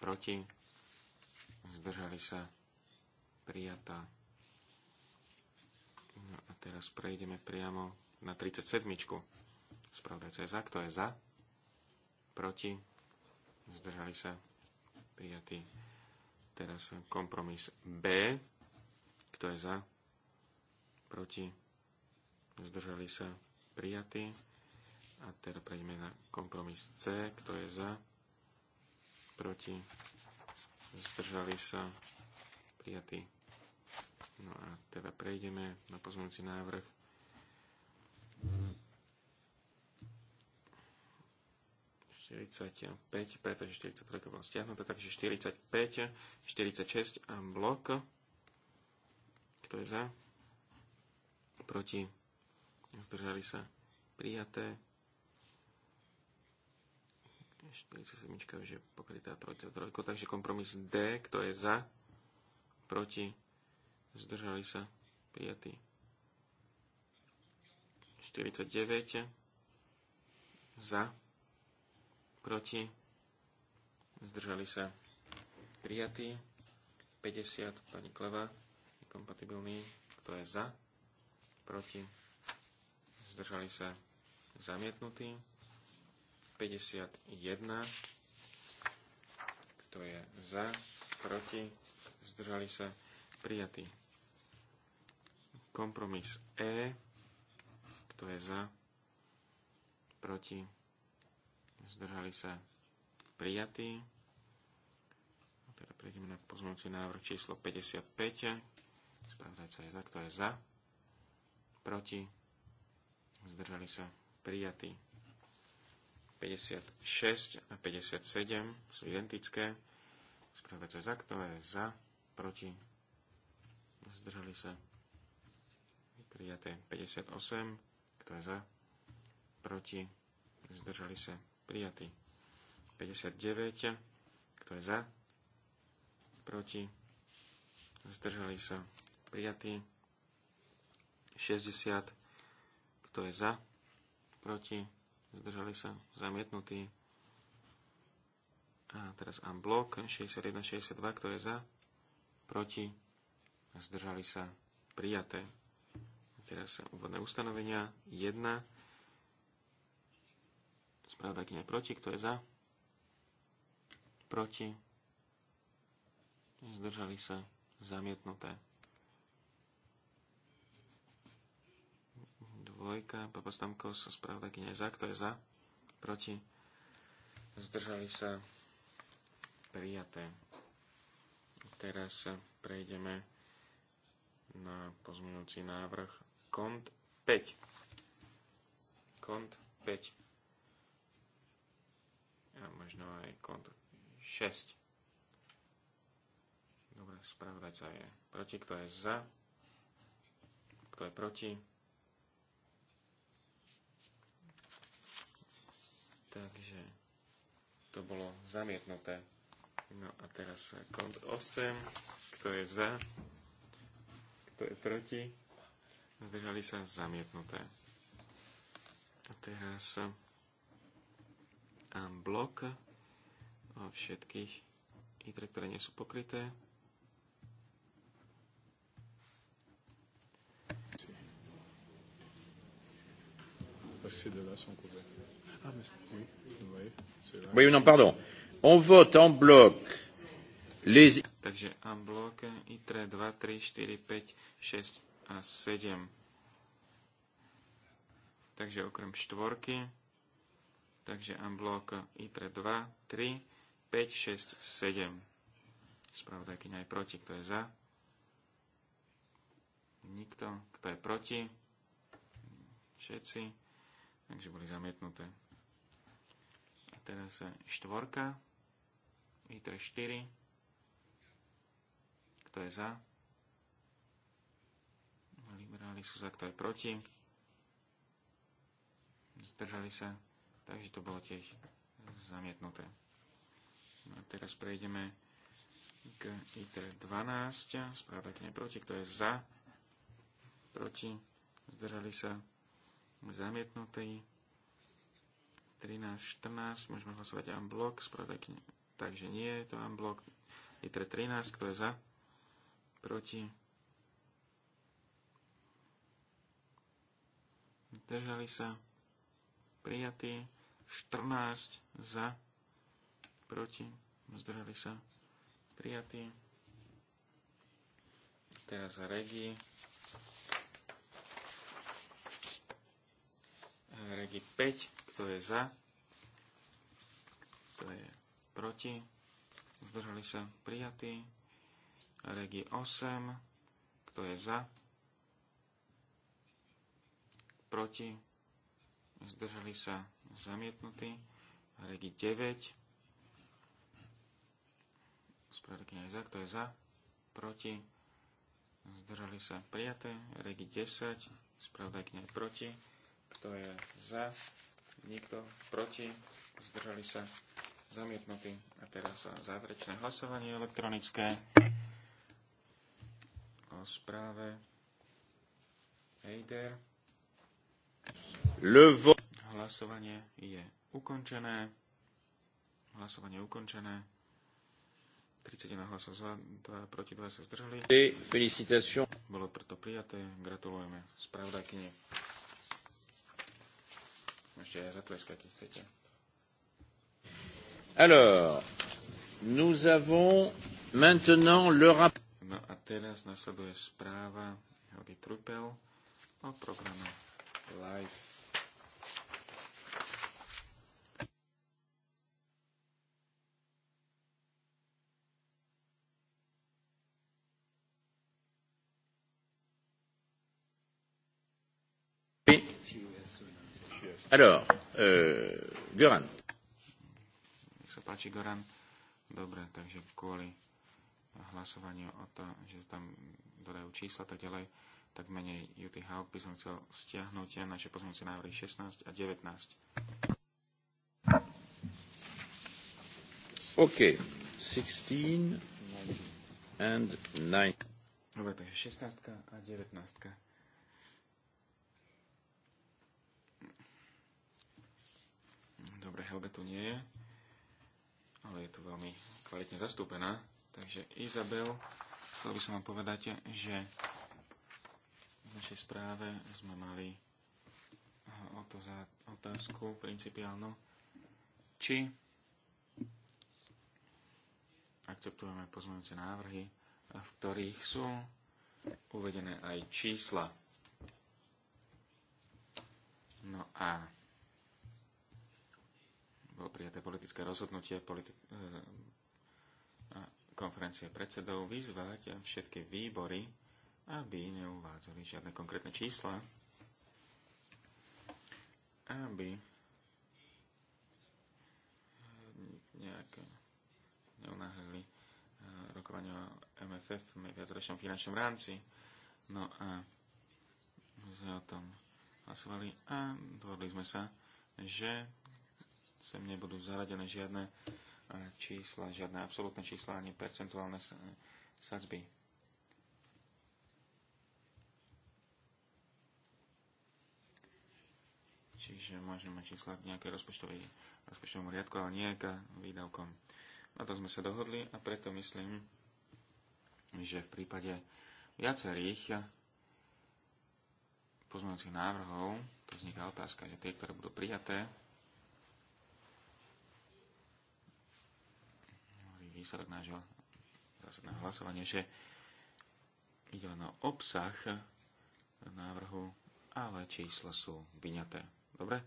Proti? zdržali sa, prijatá. No a teraz prejdeme priamo na 37. Spravodajca je za, kto je za, proti, zdržali sa, prijatí. Teraz kompromis B, kto je za, proti, zdržali sa, prijatí A teraz prejdeme na kompromis C, kto je za, proti, zdržali sa prijatí. No a teda prejdeme na pozmeňujúci návrh. Mm. 45, pretože 43 bolo stiahnuté, takže 45, 46 a blok. Kto je za? Proti? Zdržali sa? Prijaté. 47 už je pokrytá trojko, takže kompromis D, kto je za, proti, zdržali sa, prijatý. 49 za, proti, zdržali sa, prijatý. 50, pani Kleva, je kompatibilný, kto je za, proti, zdržali sa, zamietnutý. 51. Kto je za? Proti? Zdržali sa? Prijatý. Kompromis E. Kto je za? Proti? Zdržali sa? Prijatý. Teda prejdeme na pozmeňujúci návrh číslo 55. Spravodajca je za. Kto je za? Proti? Zdržali sa? Prijatý. 56 a 57 sú identické. Spravedca cez kto je za, proti, zdržali sa. Prijaté 58, kto je za, proti, zdržali sa. Prijatý 59, kto je za, proti, zdržali sa. Prijatý 60, kto je za, proti, zdržali sa, zamietnutý. A teraz unblock 61-62, kto je za, proti, zdržali sa, prijaté. A teraz úvodné ustanovenia 1, spravodajkynia proti, kto je za, proti, zdržali sa, zamietnuté. dvojka, Papa Stamko sa spravda kine za, kto je za, proti, zdržali sa prijaté. Teraz prejdeme na pozmeňujúci návrh kont 5. Kont 5. A možno aj kont 6. Dobre, sa je proti, kto je za, kto je proti Takže to bolo zamietnuté. No a teraz kód 8. Kto je za? Kto je proti? Zdržali sa zamietnuté. A teraz blok všetkých ITRE, ktoré nie sú pokryté. Passer de là Oui, non, pardon. On vote en bloc les... Takže en bloc ITRE 2, 3, 4, 5, 6 a 7. Takže okrem štvorky. Takže en bloc ITRE 2, 3, 5, 6, 7. Spravodajkyňa je proti, kto je za? Nikto. Kto je proti? Všetci. Takže boli zamietnuté. Teraz štvorka. ITRE 4. Kto je za? Liberáli sú za, kto je proti. Zdržali sa. Takže to bolo tiež zamietnuté. No a teraz prejdeme k ITRE 12. Správa k Kto je za? Proti. Zdržali sa. Zamietnutý. 13, 14, môžeme hlasovať unblock, spravodajkyne. Takže nie je to unblock. ITRE 13, kto je za? Proti? Držali sa? Prijatý? 14 za? Proti? Zdržali sa? Prijatý? Teraz regi. Regi 5 kto je za, kto je proti, zdržali sa prijatí, regi 8, kto je za, proti, zdržali sa zamietnutí, regi 9, Spravedlky je za, kto je za, proti, zdržali sa prijaté, regi 10, spravodajkynia je proti, kto je za, Nikto proti. Zdržali sa zamietnutí. A teraz sa záverečné hlasovanie elektronické o správe Eider. Hlasovanie je ukončené. Hlasovanie je ukončené. 31 hlasov za, 2 proti 2 sa zdržali. Bolo preto prijaté. Gratulujeme spravodajkyni. Ešte aj zatleskať, keď chcete. Alors, nous avons maintenant le rap... No a teraz nasleduje správa Helgi Trupel o programe LIFE. Alors, euh, Goran. Nech sa páči, Goran. Dobre, takže kvôli hlasovaniu o to, že sa tam dodajú čísla tak ďalej, tak menej Juty Haup by som chcel stiahnuť na naše pozmeňujúce návrhy 16 a 19. OK. 16 and 9. Dobre, takže 16 a 19. Dobre, Helga tu nie je, ale je tu veľmi kvalitne zastúpená. Takže Izabel, chcel by som vám povedať, že v našej správe sme mali eh, o to za otázku principiálnu, či akceptujeme pozmeňujúce návrhy, v ktorých sú uvedené aj čísla. No a bolo prijaté politické rozhodnutie politi- e, konferencie predsedov vyzvať všetky výbory, aby neuvádzali žiadne konkrétne čísla, aby nejak neunáhlili e, rokovanie o MFF v viacročnom finančnom rámci. No a sme o tom hlasovali a dohodli sme sa, že sem nebudú zaradené žiadne eh, čísla, žiadne absolútne čísla ani percentuálne sadzby. Čiže môžeme mať čísla v nejakej rozpočtovej, rozpočtovom riadku, ale nejaká výdavkom. Na to sme sa dohodli a preto myslím, že v prípade viacerých pozmeňujúcich návrhov, to vzniká otázka, že tie, ktoré budú prijaté, výsledok nášho zásadného hlasovania, že ide len o obsah návrhu, ale čísla sú vyňaté. Dobre?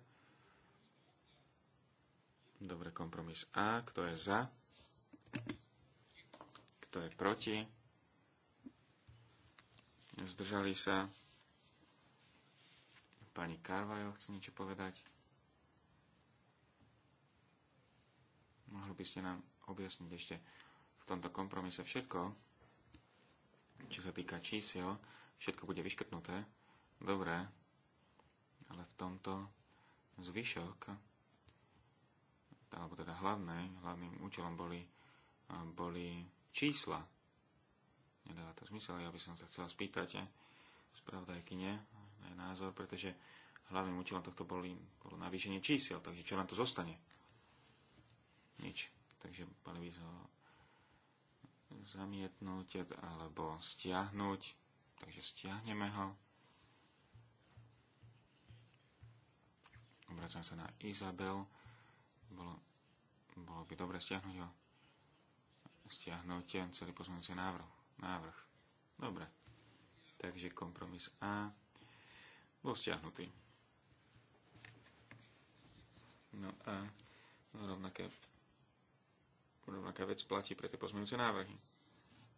Dobre, kompromis A. Kto je za? Kto je proti? Zdržali sa. Pani Karvajo chce niečo povedať. Mohli by ste nám objasniť ešte v tomto kompromise všetko, čo sa týka čísiel, všetko bude vyškrtnuté. Dobre, ale v tomto zvyšok, alebo teda hlavné, hlavným účelom boli, boli čísla. Nedáva to zmysel, ja by som sa chcel spýtať spravodajkyne aj názor, pretože hlavným účelom tohto boli, bolo navýšenie čísiel, takže čo nám tu zostane? Nič takže ho zamietnúť alebo stiahnuť, takže stiahneme ho. Obracam sa na Izabel. Bolo, bolo by dobre stiahnuť ho. Stiahnuť celý pozmeňujúci návrh. návrh. Dobre. Takže kompromis A bol stiahnutý. No a rovnaké Rovnaká vec platí pre tie pozmeňujúce návrhy.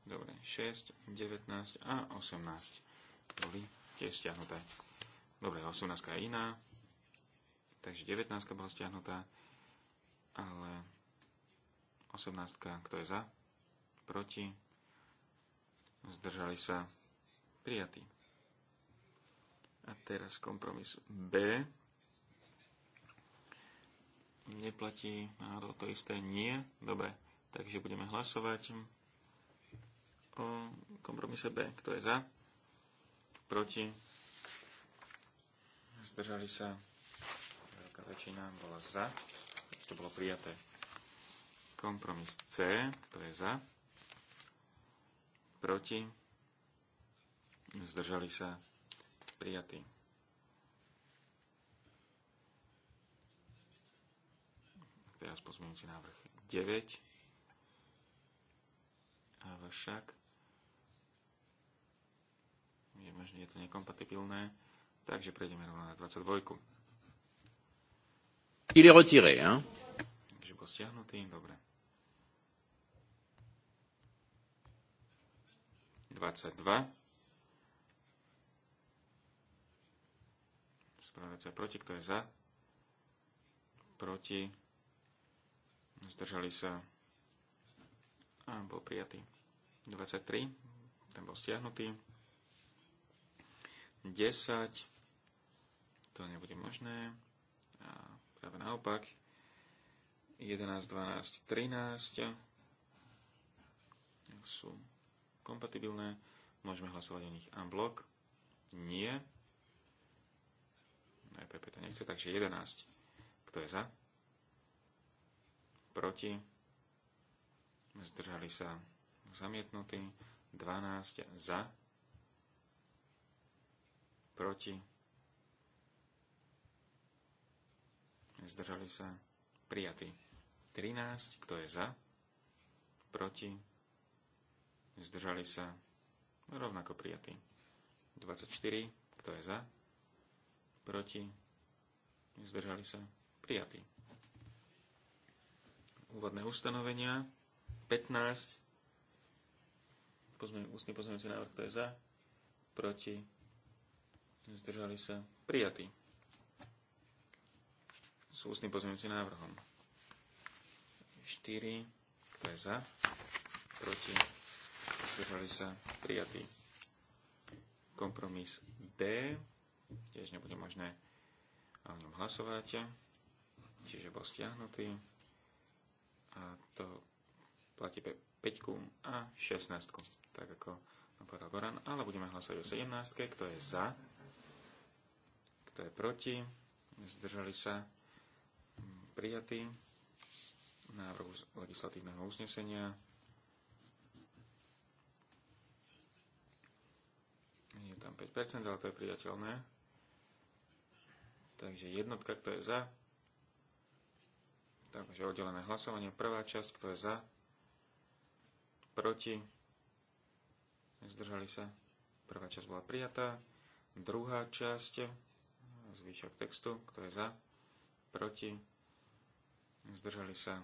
Dobre, 6, 19 a 18 boli tiež stiahnuté. Dobre, 18 je iná, takže 19 bola stiahnutá, ale 18, kto je za? Proti? Zdržali sa prijatí. A teraz kompromis B. Neplatí náhodou to isté? Nie. Dobre, takže budeme hlasovať o kompromise B. Kto je za? Proti? Zdržali sa. Veľká väčšina bola za. To bolo prijaté. Kompromis C. Kto je za? Proti? Zdržali sa. Prijatý. Teraz pozmeňujúci návrh 9. Ale však vieme, že je to nekompatibilné, takže prejdeme rovno na 22. Il est retiré, hein? Takže bol stiahnutý, dobre. 22. Spravedať sa proti, kto je za? Proti zdržali sa a bol prijatý. 23, ten bol stiahnutý. 10, to nebude možné. A práve naopak, 11, 12, 13 sú kompatibilné. Môžeme hlasovať o nich unblock Nie. EPP to nechce, takže 11. Kto je za? proti, zdržali sa zamietnutí, 12 za, proti, zdržali sa prijatí. 13, kto je za, proti, zdržali sa rovnako prijatí. 24, kto je za, proti, zdržali sa prijatí úvodné ustanovenia. 15. Pozme, ústne pozmeňujúci návrh, kto je za, proti, zdržali sa, prijatý. S ústnym pozmeňujúci návrhom. 4. Kto je za, proti, zdržali sa, prijatý. Kompromis D. Tiež nebude možné o ňom hlasovať, čiže bol stiahnutý. A to platí pe- 5 a 16, tak ako povedal Goran. Ale budeme hlasovať o 17, kto je za, kto je proti, zdržali sa prijatý návrh legislatívneho uznesenia. Je tam 5%, ale to je priateľné. Takže jednotka, kto je za, Takže oddelené hlasovanie. Prvá časť, kto je za, proti, zdržali sa. Prvá časť bola prijatá. Druhá časť, zvyšok textu, kto je za, proti, zdržali sa.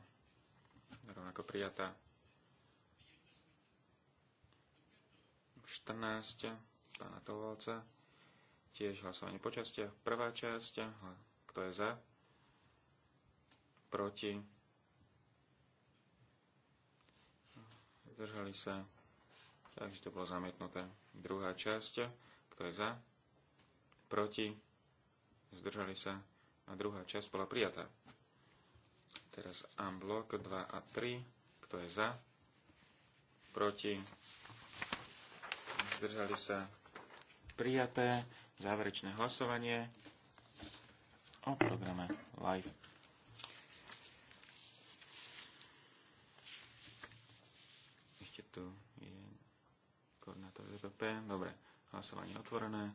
Rovnako prijatá. 14 pána Tovalca. Tiež hlasovanie po častiach. Prvá časť, kto je za, proti, zdržali sa, takže to bolo zamietnuté. Druhá časť, kto je za, proti, zdržali sa a druhá časť bola prijatá. Teraz unblock 2 a 3, kto je za, proti, zdržali sa prijaté záverečné hlasovanie o programe Live. ešte tu je koordinátor ZPP. E Dobre, hlasovanie otvorené.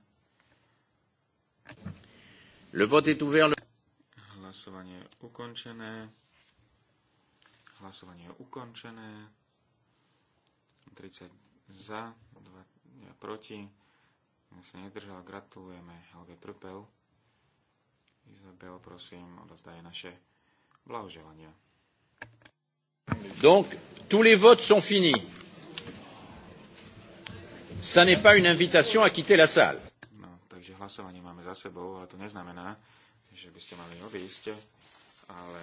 Le vote est ouvert. Hlasovanie je ukončené. Hlasovanie je ukončené. 30 za, 2 ja proti. Ja sa nezdržal. Gratulujeme Helge Trpel. Izabel, prosím, odozdaje naše blahoželania. Donc, tous les votes sont finis. Ça n'est pas une invitation à quitter la salle. No, takže hlasovanie máme za sebou, ale to neznamená, že by ste mali odísť, ale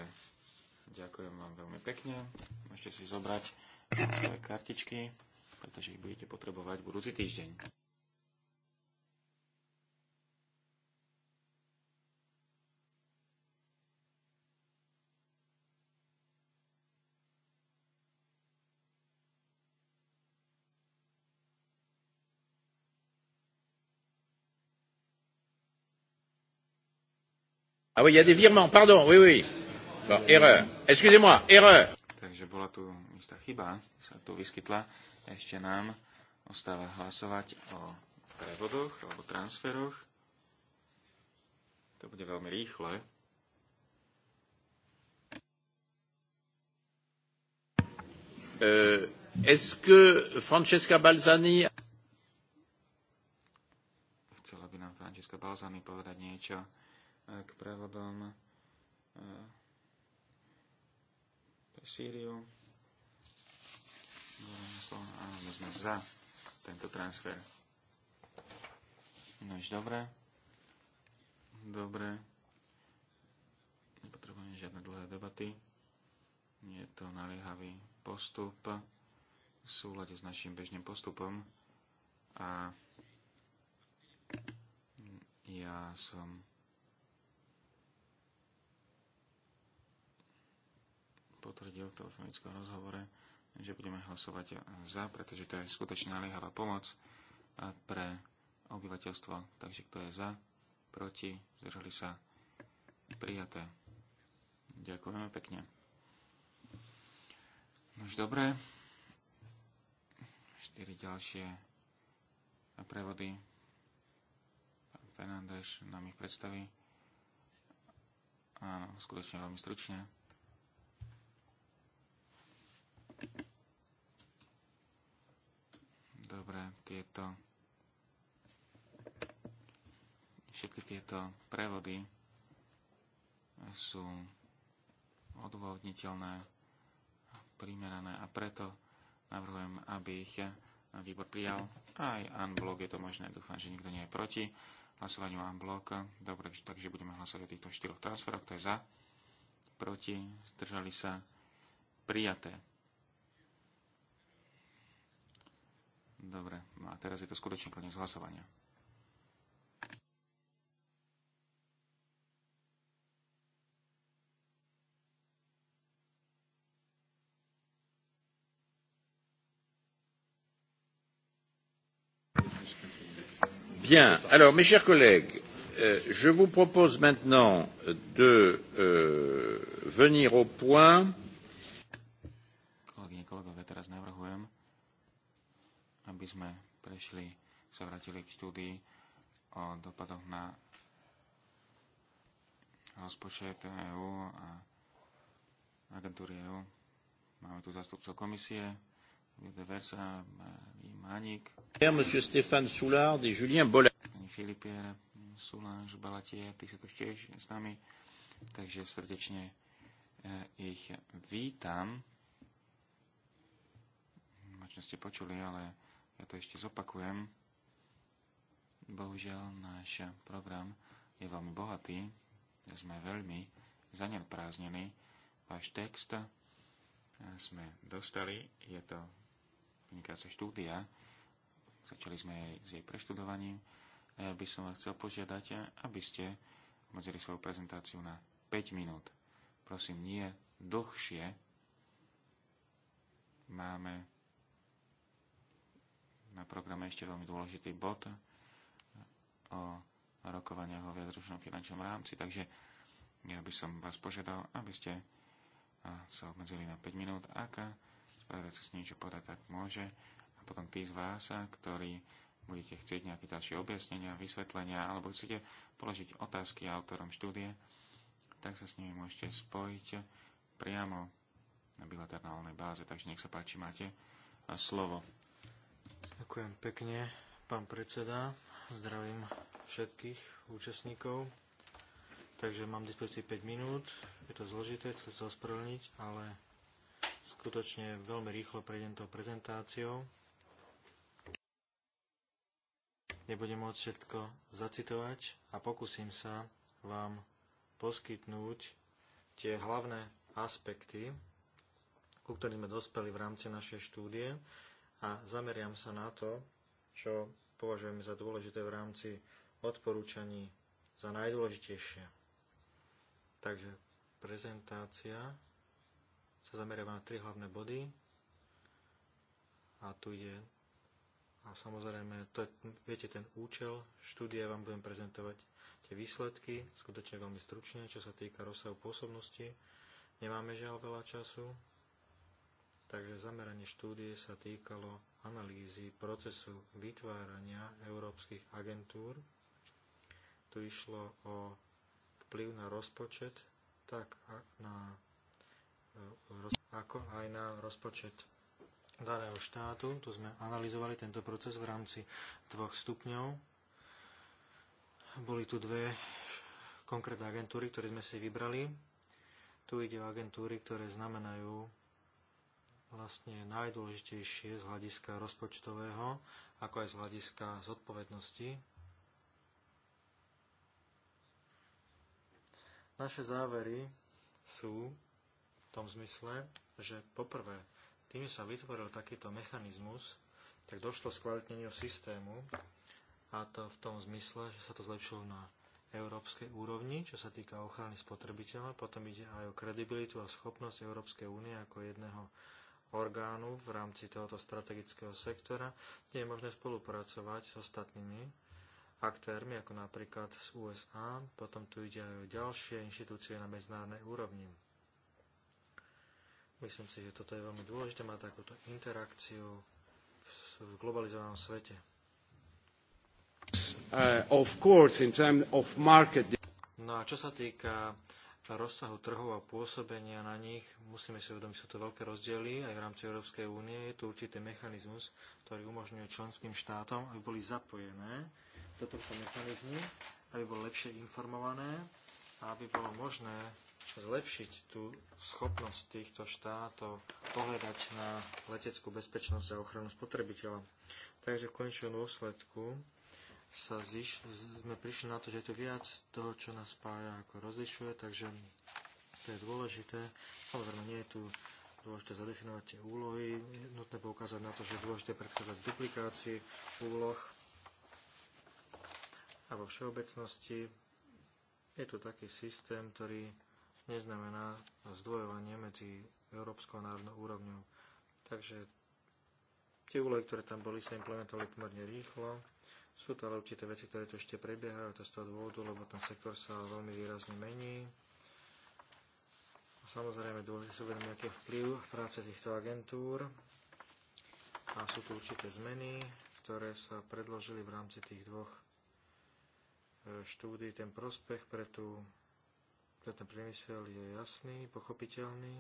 ďakujem vám veľmi pekne. Môžete si zobrať svoje eh, kartičky, pretože ich budete potrebovať budúci týždeň. Ah oui, il y a des virements, pardon, oui, oui. Bon, erreur. Excusez-moi, erreur. Takže bola tu istá chyba, sa tu vyskytla. Ešte nám ostáva hlasovať o prevodoch alebo transferoch. To bude veľmi rýchle. Uh, Est-ce que Francesca Balzani... Chcela by nám Francesca Balzani povedať niečo k prevodom e, pre Sýriu. Áno, my sme za tento transfer. No dobre. Dobre. Nepotrebujeme žiadne dlhé debaty. Je to naliehavý postup v súlade s našim bežným postupom a ja som potvrdil v telefonickom rozhovore, že budeme hlasovať za, pretože to je skutočne naliehavá pomoc pre obyvateľstvo. Takže kto je za, proti, zdržali sa prijaté. Ďakujeme pekne. Nož dobre. štyri ďalšie prevody. Pán Fernández nám ich predstaví. Áno, skutočne veľmi stručne. Dobre, tieto všetky tieto prevody sú odôvodniteľné, primerané a preto navrhujem, aby ich výbor prijal. Aj unblock je to možné, dúfam, že nikto nie je proti hlasovaniu unblock. Dobre, takže budeme hlasovať o týchto štyroch transferoch. To je za? Proti? Zdržali sa? Prijaté. Dobre, no a teraz je to skutočný koniec hlasovania. Bien, alors mes chers collègues, euh, je vous propose maintenant de euh, venir au point. Kolegyne, kolegové, teraz navrhujem, aby sme prešli, sa vrátili k štúdii o dopadoch na rozpočet EÚ a agentúry EÚ. Máme tu zástupcov komisie, Versa, Maník, Monsieur Stéphane Soulard et Julien Pani Filipier, Soulange, Balatie, ty si tu tiež s nami, takže srdečne e, ich vítam. Možno ste počuli, ale ja to ešte zopakujem. Bohužiaľ, náš program je veľmi bohatý. Sme veľmi zanepráznení. Váš text sme dostali. Je to vynikajúca štúdia. Začali sme aj s jej preštudovaním. Ja by som vás chcel požiadať, aby ste obmedzili svoju prezentáciu na 5 minút. Prosím, nie dlhšie. Máme na programe ešte veľmi dôležitý bod o rokovaniach o viadružnom finančnom rámci, takže ja by som vás požiadal, aby ste sa obmedzili na 5 minút. Ak sa s niečo podať, tak môže. A potom tí z vás, ktorí budete chcieť nejaké ďalšie objasnenia, vysvetlenia, alebo chcete položiť otázky autorom štúdie, tak sa s nimi môžete spojiť priamo na bilaterálnej báze. Takže nech sa páči, máte slovo. Ďakujem pekne, pán predseda. Zdravím všetkých účastníkov. Takže mám dispozícii 5 minút. Je to zložité, chcem sa ospravedlniť, ale skutočne veľmi rýchlo prejdem tou prezentáciou. Nebudem môcť všetko zacitovať a pokúsim sa vám poskytnúť tie hlavné aspekty, ku ktorým sme dospeli v rámci našej štúdie a zameriam sa na to, čo považujeme za dôležité v rámci odporúčaní za najdôležitejšie. Takže prezentácia sa zameriava na tri hlavné body a tu je a samozrejme, to je, viete ten účel štúdie, vám budem prezentovať tie výsledky, skutočne veľmi stručne, čo sa týka rozsahu pôsobnosti. Nemáme žiaľ veľa času, Takže zameranie štúdie sa týkalo analýzy procesu vytvárania európskych agentúr. Tu išlo o vplyv na rozpočet, tak na, e, ako aj na rozpočet daného štátu. Tu sme analyzovali tento proces v rámci dvoch stupňov. Boli tu dve konkrétne agentúry, ktoré sme si vybrali. Tu ide o agentúry, ktoré znamenajú vlastne najdôležitejšie z hľadiska rozpočtového, ako aj z hľadiska zodpovednosti. Naše závery sú v tom zmysle, že poprvé, tým sa vytvoril takýto mechanizmus, tak došlo k systému a to v tom zmysle, že sa to zlepšilo na európskej úrovni, čo sa týka ochrany spotrebiteľa. Potom ide aj o kredibilitu a schopnosť Európskej únie ako jedného orgánu v rámci tohoto strategického sektora, kde je možné spolupracovať s ostatnými aktérmi, ako napríklad z USA, potom tu ide aj o ďalšie inštitúcie na medzinárodnej úrovni. Myslím si, že toto je veľmi dôležité, má takúto interakciu v, globalizovanom svete. Uh, no a čo sa týka rozsahu trhov a pôsobenia na nich, musíme si uvedomiť, sú to veľké rozdiely aj v rámci Európskej únie. Je tu určitý mechanizmus, ktorý umožňuje členským štátom, aby boli zapojené do tohto mechanizmu, aby boli lepšie informované a aby bolo možné zlepšiť tú schopnosť týchto štátov pohľadať na leteckú bezpečnosť a ochranu spotrebiteľa. Takže v konečnom dôsledku sa zíš, sme prišli na to, že je tu viac toho, čo nás spája, ako rozlišuje, takže to je dôležité. Samozrejme, nie je tu dôležité zadefinovať tie úlohy, je nutné poukázať na to, že je dôležité predchádzať duplikácii úloh a vo všeobecnosti je tu taký systém, ktorý neznamená zdvojovanie medzi európskou a národnou úrovňou. Takže tie úlohy, ktoré tam boli, sa implementovali pomerne rýchlo sú to ale určité veci, ktoré tu ešte prebiehajú, to z toho dôvodu, lebo ten sektor sa veľmi výrazne mení. Samozrejme, dôležité sú veľmi aký vplyv v práce týchto agentúr a sú tu určité zmeny, ktoré sa predložili v rámci tých dvoch e, štúdí. Ten prospech pre, tú, pre ten priemysel je jasný, pochopiteľný.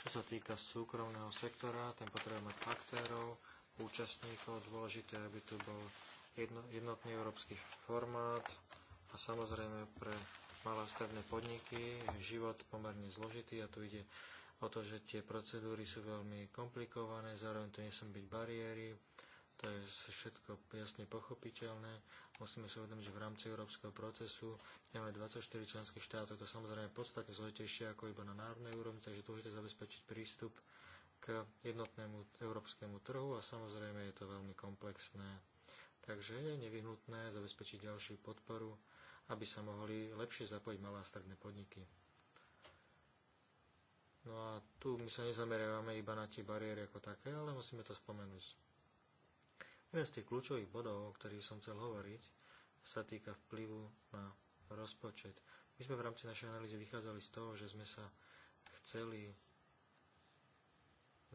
Čo sa týka súkromného sektora, ten potrebuje mať aktérov, účastníkov. Dôležité, aby tu bol jednotný európsky formát a samozrejme pre malé a stredné podniky je život pomerne zložitý a tu ide o to, že tie procedúry sú veľmi komplikované, zároveň tu nesú byť bariéry, to je všetko jasne pochopiteľné. Musíme si uvedomiť, že v rámci európskeho procesu máme 24 členských štátov, to samozrejme podstatne podstate zložitejšie ako iba na národnej úrovni, takže dôležité zabezpečiť prístup k jednotnému európskemu trhu a samozrejme je to veľmi komplexné. Takže je nevyhnutné zabezpečiť ďalšiu podporu, aby sa mohli lepšie zapojiť malé a stredné podniky. No a tu my sa nezameriavame iba na tie bariéry ako také, ale musíme to spomenúť. Jeden z tých kľúčových bodov, o ktorých som chcel hovoriť, sa týka vplyvu na rozpočet. My sme v rámci našej analýzy vychádzali z toho, že sme sa chceli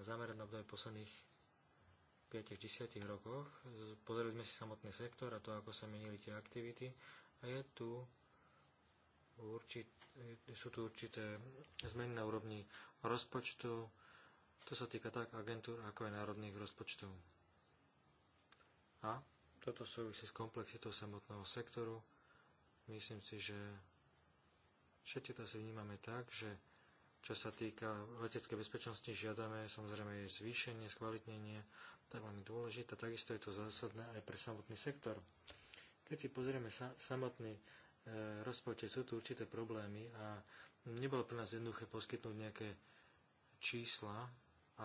zamerať na obdobie posledných 5-10 rokoch. Pozreli sme si samotný sektor a to, ako sa menili tie aktivity. A je tu určit, sú tu určité zmeny na úrovni rozpočtu. To sa týka tak agentúr, ako aj národných rozpočtov. A toto súvisí s komplexitou samotného sektoru. Myslím si, že všetci to asi vnímame tak, že čo sa týka leteckej bezpečnosti, žiadame samozrejme je zvýšenie, skvalitnenie, to je veľmi dôležité. Takisto je to zásadné aj pre samotný sektor. Keď si pozrieme sa, samotný e, rozpočet, sú tu určité problémy a nebolo pre nás jednoduché poskytnúť nejaké čísla,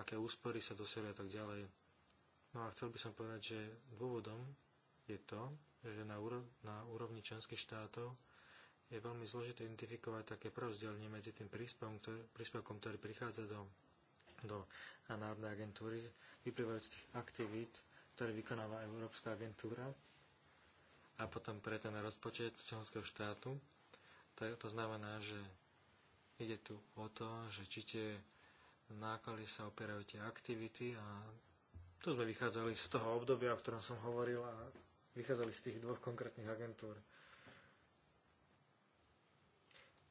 aké úspory sa dosiahli a tak ďalej. No a chcel by som povedať, že dôvodom je to, že na, na úrovni členských štátov je veľmi zložité identifikovať také prorozdelenie medzi tým príspevkom, ktorý, prichádza do, do Národnej agentúry, vyplývajúc z tých aktivít, ktoré vykonáva Európska agentúra a potom pre ten rozpočet členského štátu. To, to znamená, že ide tu o to, že či tie náklady sa opierajú tie aktivity a tu sme vychádzali z toho obdobia, o ktorom som hovoril a vychádzali z tých dvoch konkrétnych agentúr.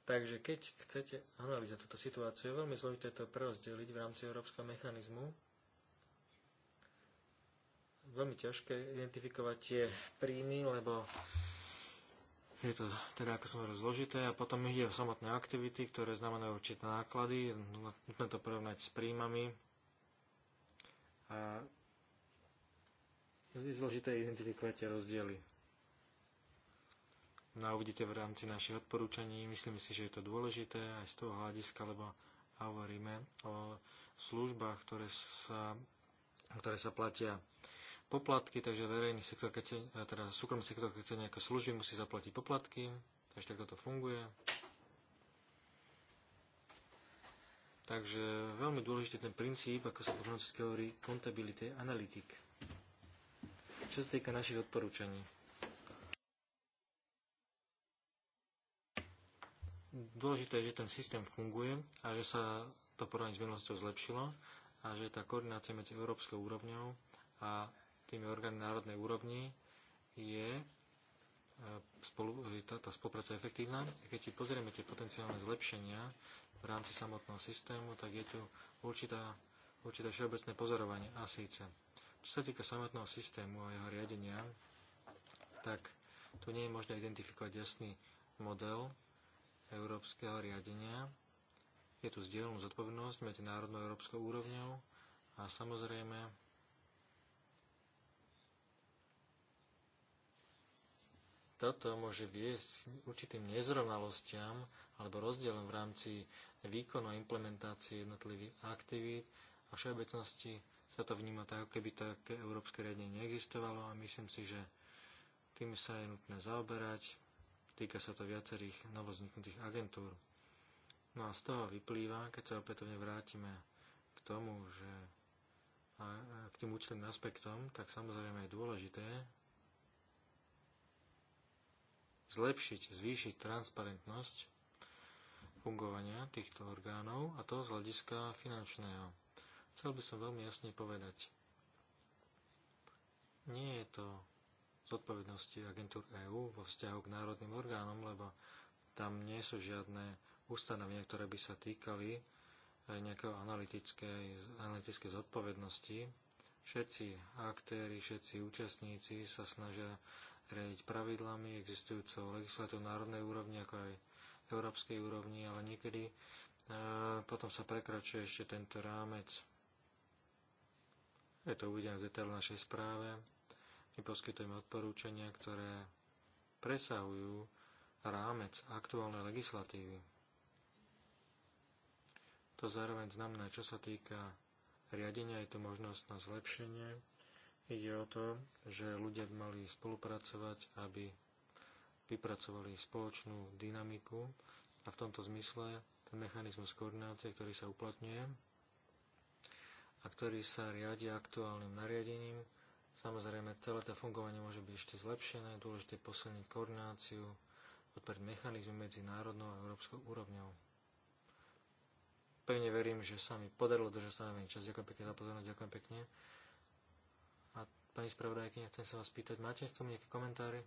Takže keď chcete analýzať túto situáciu, je veľmi zložité to prerozdeliť v rámci európskeho mechanizmu. Veľmi ťažké identifikovať tie príjmy, lebo je to teda, ako som zložité a potom ide o samotné aktivity, ktoré znamenajú určité náklady, nutné to porovnať s príjmami a je zložité identifikovať tie rozdiely. No uvidíte v rámci našich odporúčaní. Myslím si, že je to dôležité aj z toho hľadiska, lebo hovoríme o službách, ktoré sa, ktoré sa platia poplatky, takže verejný sektor, keď teda súkromný sektor, keď chce nejaké služby, musí zaplatiť poplatky, takže takto to funguje. Takže veľmi dôležitý ten princíp, ako sa po francúzsky hovorí, contability analytik. Čo sa týka našich odporúčaní Dôležité je, že ten systém funguje a že sa to porovnanie s minulosťou zlepšilo a že tá koordinácia medzi európskou úrovňou a tými orgány národnej úrovni je e, spolu, tá, tá spolupráca efektívna. Keď si pozrieme tie potenciálne zlepšenia v rámci samotného systému, tak je tu určitá, určité všeobecné pozorovanie a síce. Čo sa týka samotného systému a jeho riadenia, tak tu nie je možné identifikovať jasný model, európskeho riadenia. Je tu zdieľanú zodpovednosť medzi národnou a európskou úrovňou a samozrejme toto môže viesť k určitým nezrovnalostiam alebo rozdielom v rámci výkonu a implementácie jednotlivých aktivít a všeobecnosti sa to vníma tak, ako keby také európske riadenie neexistovalo a myslím si, že tým sa je nutné zaoberať Týka sa to viacerých novozniknutých agentúr. No a z toho vyplýva, keď sa opätovne vrátime k tomu, že a k tým účtovným aspektom, tak samozrejme je dôležité zlepšiť, zvýšiť transparentnosť fungovania týchto orgánov a to z hľadiska finančného. Chcel by som veľmi jasne povedať, nie je to zodpovednosti agentúr EÚ vo vzťahu k národným orgánom, lebo tam nie sú žiadne ustanovenia, ktoré by sa týkali eh, nejakého analytickej, analytickej zodpovednosti. Všetci aktéry, všetci účastníci sa snažia riadiť pravidlami existujúcou legislatív národnej úrovni, ako aj európskej úrovni, ale niekedy e, potom sa prekračuje ešte tento rámec. Je to uvedené v detailu našej správe. My poskytujeme odporúčania, ktoré presahujú rámec aktuálnej legislatívy. To zároveň znamená, čo sa týka riadenia, je to možnosť na zlepšenie. Ide o to, že ľudia by mali spolupracovať, aby vypracovali spoločnú dynamiku a v tomto zmysle ten mechanizmus koordinácie, ktorý sa uplatňuje a ktorý sa riadi aktuálnym nariadením, Samozrejme, celé to fungovanie môže byť ešte zlepšené, je dôležité posilniť koordináciu, podporiť mechanizmy medzi národnou a európskou úrovňou. Pevne verím, že sa mi podarilo držať sa stanovený čas. Ďakujem pekne za pozornosť, ďakujem pekne. A pani spravodajkyňa, chcem sa vás pýtať, máte k tomu nejaké komentáry?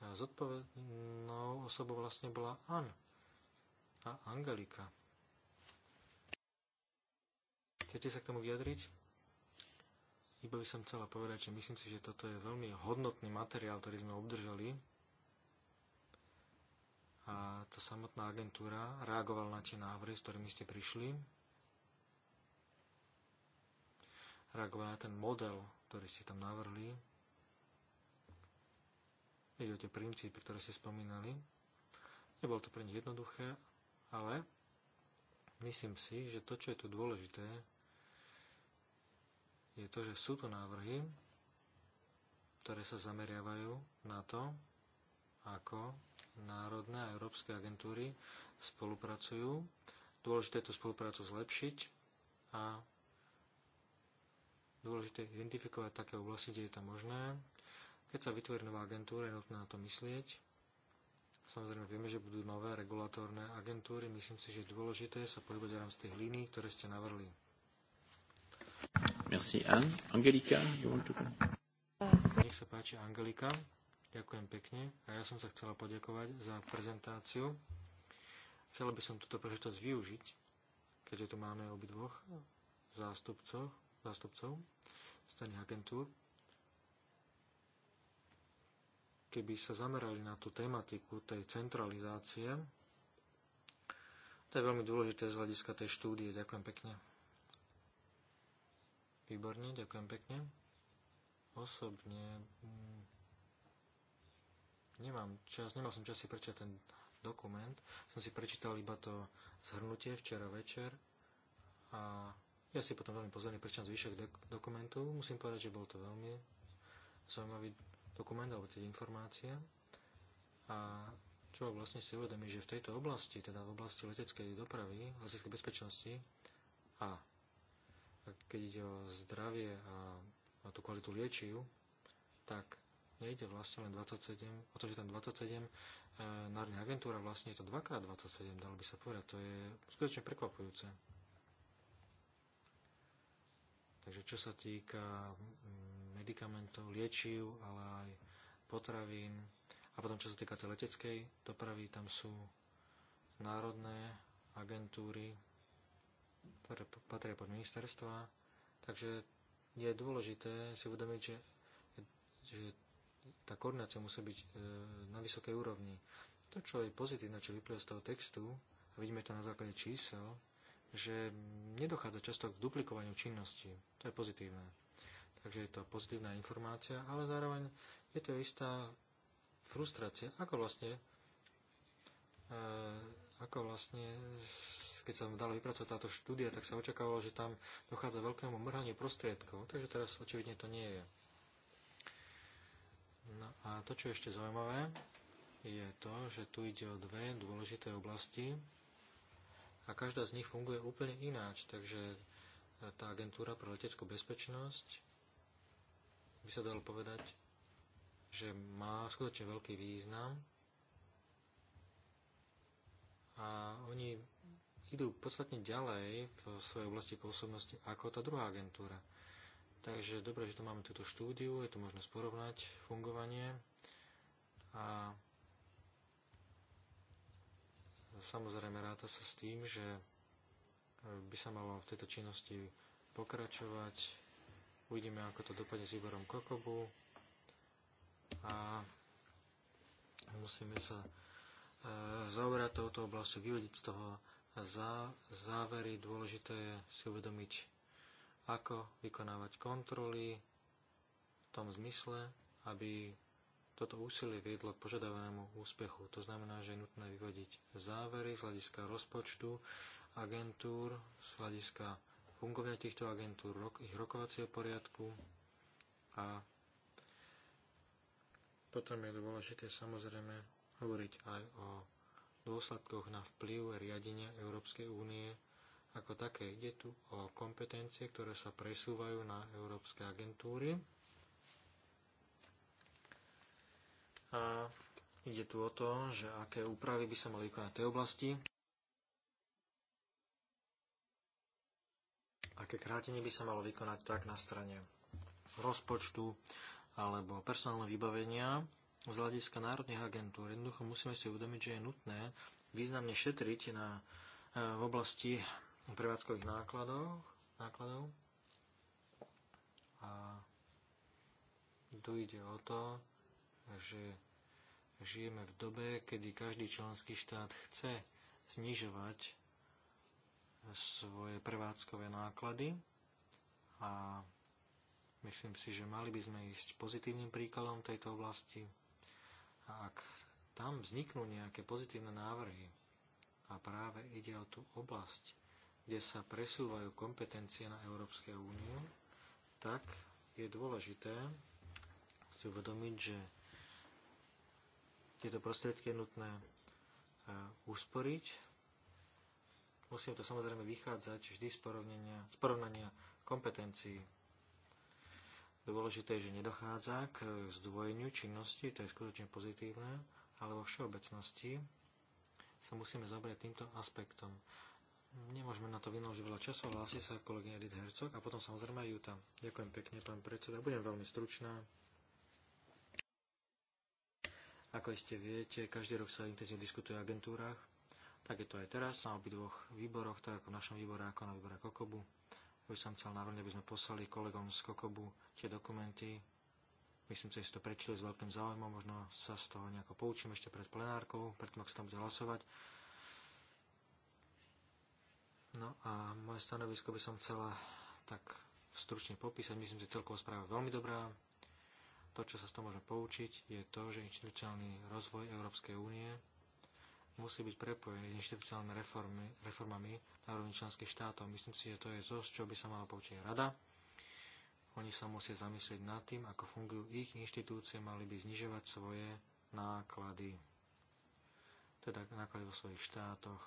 Zodpovednou osobou vlastne bola An a Angelika. Chcete sa k tomu vyjadriť? Iba by som chcela povedať, že myslím si, že toto je veľmi hodnotný materiál, ktorý sme obdržali. A tá samotná agentúra reagovala na tie návrhy, s ktorými ste prišli. Reagovala na ten model, ktorý ste tam navrhli. Ide o tie princípy, ktoré ste spomínali. Nebolo to pre nich jednoduché, ale myslím si, že to, čo je tu dôležité, je to, že sú tu návrhy, ktoré sa zameriavajú na to, ako národné a európske agentúry spolupracujú. Dôležité je tú spoluprácu zlepšiť a dôležité je identifikovať také oblasti, kde je to možné. Keď sa vytvorí nová agentúra, je nutné na to myslieť. Samozrejme, vieme, že budú nové regulatórne agentúry. Myslím si, že je dôležité sa pohybovať v rámci tých línií, ktoré ste navrli. Merci Anne. Angelika, you want to go? Nech sa páči Angelika. Ďakujem pekne. A ja som sa chcela poďakovať za prezentáciu. Chcela by som túto príležitosť využiť, keďže tu máme obidvoch zástupcov, zástupcov staných agentúr. Keby sa zamerali na tú tematiku tej centralizácie, to je veľmi dôležité z hľadiska tej štúdie. Ďakujem pekne. Výborne, ďakujem pekne. Osobne mm, nemám čas, nemal som čas si prečítať ten dokument. Som si prečítal iba to zhrnutie včera večer a ja si potom veľmi pozorne prečítam zvyšok dokumentu. Musím povedať, že bol to veľmi zaujímavý dokument alebo tie teda informácie. A čo vlastne si uvedomí, že v tejto oblasti, teda v oblasti leteckej dopravy, leteckej bezpečnosti a keď ide o zdravie a, o tú kvalitu liečiv, tak nejde vlastne len 27, o to, že tam 27 e, národná agentúra, vlastne je to 2x27, dalo by sa povedať, to je skutočne prekvapujúce. Takže čo sa týka mm, medikamentov, liečiv, ale aj potravín a potom čo sa týka tej leteckej dopravy, tam sú národné agentúry, ktoré patria pod ministerstva. Takže je dôležité si uvedomiť, že, že tá koordinácia musí byť e, na vysokej úrovni. To, čo je pozitívne, čo vyplýva z toho textu, a vidíme to na základe čísel, že nedochádza často k duplikovaniu činnosti. To je pozitívne. Takže je to pozitívna informácia, ale zároveň je to istá frustrácia, ako vlastne, e, ako vlastne keď sa dala vypracovať táto štúdia, tak sa očakávalo, že tam dochádza veľkému mrhaniu prostriedkov, takže teraz očividne to nie je. No a to, čo je ešte zaujímavé, je to, že tu ide o dve dôležité oblasti a každá z nich funguje úplne ináč, takže tá agentúra pre leteckú bezpečnosť by sa dalo povedať, že má skutočne veľký význam a oni idú podstatne ďalej v svojej oblasti pôsobnosti ako tá druhá agentúra. Takže dobre, že tu máme túto štúdiu, je tu možnosť porovnať fungovanie a samozrejme ráta sa s tým, že by sa malo v tejto činnosti pokračovať. Uvidíme, ako to dopadne s výborom Kokobu a musíme sa e, zaoberať touto oblasťou, vyvodiť z toho a za závery dôležité je si uvedomiť, ako vykonávať kontroly v tom zmysle, aby toto úsilie viedlo k požadovanému úspechu. To znamená, že je nutné vyvodiť závery z hľadiska rozpočtu agentúr, z hľadiska fungovania týchto agentúr, ich rokovacieho poriadku a potom je dôležité samozrejme hovoriť aj o dôsledkoch na vplyv riadenia Európskej únie ako také. Ide tu o kompetencie, ktoré sa presúvajú na európske agentúry. A ide tu o to, že aké úpravy by sa mali vykonať v tej oblasti. Aké krátenie by sa malo vykonať tak na strane rozpočtu alebo personálne vybavenia, z hľadiska národných agentúr. Jednoducho musíme si uvedomiť, že je nutné významne šetriť na, e, v oblasti prevádzkových nákladov, nákladov. A tu ide o to, že žijeme v dobe, kedy každý členský štát chce znižovať svoje prevádzkové náklady a myslím si, že mali by sme ísť pozitívnym príkladom tejto oblasti a ak tam vzniknú nejaké pozitívne návrhy, a práve ide o tú oblasť, kde sa presúvajú kompetencie na Európskej úniu, tak je dôležité si uvedomiť, že tieto prostriedky je nutné e, usporiť. musím to samozrejme vychádzať vždy z porovnania, z porovnania kompetencií Dôležité je, že nedochádza k e, zdvojeniu činnosti, to je skutočne pozitívne, ale vo všeobecnosti sa musíme zabrať týmto aspektom. Nemôžeme na to vynaložiť veľa času, ale asi sa kolegyňa Edith Hercog a potom samozrejme aj Juta. Ďakujem pekne, pán predseda. Budem veľmi stručná. Ako iste viete, každý rok sa intenzívne diskutuje o agentúrach. Tak je to aj teraz na obidvoch výboroch, tak ako v našom výbore, ako na výbore Kokobu by som chcel navrhnúť, aby sme poslali kolegom z Kokobu tie dokumenty. Myslím, že si to prečili s veľkým záujmom, možno sa z toho nejako poučím ešte pred plenárkou, predtým, ak sa tam bude hlasovať. No a moje stanovisko by som chcela tak stručne popísať. Myslím, že celková správa je veľmi dobrá. To, čo sa z toho môže poučiť, je to, že inštitucionálny rozvoj Európskej únie musí byť prepojený s inštitucionálnymi reformy, reformami na úrovni členských štátov. Myslím si, že to je zo, čo by sa mala poučiť rada. Oni sa musia zamyslieť nad tým, ako fungujú ich inštitúcie, mali by znižovať svoje náklady, teda náklady vo svojich štátoch.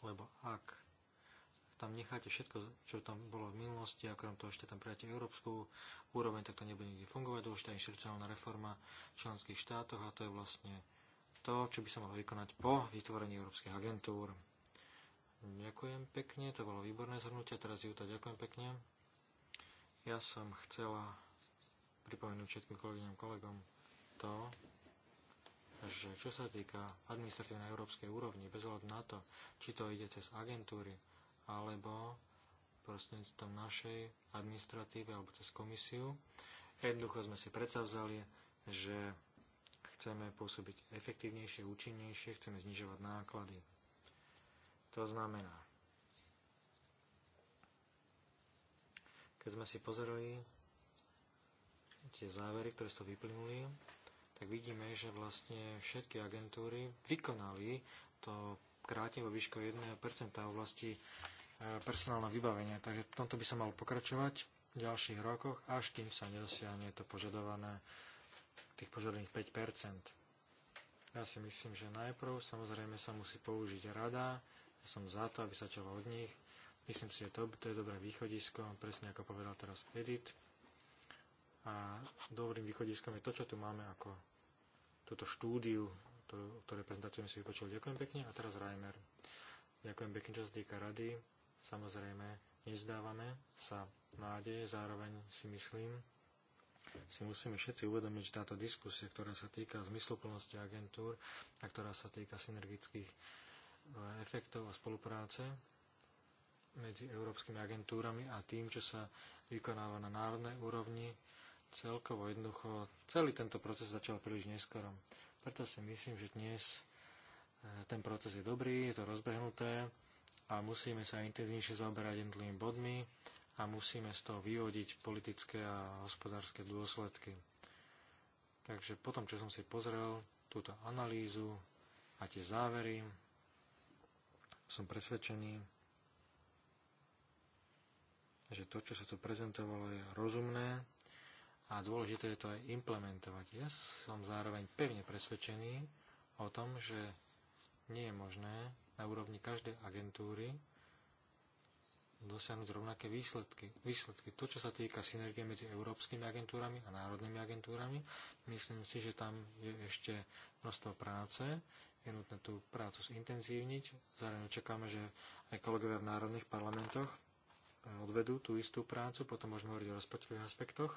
Lebo ak tam necháte všetko, čo tam bolo v minulosti, a krom toho ešte tam pridáte európsku úroveň, tak to nebude nikdy fungovať. Dôležitá inštitucionálna reforma v členských štátoch a to je vlastne to, čo by sa malo vykonať po vytvorení európskych agentúr. Ďakujem pekne, to bolo výborné zhrnutie, teraz Juta, ďakujem pekne. Ja som chcela pripomenúť všetkým kolegyňam kolegom to, že čo sa týka administratívnej európskej úrovni, bez hľadu na to, či to ide cez agentúry, alebo prostredníctvom našej administratívy, alebo cez komisiu, jednoducho sme si vzali, že Chceme pôsobiť efektívnejšie, účinnejšie, chceme znižovať náklady. To znamená, keď sme si pozerali tie závery, ktoré sa vyplynuli, tak vidíme, že vlastne všetky agentúry vykonali to krátivo výško 1% v oblasti e, personálne vybavenia. Takže v tomto by sa malo pokračovať v ďalších rokoch, až kým sa nedosiahne to požadované tých požadovaných 5 Ja si myslím, že najprv samozrejme sa musí použiť rada, ja som za to, aby sa čalo od nich. Myslím si, že to, to je dobré východisko, presne ako povedal teraz Edit. A dobrým východiskom je to, čo tu máme ako túto štúdiu, ktorú, ktorú prezentáciu si vypočul. Ďakujem pekne. A teraz Reimer. Ďakujem pekne, čo sa týka rady. Samozrejme, nezdávame sa nádeje, zároveň si myslím, si musíme všetci uvedomiť, že táto diskusia, ktorá sa týka zmysluplnosti agentúr a ktorá sa týka synergických e, efektov a spolupráce medzi európskymi agentúrami a tým, čo sa vykonáva na národnej úrovni, celkovo jednoducho celý tento proces začal príliš neskoro. Preto si myslím, že dnes e, ten proces je dobrý, je to rozbehnuté a musíme sa intenzívnejšie zaoberať jednotlivými bodmi a musíme z toho vyvodiť politické a hospodárske dôsledky. Takže potom, čo som si pozrel túto analýzu a tie závery, som presvedčený, že to, čo sa tu prezentovalo, je rozumné a dôležité je to aj implementovať. Ja som zároveň pevne presvedčený o tom, že nie je možné na úrovni každej agentúry dosiahnuť rovnaké výsledky. výsledky. To, čo sa týka synergie medzi európskymi agentúrami a národnými agentúrami, myslím si, že tam je ešte množstvo práce. Je nutné tú prácu zintenzívniť. Zároveň čakáme, že aj kolegovia v národných parlamentoch eh, odvedú tú istú prácu, potom môžeme hovoriť o rozpočtových aspektoch.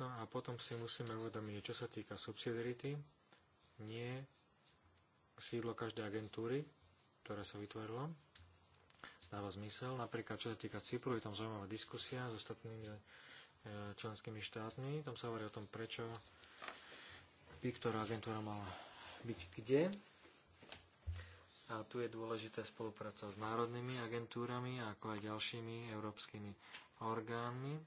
No a potom si musíme uvedomiť, čo sa týka subsidiarity, nie sídlo každej agentúry, ktoré sa vytvorilo, dáva zmysel. Napríklad, čo sa týka Cypru, je tam zaujímavá diskusia s ostatnými e, členskými štátmi. Tam sa hovorí o tom, prečo by ktorá agentúra mala byť kde. A tu je dôležité spolupráca s národnými agentúrami, ako aj ďalšími európskymi orgánmi.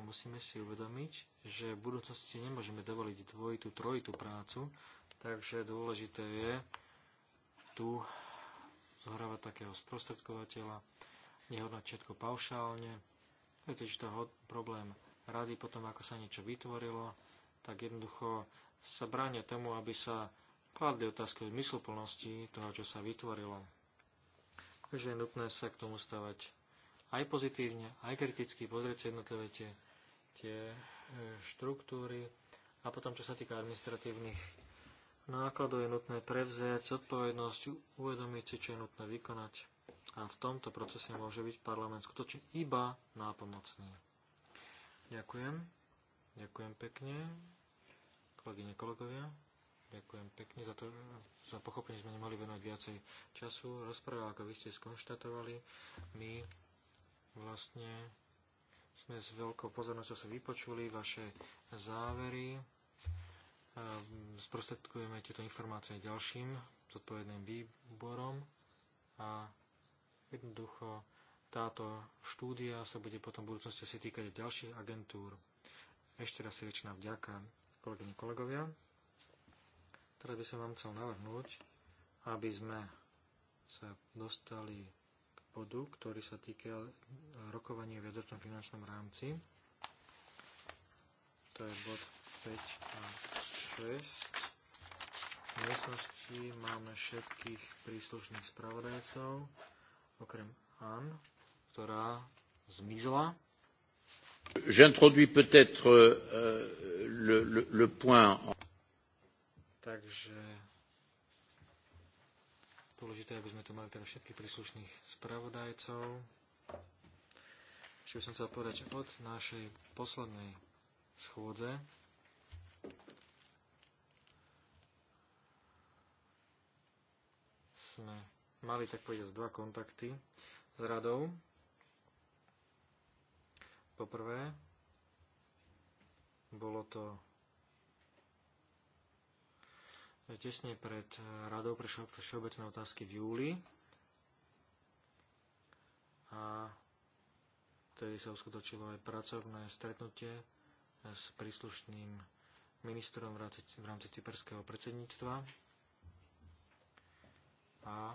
Musíme si uvedomiť, že v budúcnosti nemôžeme dovoliť dvojitú, trojitú prácu, takže dôležité je tu zohrávať takého sprostredkovateľa, nehodnať všetko paušálne. Viete, že to problém rady potom, ako sa niečo vytvorilo, tak jednoducho sa bránia tomu, aby sa kladli otázky o zmysluplnosti toho, čo sa vytvorilo. Takže je nutné sa k tomu stavať aj pozitívne, aj kriticky, pozrieť si jednotlivé tie, tie e, štruktúry. A potom, čo sa týka administratívnych nákladov je nutné prevziať zodpovednosť, uvedomiť si, čo je nutné vykonať. A v tomto procese môže byť parlament skutočne iba nápomocný. Ďakujem. Ďakujem pekne. Kolegyne, kolegovia. Ďakujem pekne za to, za pochopenie sme nemali venovať viacej času. Rozpráva, ako vy ste skonštatovali, my vlastne sme s veľkou pozornosťou sa vypočuli vaše závery. Mm, sprostredkujeme tieto informácie ďalším zodpovedným výborom a jednoducho táto štúdia sa bude potom v budúcnosti si týkať ďalších agentúr. Ešte raz srdečná vďaka, kolegyni, kolegovia. Teraz by som vám chcel navrhnúť, aby sme sa dostali k bodu, ktorý sa týka rokovania v jadročnom finančnom rámci. To je bod 5 a 6. V miestnosti máme všetkých príslušných spravodajcov, okrem Ann, ktorá zmizla. J'introduis peut-être euh, le, le, le point. Takže dôležité, aby sme tu mali teda všetkých príslušných spravodajcov. Ešte by som chcel povedať, že od našej poslednej schôdze sme mali, tak povedať, dva kontakty s radou. Poprvé, bolo to tesne pred radou pre všeobecné otázky v júli. A vtedy sa uskutočilo aj pracovné stretnutie s príslušným ministrom v rámci cyperského predsedníctva a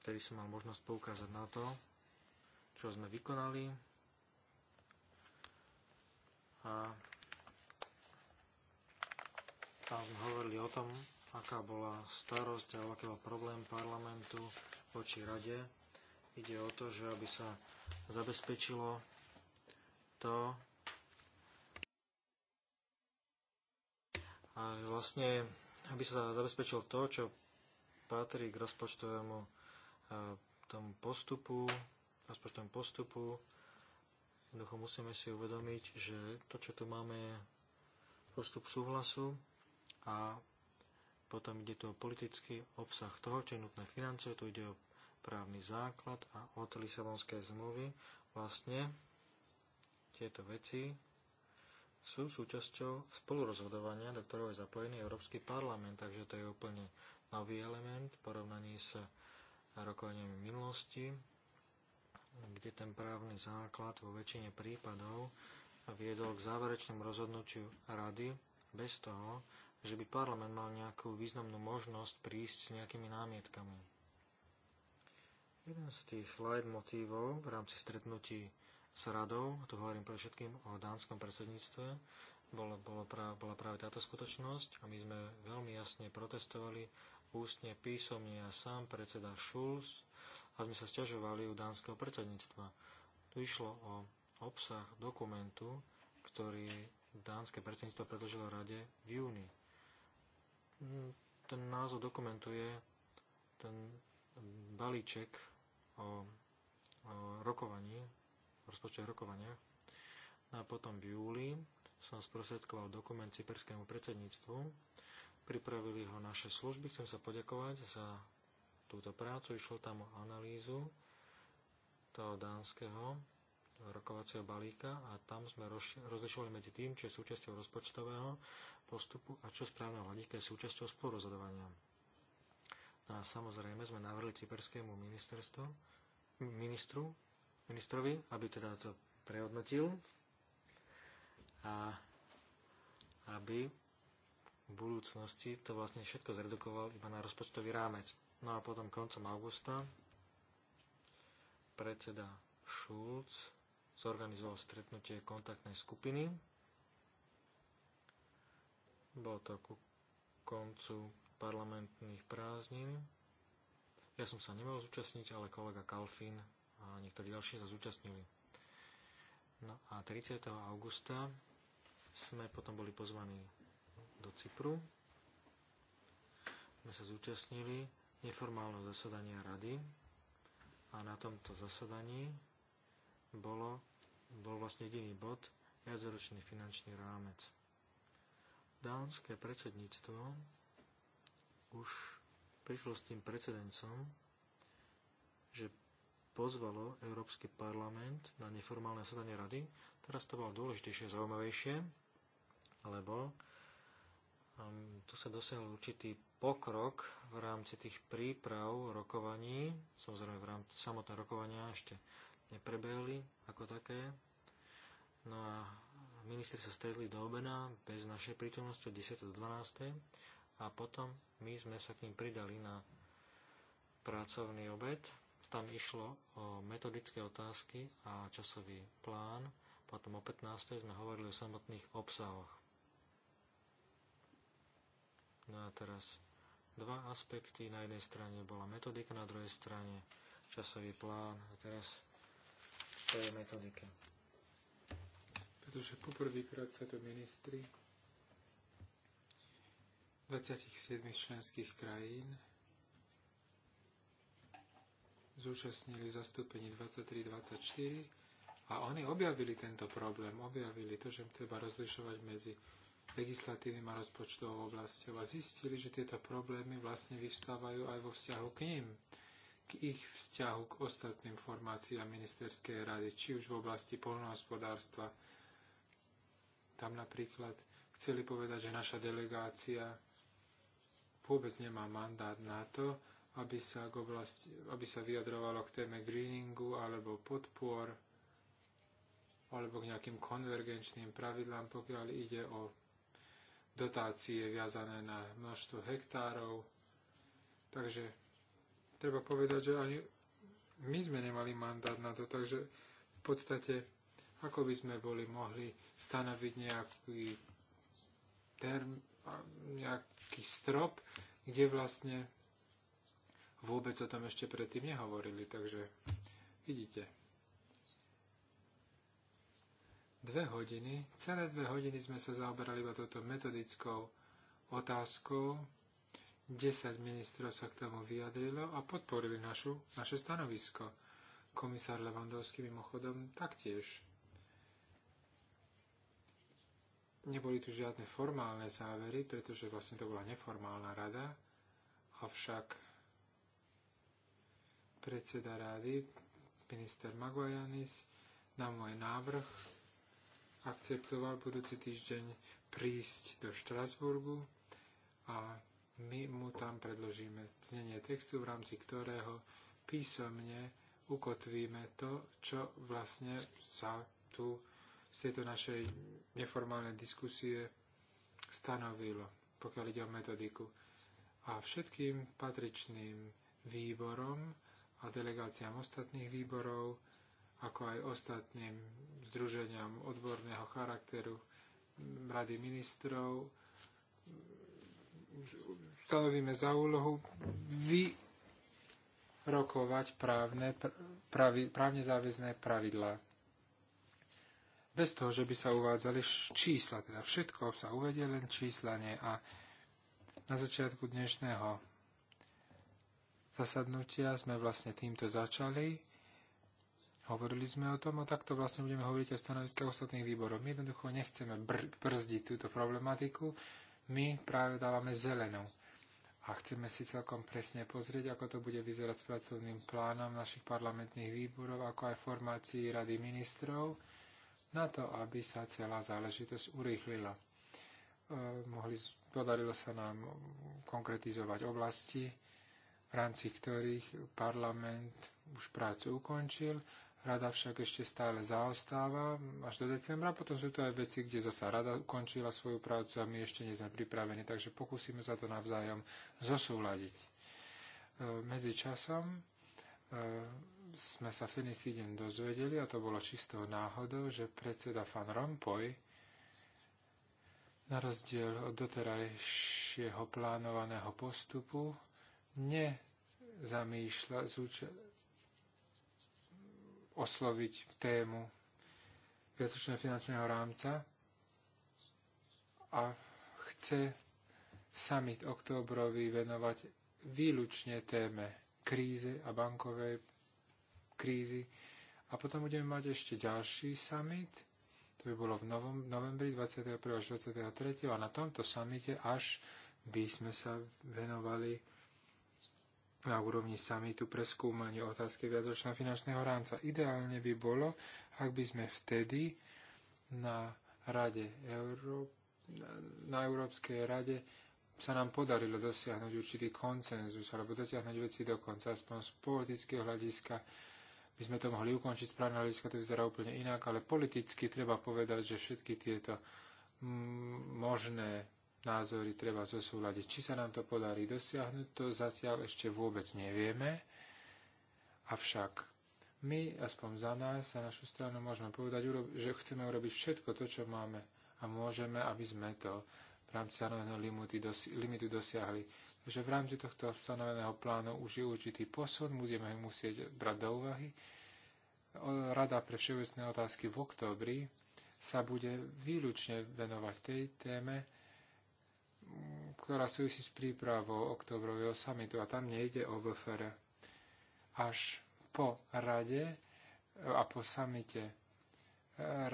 vtedy som mal možnosť poukázať na to, čo sme vykonali a tam hovorili o tom, aká bola starosť a aký bol problém parlamentu voči rade. Ide o to, že aby sa zabezpečilo to, a vlastne, aby sa zabezpečil to, čo patrí k rozpočtovému e, tomu postupu, rozpočtovému postupu, jednoducho musíme si uvedomiť, že to, čo tu máme, je postup súhlasu a potom ide tu o politický obsah toho, čo je nutné financie, tu ide o právny základ a od Lisabonskej zmluvy vlastne tieto veci sú súčasťou spolurozhodovania, do ktorého je zapojený Európsky parlament, takže to je úplne nový element v porovnaní s rokovaniami minulosti, kde ten právny základ vo väčšine prípadov viedol k záverečnému rozhodnutiu rady bez toho, že by parlament mal nejakú významnú možnosť prísť s nejakými námietkami. Jeden z tých leitmotívov v rámci stretnutí s radou, tu hovorím pre všetkým o dánskom predsedníctve, bolo, bolo pra, bola práve táto skutočnosť a my sme veľmi jasne protestovali ústne, písomne a sám predseda Schulz a sme sa stiažovali u dánskeho predsedníctva. Tu išlo o obsah dokumentu, ktorý dánske predsedníctvo predložilo rade v júni. Mm, ten názov dokumentuje ten balíček o, o rokovaní rozpočtových rokovaniach. No a potom v júli som sprostredkoval dokument cyperskému predsedníctvu. Pripravili ho naše služby. Chcem sa poďakovať za túto prácu. Išlo tam o analýzu toho dánskeho rokovacieho balíka a tam sme rozlišovali medzi tým, čo je súčasťou rozpočtového postupu a čo správneho hľadíka je súčasťou spolurozhodovania. No a samozrejme sme navrhli cyperskému ministerstvu, ministru, ministrovi, aby teda to prehodnotil a aby v budúcnosti to vlastne všetko zredukoval iba na rozpočtový rámec. No a potom koncom augusta predseda Schulz zorganizoval stretnutie kontaktnej skupiny. Bolo to ku koncu parlamentných prázdnin. Ja som sa nemohol zúčastniť, ale kolega Kalfín a niektorí ďalší sa zúčastnili. No a 30. augusta sme potom boli pozvaní do Cypru. Sme sa zúčastnili neformálneho zasadania rady a na tomto zasadaní bolo, bol vlastne jediný bod viacročný finančný rámec. Dánske predsedníctvo už prišlo s tým precedencom, že pozvalo Európsky parlament na neformálne zasadanie rady. Teraz to bolo dôležitejšie, zaujímavejšie, lebo um, tu sa dosiahol určitý pokrok v rámci tých príprav rokovaní. Samozrejme, v rámci samotné rokovania ešte neprebehli ako také. No a ministri sa stredli do obena bez našej prítomnosti od 10. do 12. a potom my sme sa k ním pridali na pracovný obed, tam išlo o metodické otázky a časový plán. Potom o 15. sme hovorili o samotných obsahoch. No a teraz dva aspekty. Na jednej strane bola metodika, na druhej strane časový plán. A teraz to je metodika. Pretože poprvýkrát sa to ministri 27 členských krajín zúčastnili zastúpení 23-24 a oni objavili tento problém, objavili to, že treba rozlišovať medzi legislatívnym a rozpočtovou oblasťou a zistili, že tieto problémy vlastne vyvstávajú aj vo vzťahu k ním, k ich vzťahu k ostatným formáciám ministerskej rady, či už v oblasti polnohospodárstva. Tam napríklad chceli povedať, že naša delegácia vôbec nemá mandát na to, aby sa, k oblasti, aby sa vyjadrovalo k téme greeningu alebo podpor alebo k nejakým konvergenčným pravidlám, pokiaľ ide o dotácie viazané na množstvo hektárov. Takže treba povedať, že ani my sme nemali mandát na to, takže v podstate ako by sme boli mohli stanoviť nejaký term, nejaký strop, kde vlastne vôbec o tom ešte predtým nehovorili. Takže vidíte. Dve hodiny, celé dve hodiny sme sa zaoberali iba touto metodickou otázkou. 10 ministrov sa k tomu vyjadrilo a podporili našu, naše stanovisko. Komisár Levandovský mimochodom taktiež. Neboli tu žiadne formálne závery, pretože vlastne to bola neformálna rada, avšak predseda rády, minister Magojanis, na môj návrh akceptoval budúci týždeň prísť do Štrasburgu a my mu tam predložíme znenie textu, v rámci ktorého písomne ukotvíme to, čo vlastne sa tu z tejto našej neformálnej diskusie stanovilo, pokiaľ ide o metodiku. A všetkým patričným výborom a delegáciám ostatných výborov, ako aj ostatným združeniam odborného charakteru Rady ministrov. Stanovíme za úlohu vyrokovať právne, pravi, právne záväzné pravidlá. Bez toho, že by sa uvádzali čísla, teda všetko sa uvedie len číslanie a na začiatku dnešného zasadnutia sme vlastne týmto začali. Hovorili sme o tom a takto vlastne budeme hovoriť o stanoviskách ostatných výborov. My jednoducho nechceme br- brzdiť túto problematiku, my práve dávame zelenú. A chceme si celkom presne pozrieť, ako to bude vyzerať s pracovným plánom našich parlamentných výborov, ako aj formácií rady ministrov, na to, aby sa celá záležitosť urýchlila. E, mohli, podarilo sa nám konkretizovať oblasti, v rámci ktorých parlament už prácu ukončil. Rada však ešte stále zaostáva až do decembra. Potom sú to aj veci, kde zasa rada ukončila svoju prácu a my ešte nie sme pripravení, takže pokúsime sa to navzájom zosúľadiť. E, medzi časom e, sme sa v ten istý deň dozvedeli, a to bolo čistou náhodou, že predseda Van Rompuy, na rozdiel od doterajšieho plánovaného postupu, nezamýšľa zúč- osloviť tému viacročného finančného rámca a chce summit oktobrový venovať výlučne téme kríze a bankovej krízy. A potom budeme mať ešte ďalší summit, to by bolo v novom, novembri 21. až 23. a na tomto summite až by sme sa venovali na úrovni samitu preskúmanie otázky viacročného finančného rámca. Ideálne by bolo, ak by sme vtedy na Rade Euró- na Európskej rade sa nám podarilo dosiahnuť určitý koncenzus alebo dotiahnuť veci do konca, aspoň z politického hľadiska by sme to mohli ukončiť, z právneho hľadiska to vyzerá úplne inak, ale politicky treba povedať, že všetky tieto možné názory treba zosúľadiť. Či sa nám to podarí dosiahnuť, to zatiaľ ešte vôbec nevieme. Avšak my, aspoň za nás, za našu stranu, môžeme povedať, že chceme urobiť všetko to, čo máme a môžeme, aby sme to v rámci stanoveného limitu dosiahli. Takže v rámci tohto stanoveného plánu už je určitý posun, budeme ho musieť brať do úvahy. Rada pre všeobecné otázky v októbri sa bude výlučne venovať tej téme, ktorá súvisí s prípravou oktobrového samitu a tam nejde o VFR. Až po rade e, a po samite e,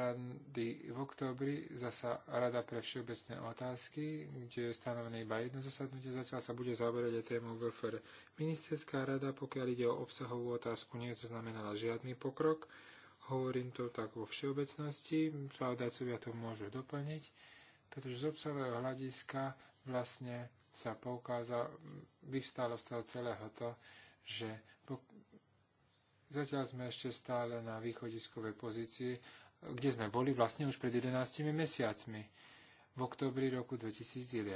rady v oktobri zasa Rada pre všeobecné otázky, kde je stanovené iba jedno zasadnutie, zatiaľ sa bude zaoberať aj témou VFR. Ministerská rada, pokiaľ ide o obsahovú otázku, nie zaznamenala žiadny pokrok. Hovorím to tak vo všeobecnosti, pravdacovia to môžu doplniť pretože z obsahového hľadiska vlastne sa poukázal, vyvstalo z toho celého to, že zatiaľ sme ešte stále na východiskovej pozícii, kde sme boli vlastne už pred 11 mesiacmi, v oktobri roku 2011.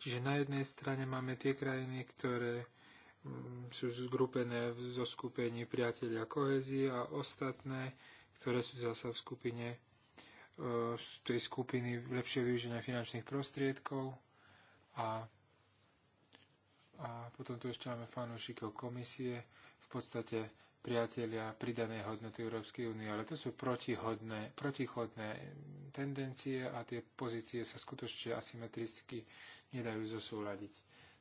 Čiže na jednej strane máme tie krajiny, ktoré mm, sú zgrupené zo skupení priatelia kohezie a ostatné, ktoré sú zasa v skupine E, z tej skupiny lepšie využenia finančných prostriedkov a, a potom tu ešte máme fanúšikov komisie, v podstate priatelia pridanej hodnoty Európskej únie, ale to sú protihodné, protichodné tendencie a tie pozície sa skutočne asymetricky nedajú zosúľadiť.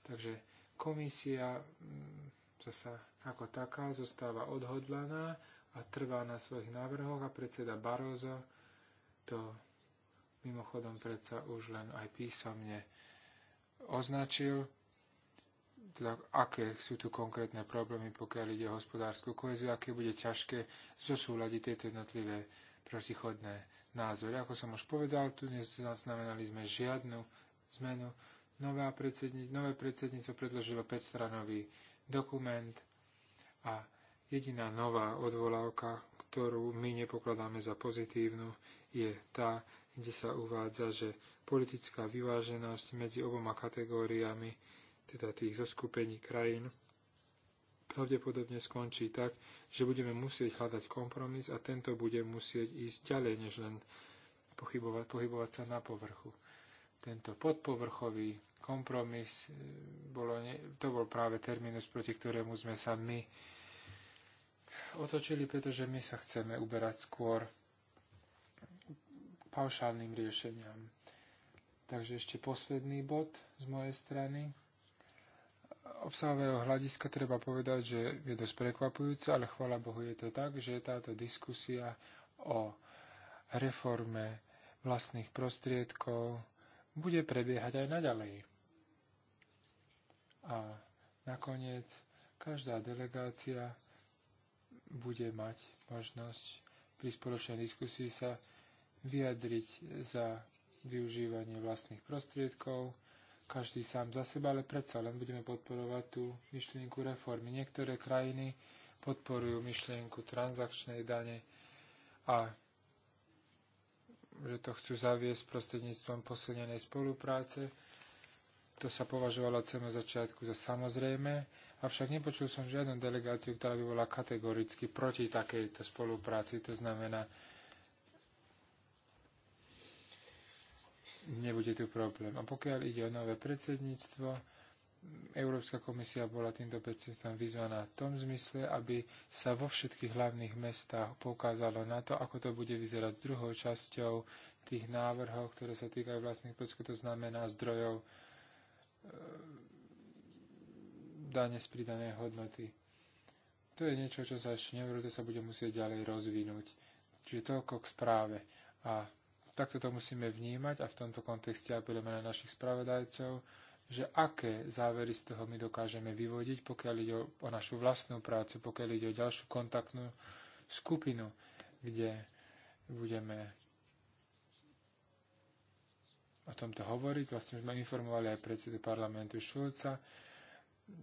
Takže komisia mm, zasa ako taká zostáva odhodlaná a trvá na svojich návrhoch a predseda Barózo to mimochodom predsa už len aj písomne označil, teda aké sú tu konkrétne problémy, pokiaľ ide o hospodárskú koheziu, aké bude ťažké zosúľadiť tieto jednotlivé protichodné názory. Ako som už povedal, tu znamenali sme žiadnu zmenu. Nová nové predsedníctvo predložilo 5-stranový dokument a jediná nová odvolávka ktorú my nepokladáme za pozitívnu, je tá, kde sa uvádza, že politická vyváženosť medzi oboma kategóriami, teda tých zoskupení krajín, pravdepodobne skončí tak, že budeme musieť hľadať kompromis a tento bude musieť ísť ďalej, než len pohybovať, pohybovať sa na povrchu. Tento podpovrchový kompromis, e, bolo ne, to bol práve terminus, proti ktorému sme sa my otočili, pretože my sa chceme uberať skôr paušálnym riešeniam. Takže ešte posledný bod z mojej strany. Obsahového hľadiska treba povedať, že je dosť prekvapujúce, ale chvala Bohu je to tak, že táto diskusia o reforme vlastných prostriedkov bude prebiehať aj naďalej. A nakoniec každá delegácia bude mať možnosť pri spoločnej diskusii sa vyjadriť za využívanie vlastných prostriedkov, každý sám za seba, ale predsa len budeme podporovať tú myšlienku reformy. Niektoré krajiny podporujú myšlienku transakčnej dane a že to chcú zaviesť prostredníctvom posilnenej spolupráce to sa považovalo od samého začiatku za samozrejme, avšak nepočul som žiadnu delegáciu, ktorá by bola kategoricky proti takejto spolupráci. To znamená, nebude tu problém. A pokiaľ ide o nové predsedníctvo, Európska komisia bola týmto predsedníctvom vyzvaná v tom zmysle, aby sa vo všetkých hlavných mestách poukázalo na to, ako to bude vyzerať s druhou časťou tých návrhov, ktoré sa týkajú vlastných prostriedkov, to znamená zdrojov E, dane z pridanej hodnoty. To je niečo, čo sa ešte neurobilo, to sa bude musieť ďalej rozvinúť. Čiže toľko k správe. A takto to musíme vnímať a v tomto kontexte apelujeme na našich spravodajcov, že aké závery z toho my dokážeme vyvodiť, pokiaľ ide o, o našu vlastnú prácu, pokiaľ ide o ďalšiu kontaktnú skupinu, kde budeme o tomto hovoriť. Vlastne sme informovali aj predsedu parlamentu Šulca.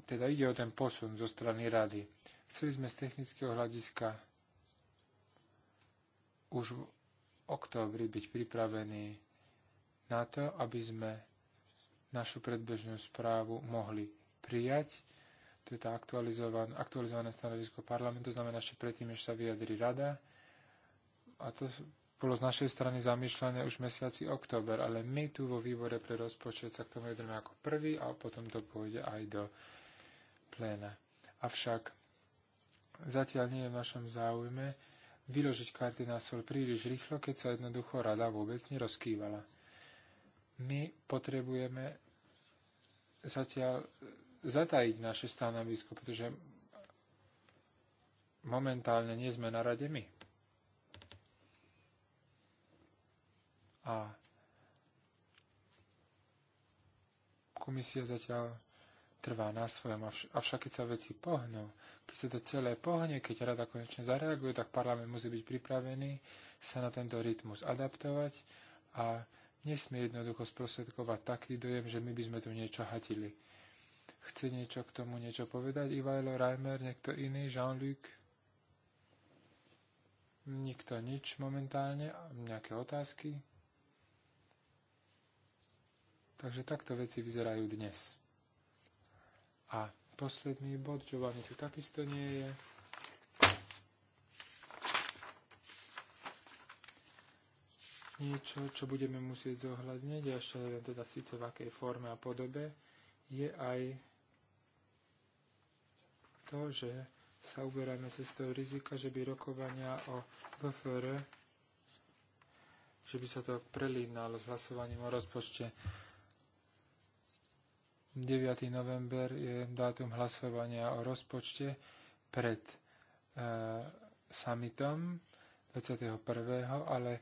Teda ide o ten posun zo strany rady. Chceli sme z technického hľadiska už v októbri byť pripravení na to, aby sme našu predbežnú správu mohli prijať, teda aktualizované, aktualizované stanovisko parlamentu, znamená ešte predtým, než sa vyjadri rada. A to bolo z našej strany zamýšľané už v mesiaci október, ale my tu vo výbore pre rozpočet sa k tomu jedeme ako prvý a potom to pôjde aj do pléna. Avšak zatiaľ nie je v našom záujme vyložiť karty na sol príliš rýchlo, keď sa jednoducho rada vôbec nerozkývala. My potrebujeme zatiaľ zatajiť naše stanovisko, pretože momentálne nie sme na rade my. A komisia zatiaľ trvá na svojom, avšak keď sa veci pohnú, keď sa to celé pohne, keď rada konečne zareaguje, tak parlament musí byť pripravený sa na tento rytmus adaptovať a nesmie jednoducho sprostredkovať taký dojem, že my by sme tu niečo hatili. Chce niečo k tomu niečo povedať? Ivajlo Reimer, niekto iný? Jean-Luc? Nikto nič momentálne? Nejaké otázky? Takže takto veci vyzerajú dnes. A posledný bod, čo vám tu takisto nie je. Niečo, čo budeme musieť zohľadniť, ja ešte neviem teda síce v akej forme a podobe, je aj to, že sa uberáme cestou rizika, že by rokovania o VFR, že by sa to prelínalo s hlasovaním o rozpočte 9. november je dátum hlasovania o rozpočte pred e, summitom 21. ale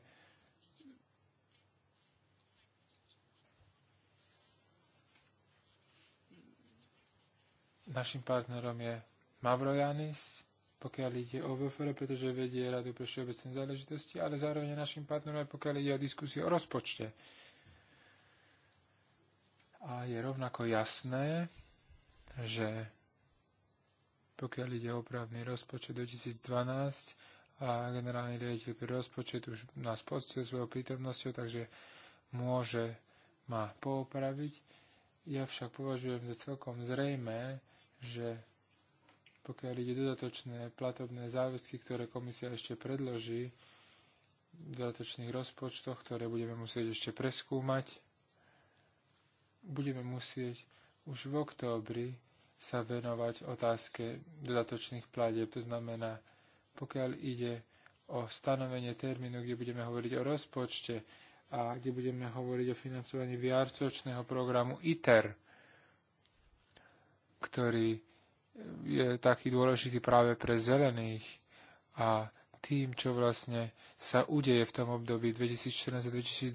našim partnerom je Mavrojanis, pokiaľ ide o VFR, pretože vedie Radu pre všeobecné záležitosti, ale zároveň našim partnerom aj pokiaľ ide o diskusie o rozpočte. E, a je rovnako jasné, že pokiaľ ide o právny rozpočet 2012 a generálny riaditeľ pri rozpočet už nás poctil svojou prítomnosťou, takže môže ma poopraviť. Ja však považujem za celkom zrejme, že pokiaľ ide dodatočné platobné záväzky, ktoré komisia ešte predloží v dodatočných rozpočtoch, ktoré budeme musieť ešte preskúmať, budeme musieť už v októbri sa venovať otázke dodatočných pladeb. To znamená, pokiaľ ide o stanovenie termínu, kde budeme hovoriť o rozpočte a kde budeme hovoriť o financovaní viacročného programu ITER, ktorý je taký dôležitý práve pre zelených a tým, čo vlastne sa udeje v tom období 2014-2020.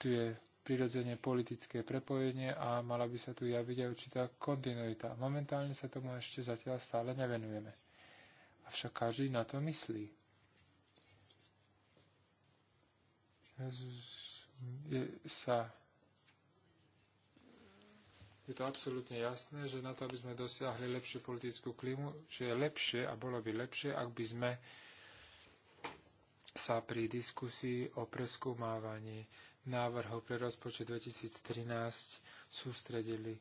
Tu je prirodzene politické prepojenie a mala by sa tu javiť aj určitá kontinuita. Momentálne sa tomu ešte zatiaľ stále nevenujeme. Avšak každý na to myslí. Je, sa, je to absolútne jasné, že na to, aby sme dosiahli lepšiu politickú klimu, že je lepšie a bolo by lepšie, ak by sme sa pri diskusii o preskúmávaní návrhov pre rozpočet 2013 sústredili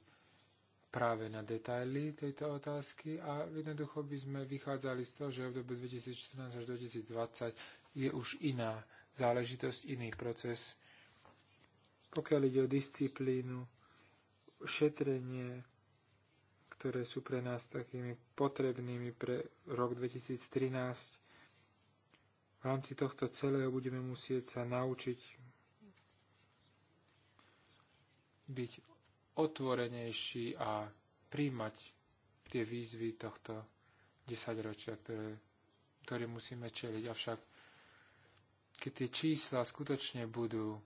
práve na detaily tejto otázky a jednoducho by sme vychádzali z toho, že obdobie 2014 až 2020 je už iná záležitosť, iný proces. Pokiaľ ide o disciplínu, šetrenie, ktoré sú pre nás takými potrebnými pre rok 2013, v rámci tohto celého budeme musieť sa naučiť byť otvorenejší a príjmať tie výzvy tohto desaťročia, ktoré, ktoré musíme čeliť. Avšak, keď tie čísla skutočne budú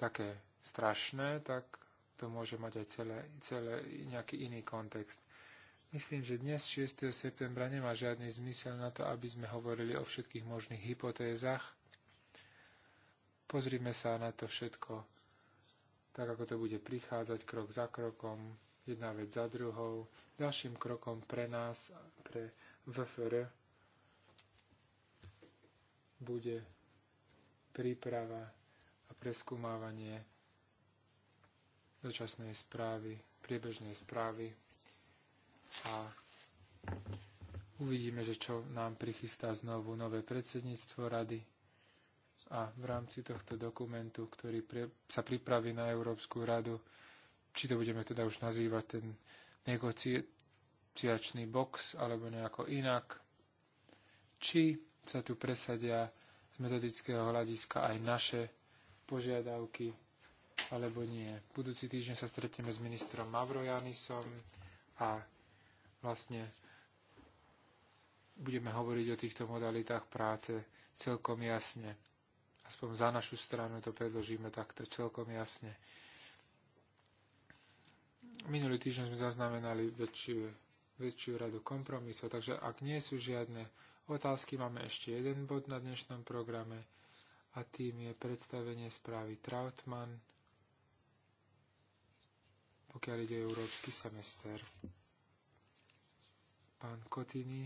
také strašné, tak to môže mať aj celé, celé nejaký iný kontext. Myslím, že dnes 6. septembra nemá žiadny zmysel na to, aby sme hovorili o všetkých možných hypotézach. Pozrime sa na to všetko tak ako to bude prichádzať krok za krokom, jedna vec za druhou. Ďalším krokom pre nás, pre VFR, bude príprava a preskúmávanie dočasnej správy, priebežnej správy a uvidíme, že čo nám prichystá znovu nové predsedníctvo rady a v rámci tohto dokumentu, ktorý pre, sa pripraví na Európsku radu, či to budeme teda už nazývať ten negociačný box alebo nejako inak, či sa tu presadia z metodického hľadiska aj naše požiadavky alebo nie. Budúci týždeň sa stretneme s ministrom Mavrojanisom a vlastne budeme hovoriť o týchto modalitách práce celkom jasne aspoň za našu stranu to predložíme takto celkom jasne. Minulý týždeň sme zaznamenali väčšiu, väčšiu radu kompromisov, takže ak nie sú žiadne otázky, máme ešte jeden bod na dnešnom programe a tým je predstavenie správy Trautmann, pokiaľ ide európsky semester. Pán Kotiny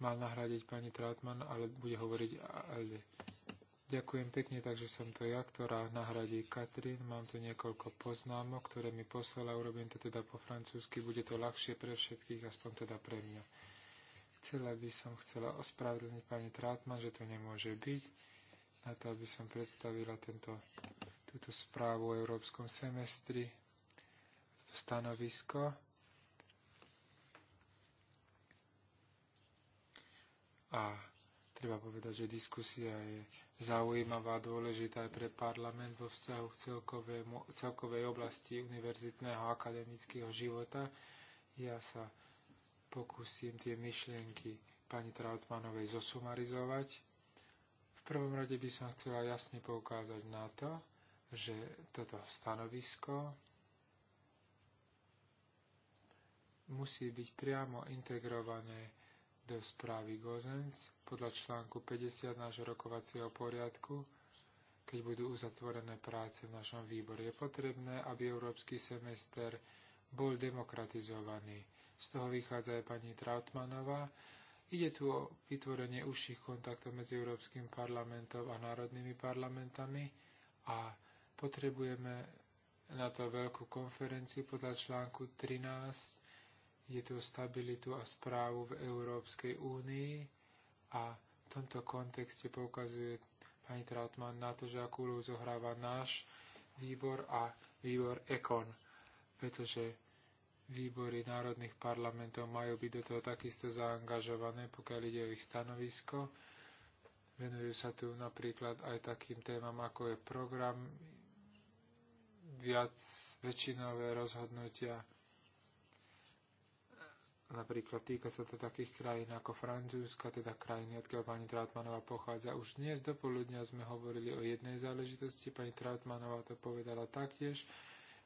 mal nahradiť pani Trautmann, ale bude hovoriť ale Ďakujem pekne, takže som to ja, ktorá nahradí Katrin. Mám tu niekoľko poznámok, ktoré mi poslala. Urobím to teda po francúzsky, bude to ľahšie pre všetkých, aspoň teda pre mňa. Chcela by som chcela ospravedlniť pani Trátman, že to nemôže byť, na to, aby som predstavila tento, túto správu o európskom semestri, toto stanovisko. A Treba povedať, že diskusia je zaujímavá, dôležitá aj pre parlament vo vzťahu k celkovému, celkovej oblasti univerzitného akademického života. Ja sa pokúsim tie myšlienky pani Trautmanovej zosumarizovať. V prvom rade by som chcela jasne poukázať na to, že toto stanovisko musí byť priamo integrované do správy Gozens podľa článku 50 nášho rokovacieho poriadku, keď budú uzatvorené práce v našom výbore. Je potrebné, aby európsky semester bol demokratizovaný. Z toho vychádza aj pani Trautmanová. Ide tu o vytvorenie užších kontaktov medzi Európskym parlamentom a národnými parlamentami a potrebujeme na to veľkú konferenciu podľa článku 13. Je tu o stabilitu a správu v Európskej únii a v tomto kontexte poukazuje pani Trautmann na to, že akú úlohu zohráva náš výbor a výbor EKON, pretože výbory národných parlamentov majú byť do toho takisto zaangažované, pokiaľ ide o ich stanovisko. Venujú sa tu napríklad aj takým témam, ako je program, viac väčšinové rozhodnutia, Napríklad týka sa to takých krajín ako Francúzska, teda krajiny, odkiaľ pani Trautmanová pochádza. Už dnes do poludnia sme hovorili o jednej záležitosti, pani Trautmanová to povedala taktiež,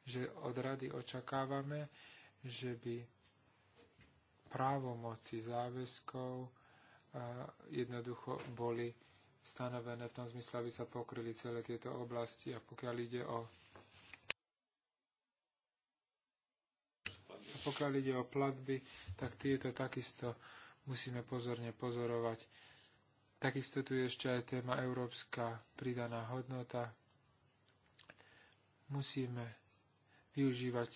že od rady očakávame, že by právomoci záväzkov jednoducho boli stanovené v tom zmysle, aby sa pokryli celé tieto oblasti. A pokiaľ ide o Pokiaľ ide o platby, tak tieto takisto musíme pozorne pozorovať. Takisto tu je ešte aj téma európska pridaná hodnota. Musíme využívať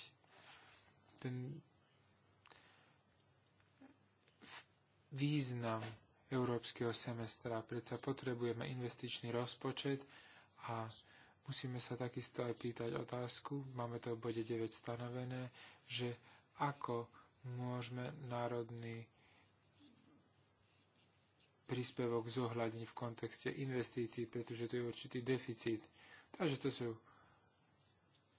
ten význam európskeho semestra. Predsa potrebujeme investičný rozpočet a musíme sa takisto aj pýtať otázku, máme to v bode 9 stanovené, že ako môžeme národný príspevok zohľadniť v kontexte investícií, pretože to je určitý deficit. Takže to sú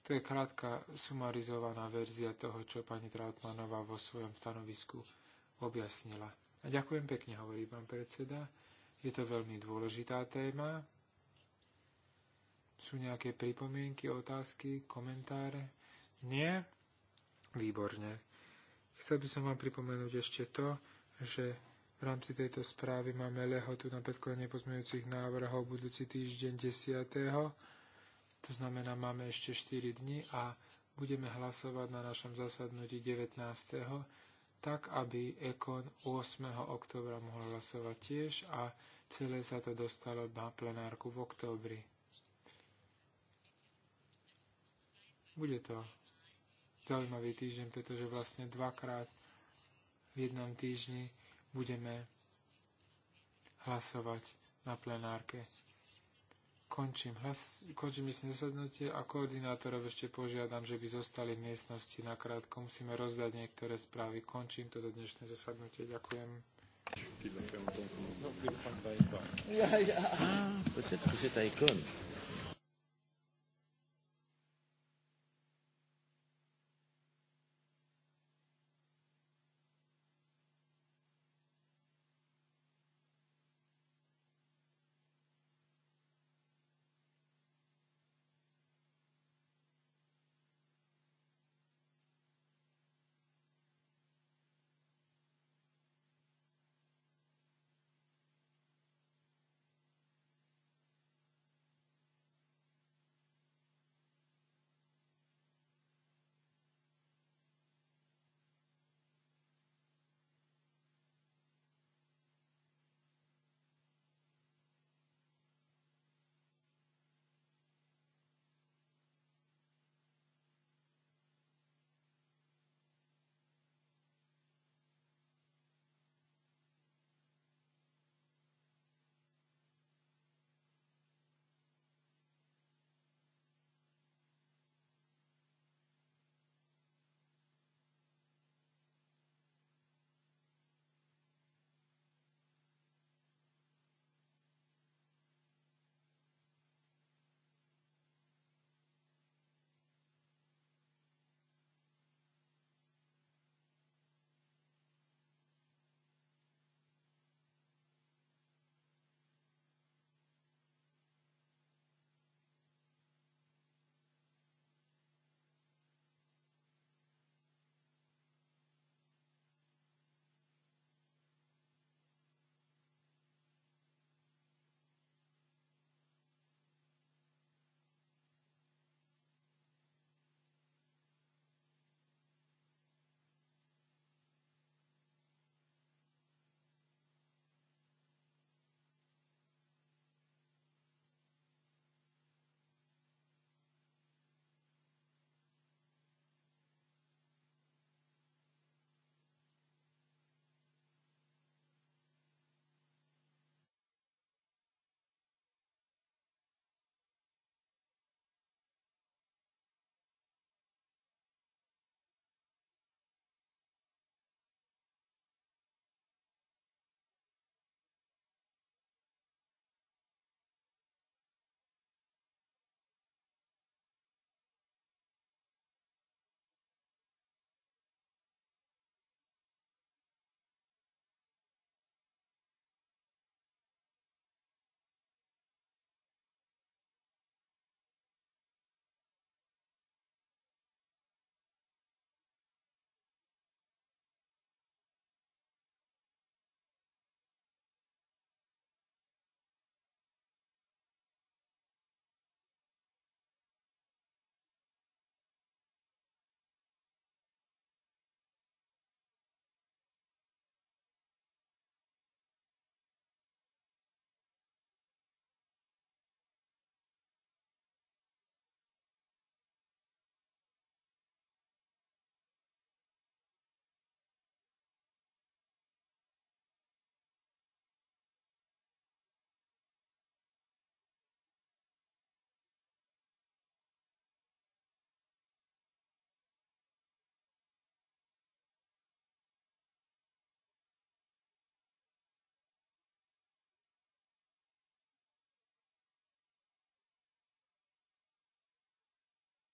to je krátka sumarizovaná verzia toho, čo pani Trautmanová vo svojom stanovisku objasnila. A ďakujem pekne, hovorí pán predseda. Je to veľmi dôležitá téma. Sú nejaké pripomienky, otázky, komentáre? Nie? Výborne. Chcel by som vám pripomenúť ešte to, že v rámci tejto správy máme lehotu na predkladanie pozmeňujúcich návrhov budúci týždeň 10. To znamená, máme ešte 4 dni a budeme hlasovať na našom zasadnutí 19. tak, aby Ekon 8. oktobra mohol hlasovať tiež a celé sa to dostalo na plenárku v októbri. Bude to zaujímavý týždeň, pretože vlastne dvakrát v jednom týždni budeme hlasovať na plenárke. Končím, hlas, končím myslím zasadnutie a koordinátorov ešte požiadam, že by zostali v miestnosti nakrátko. Musíme rozdať niektoré správy. Končím toto dnešné zasadnutie. Ďakujem. Ja, ja. Ah,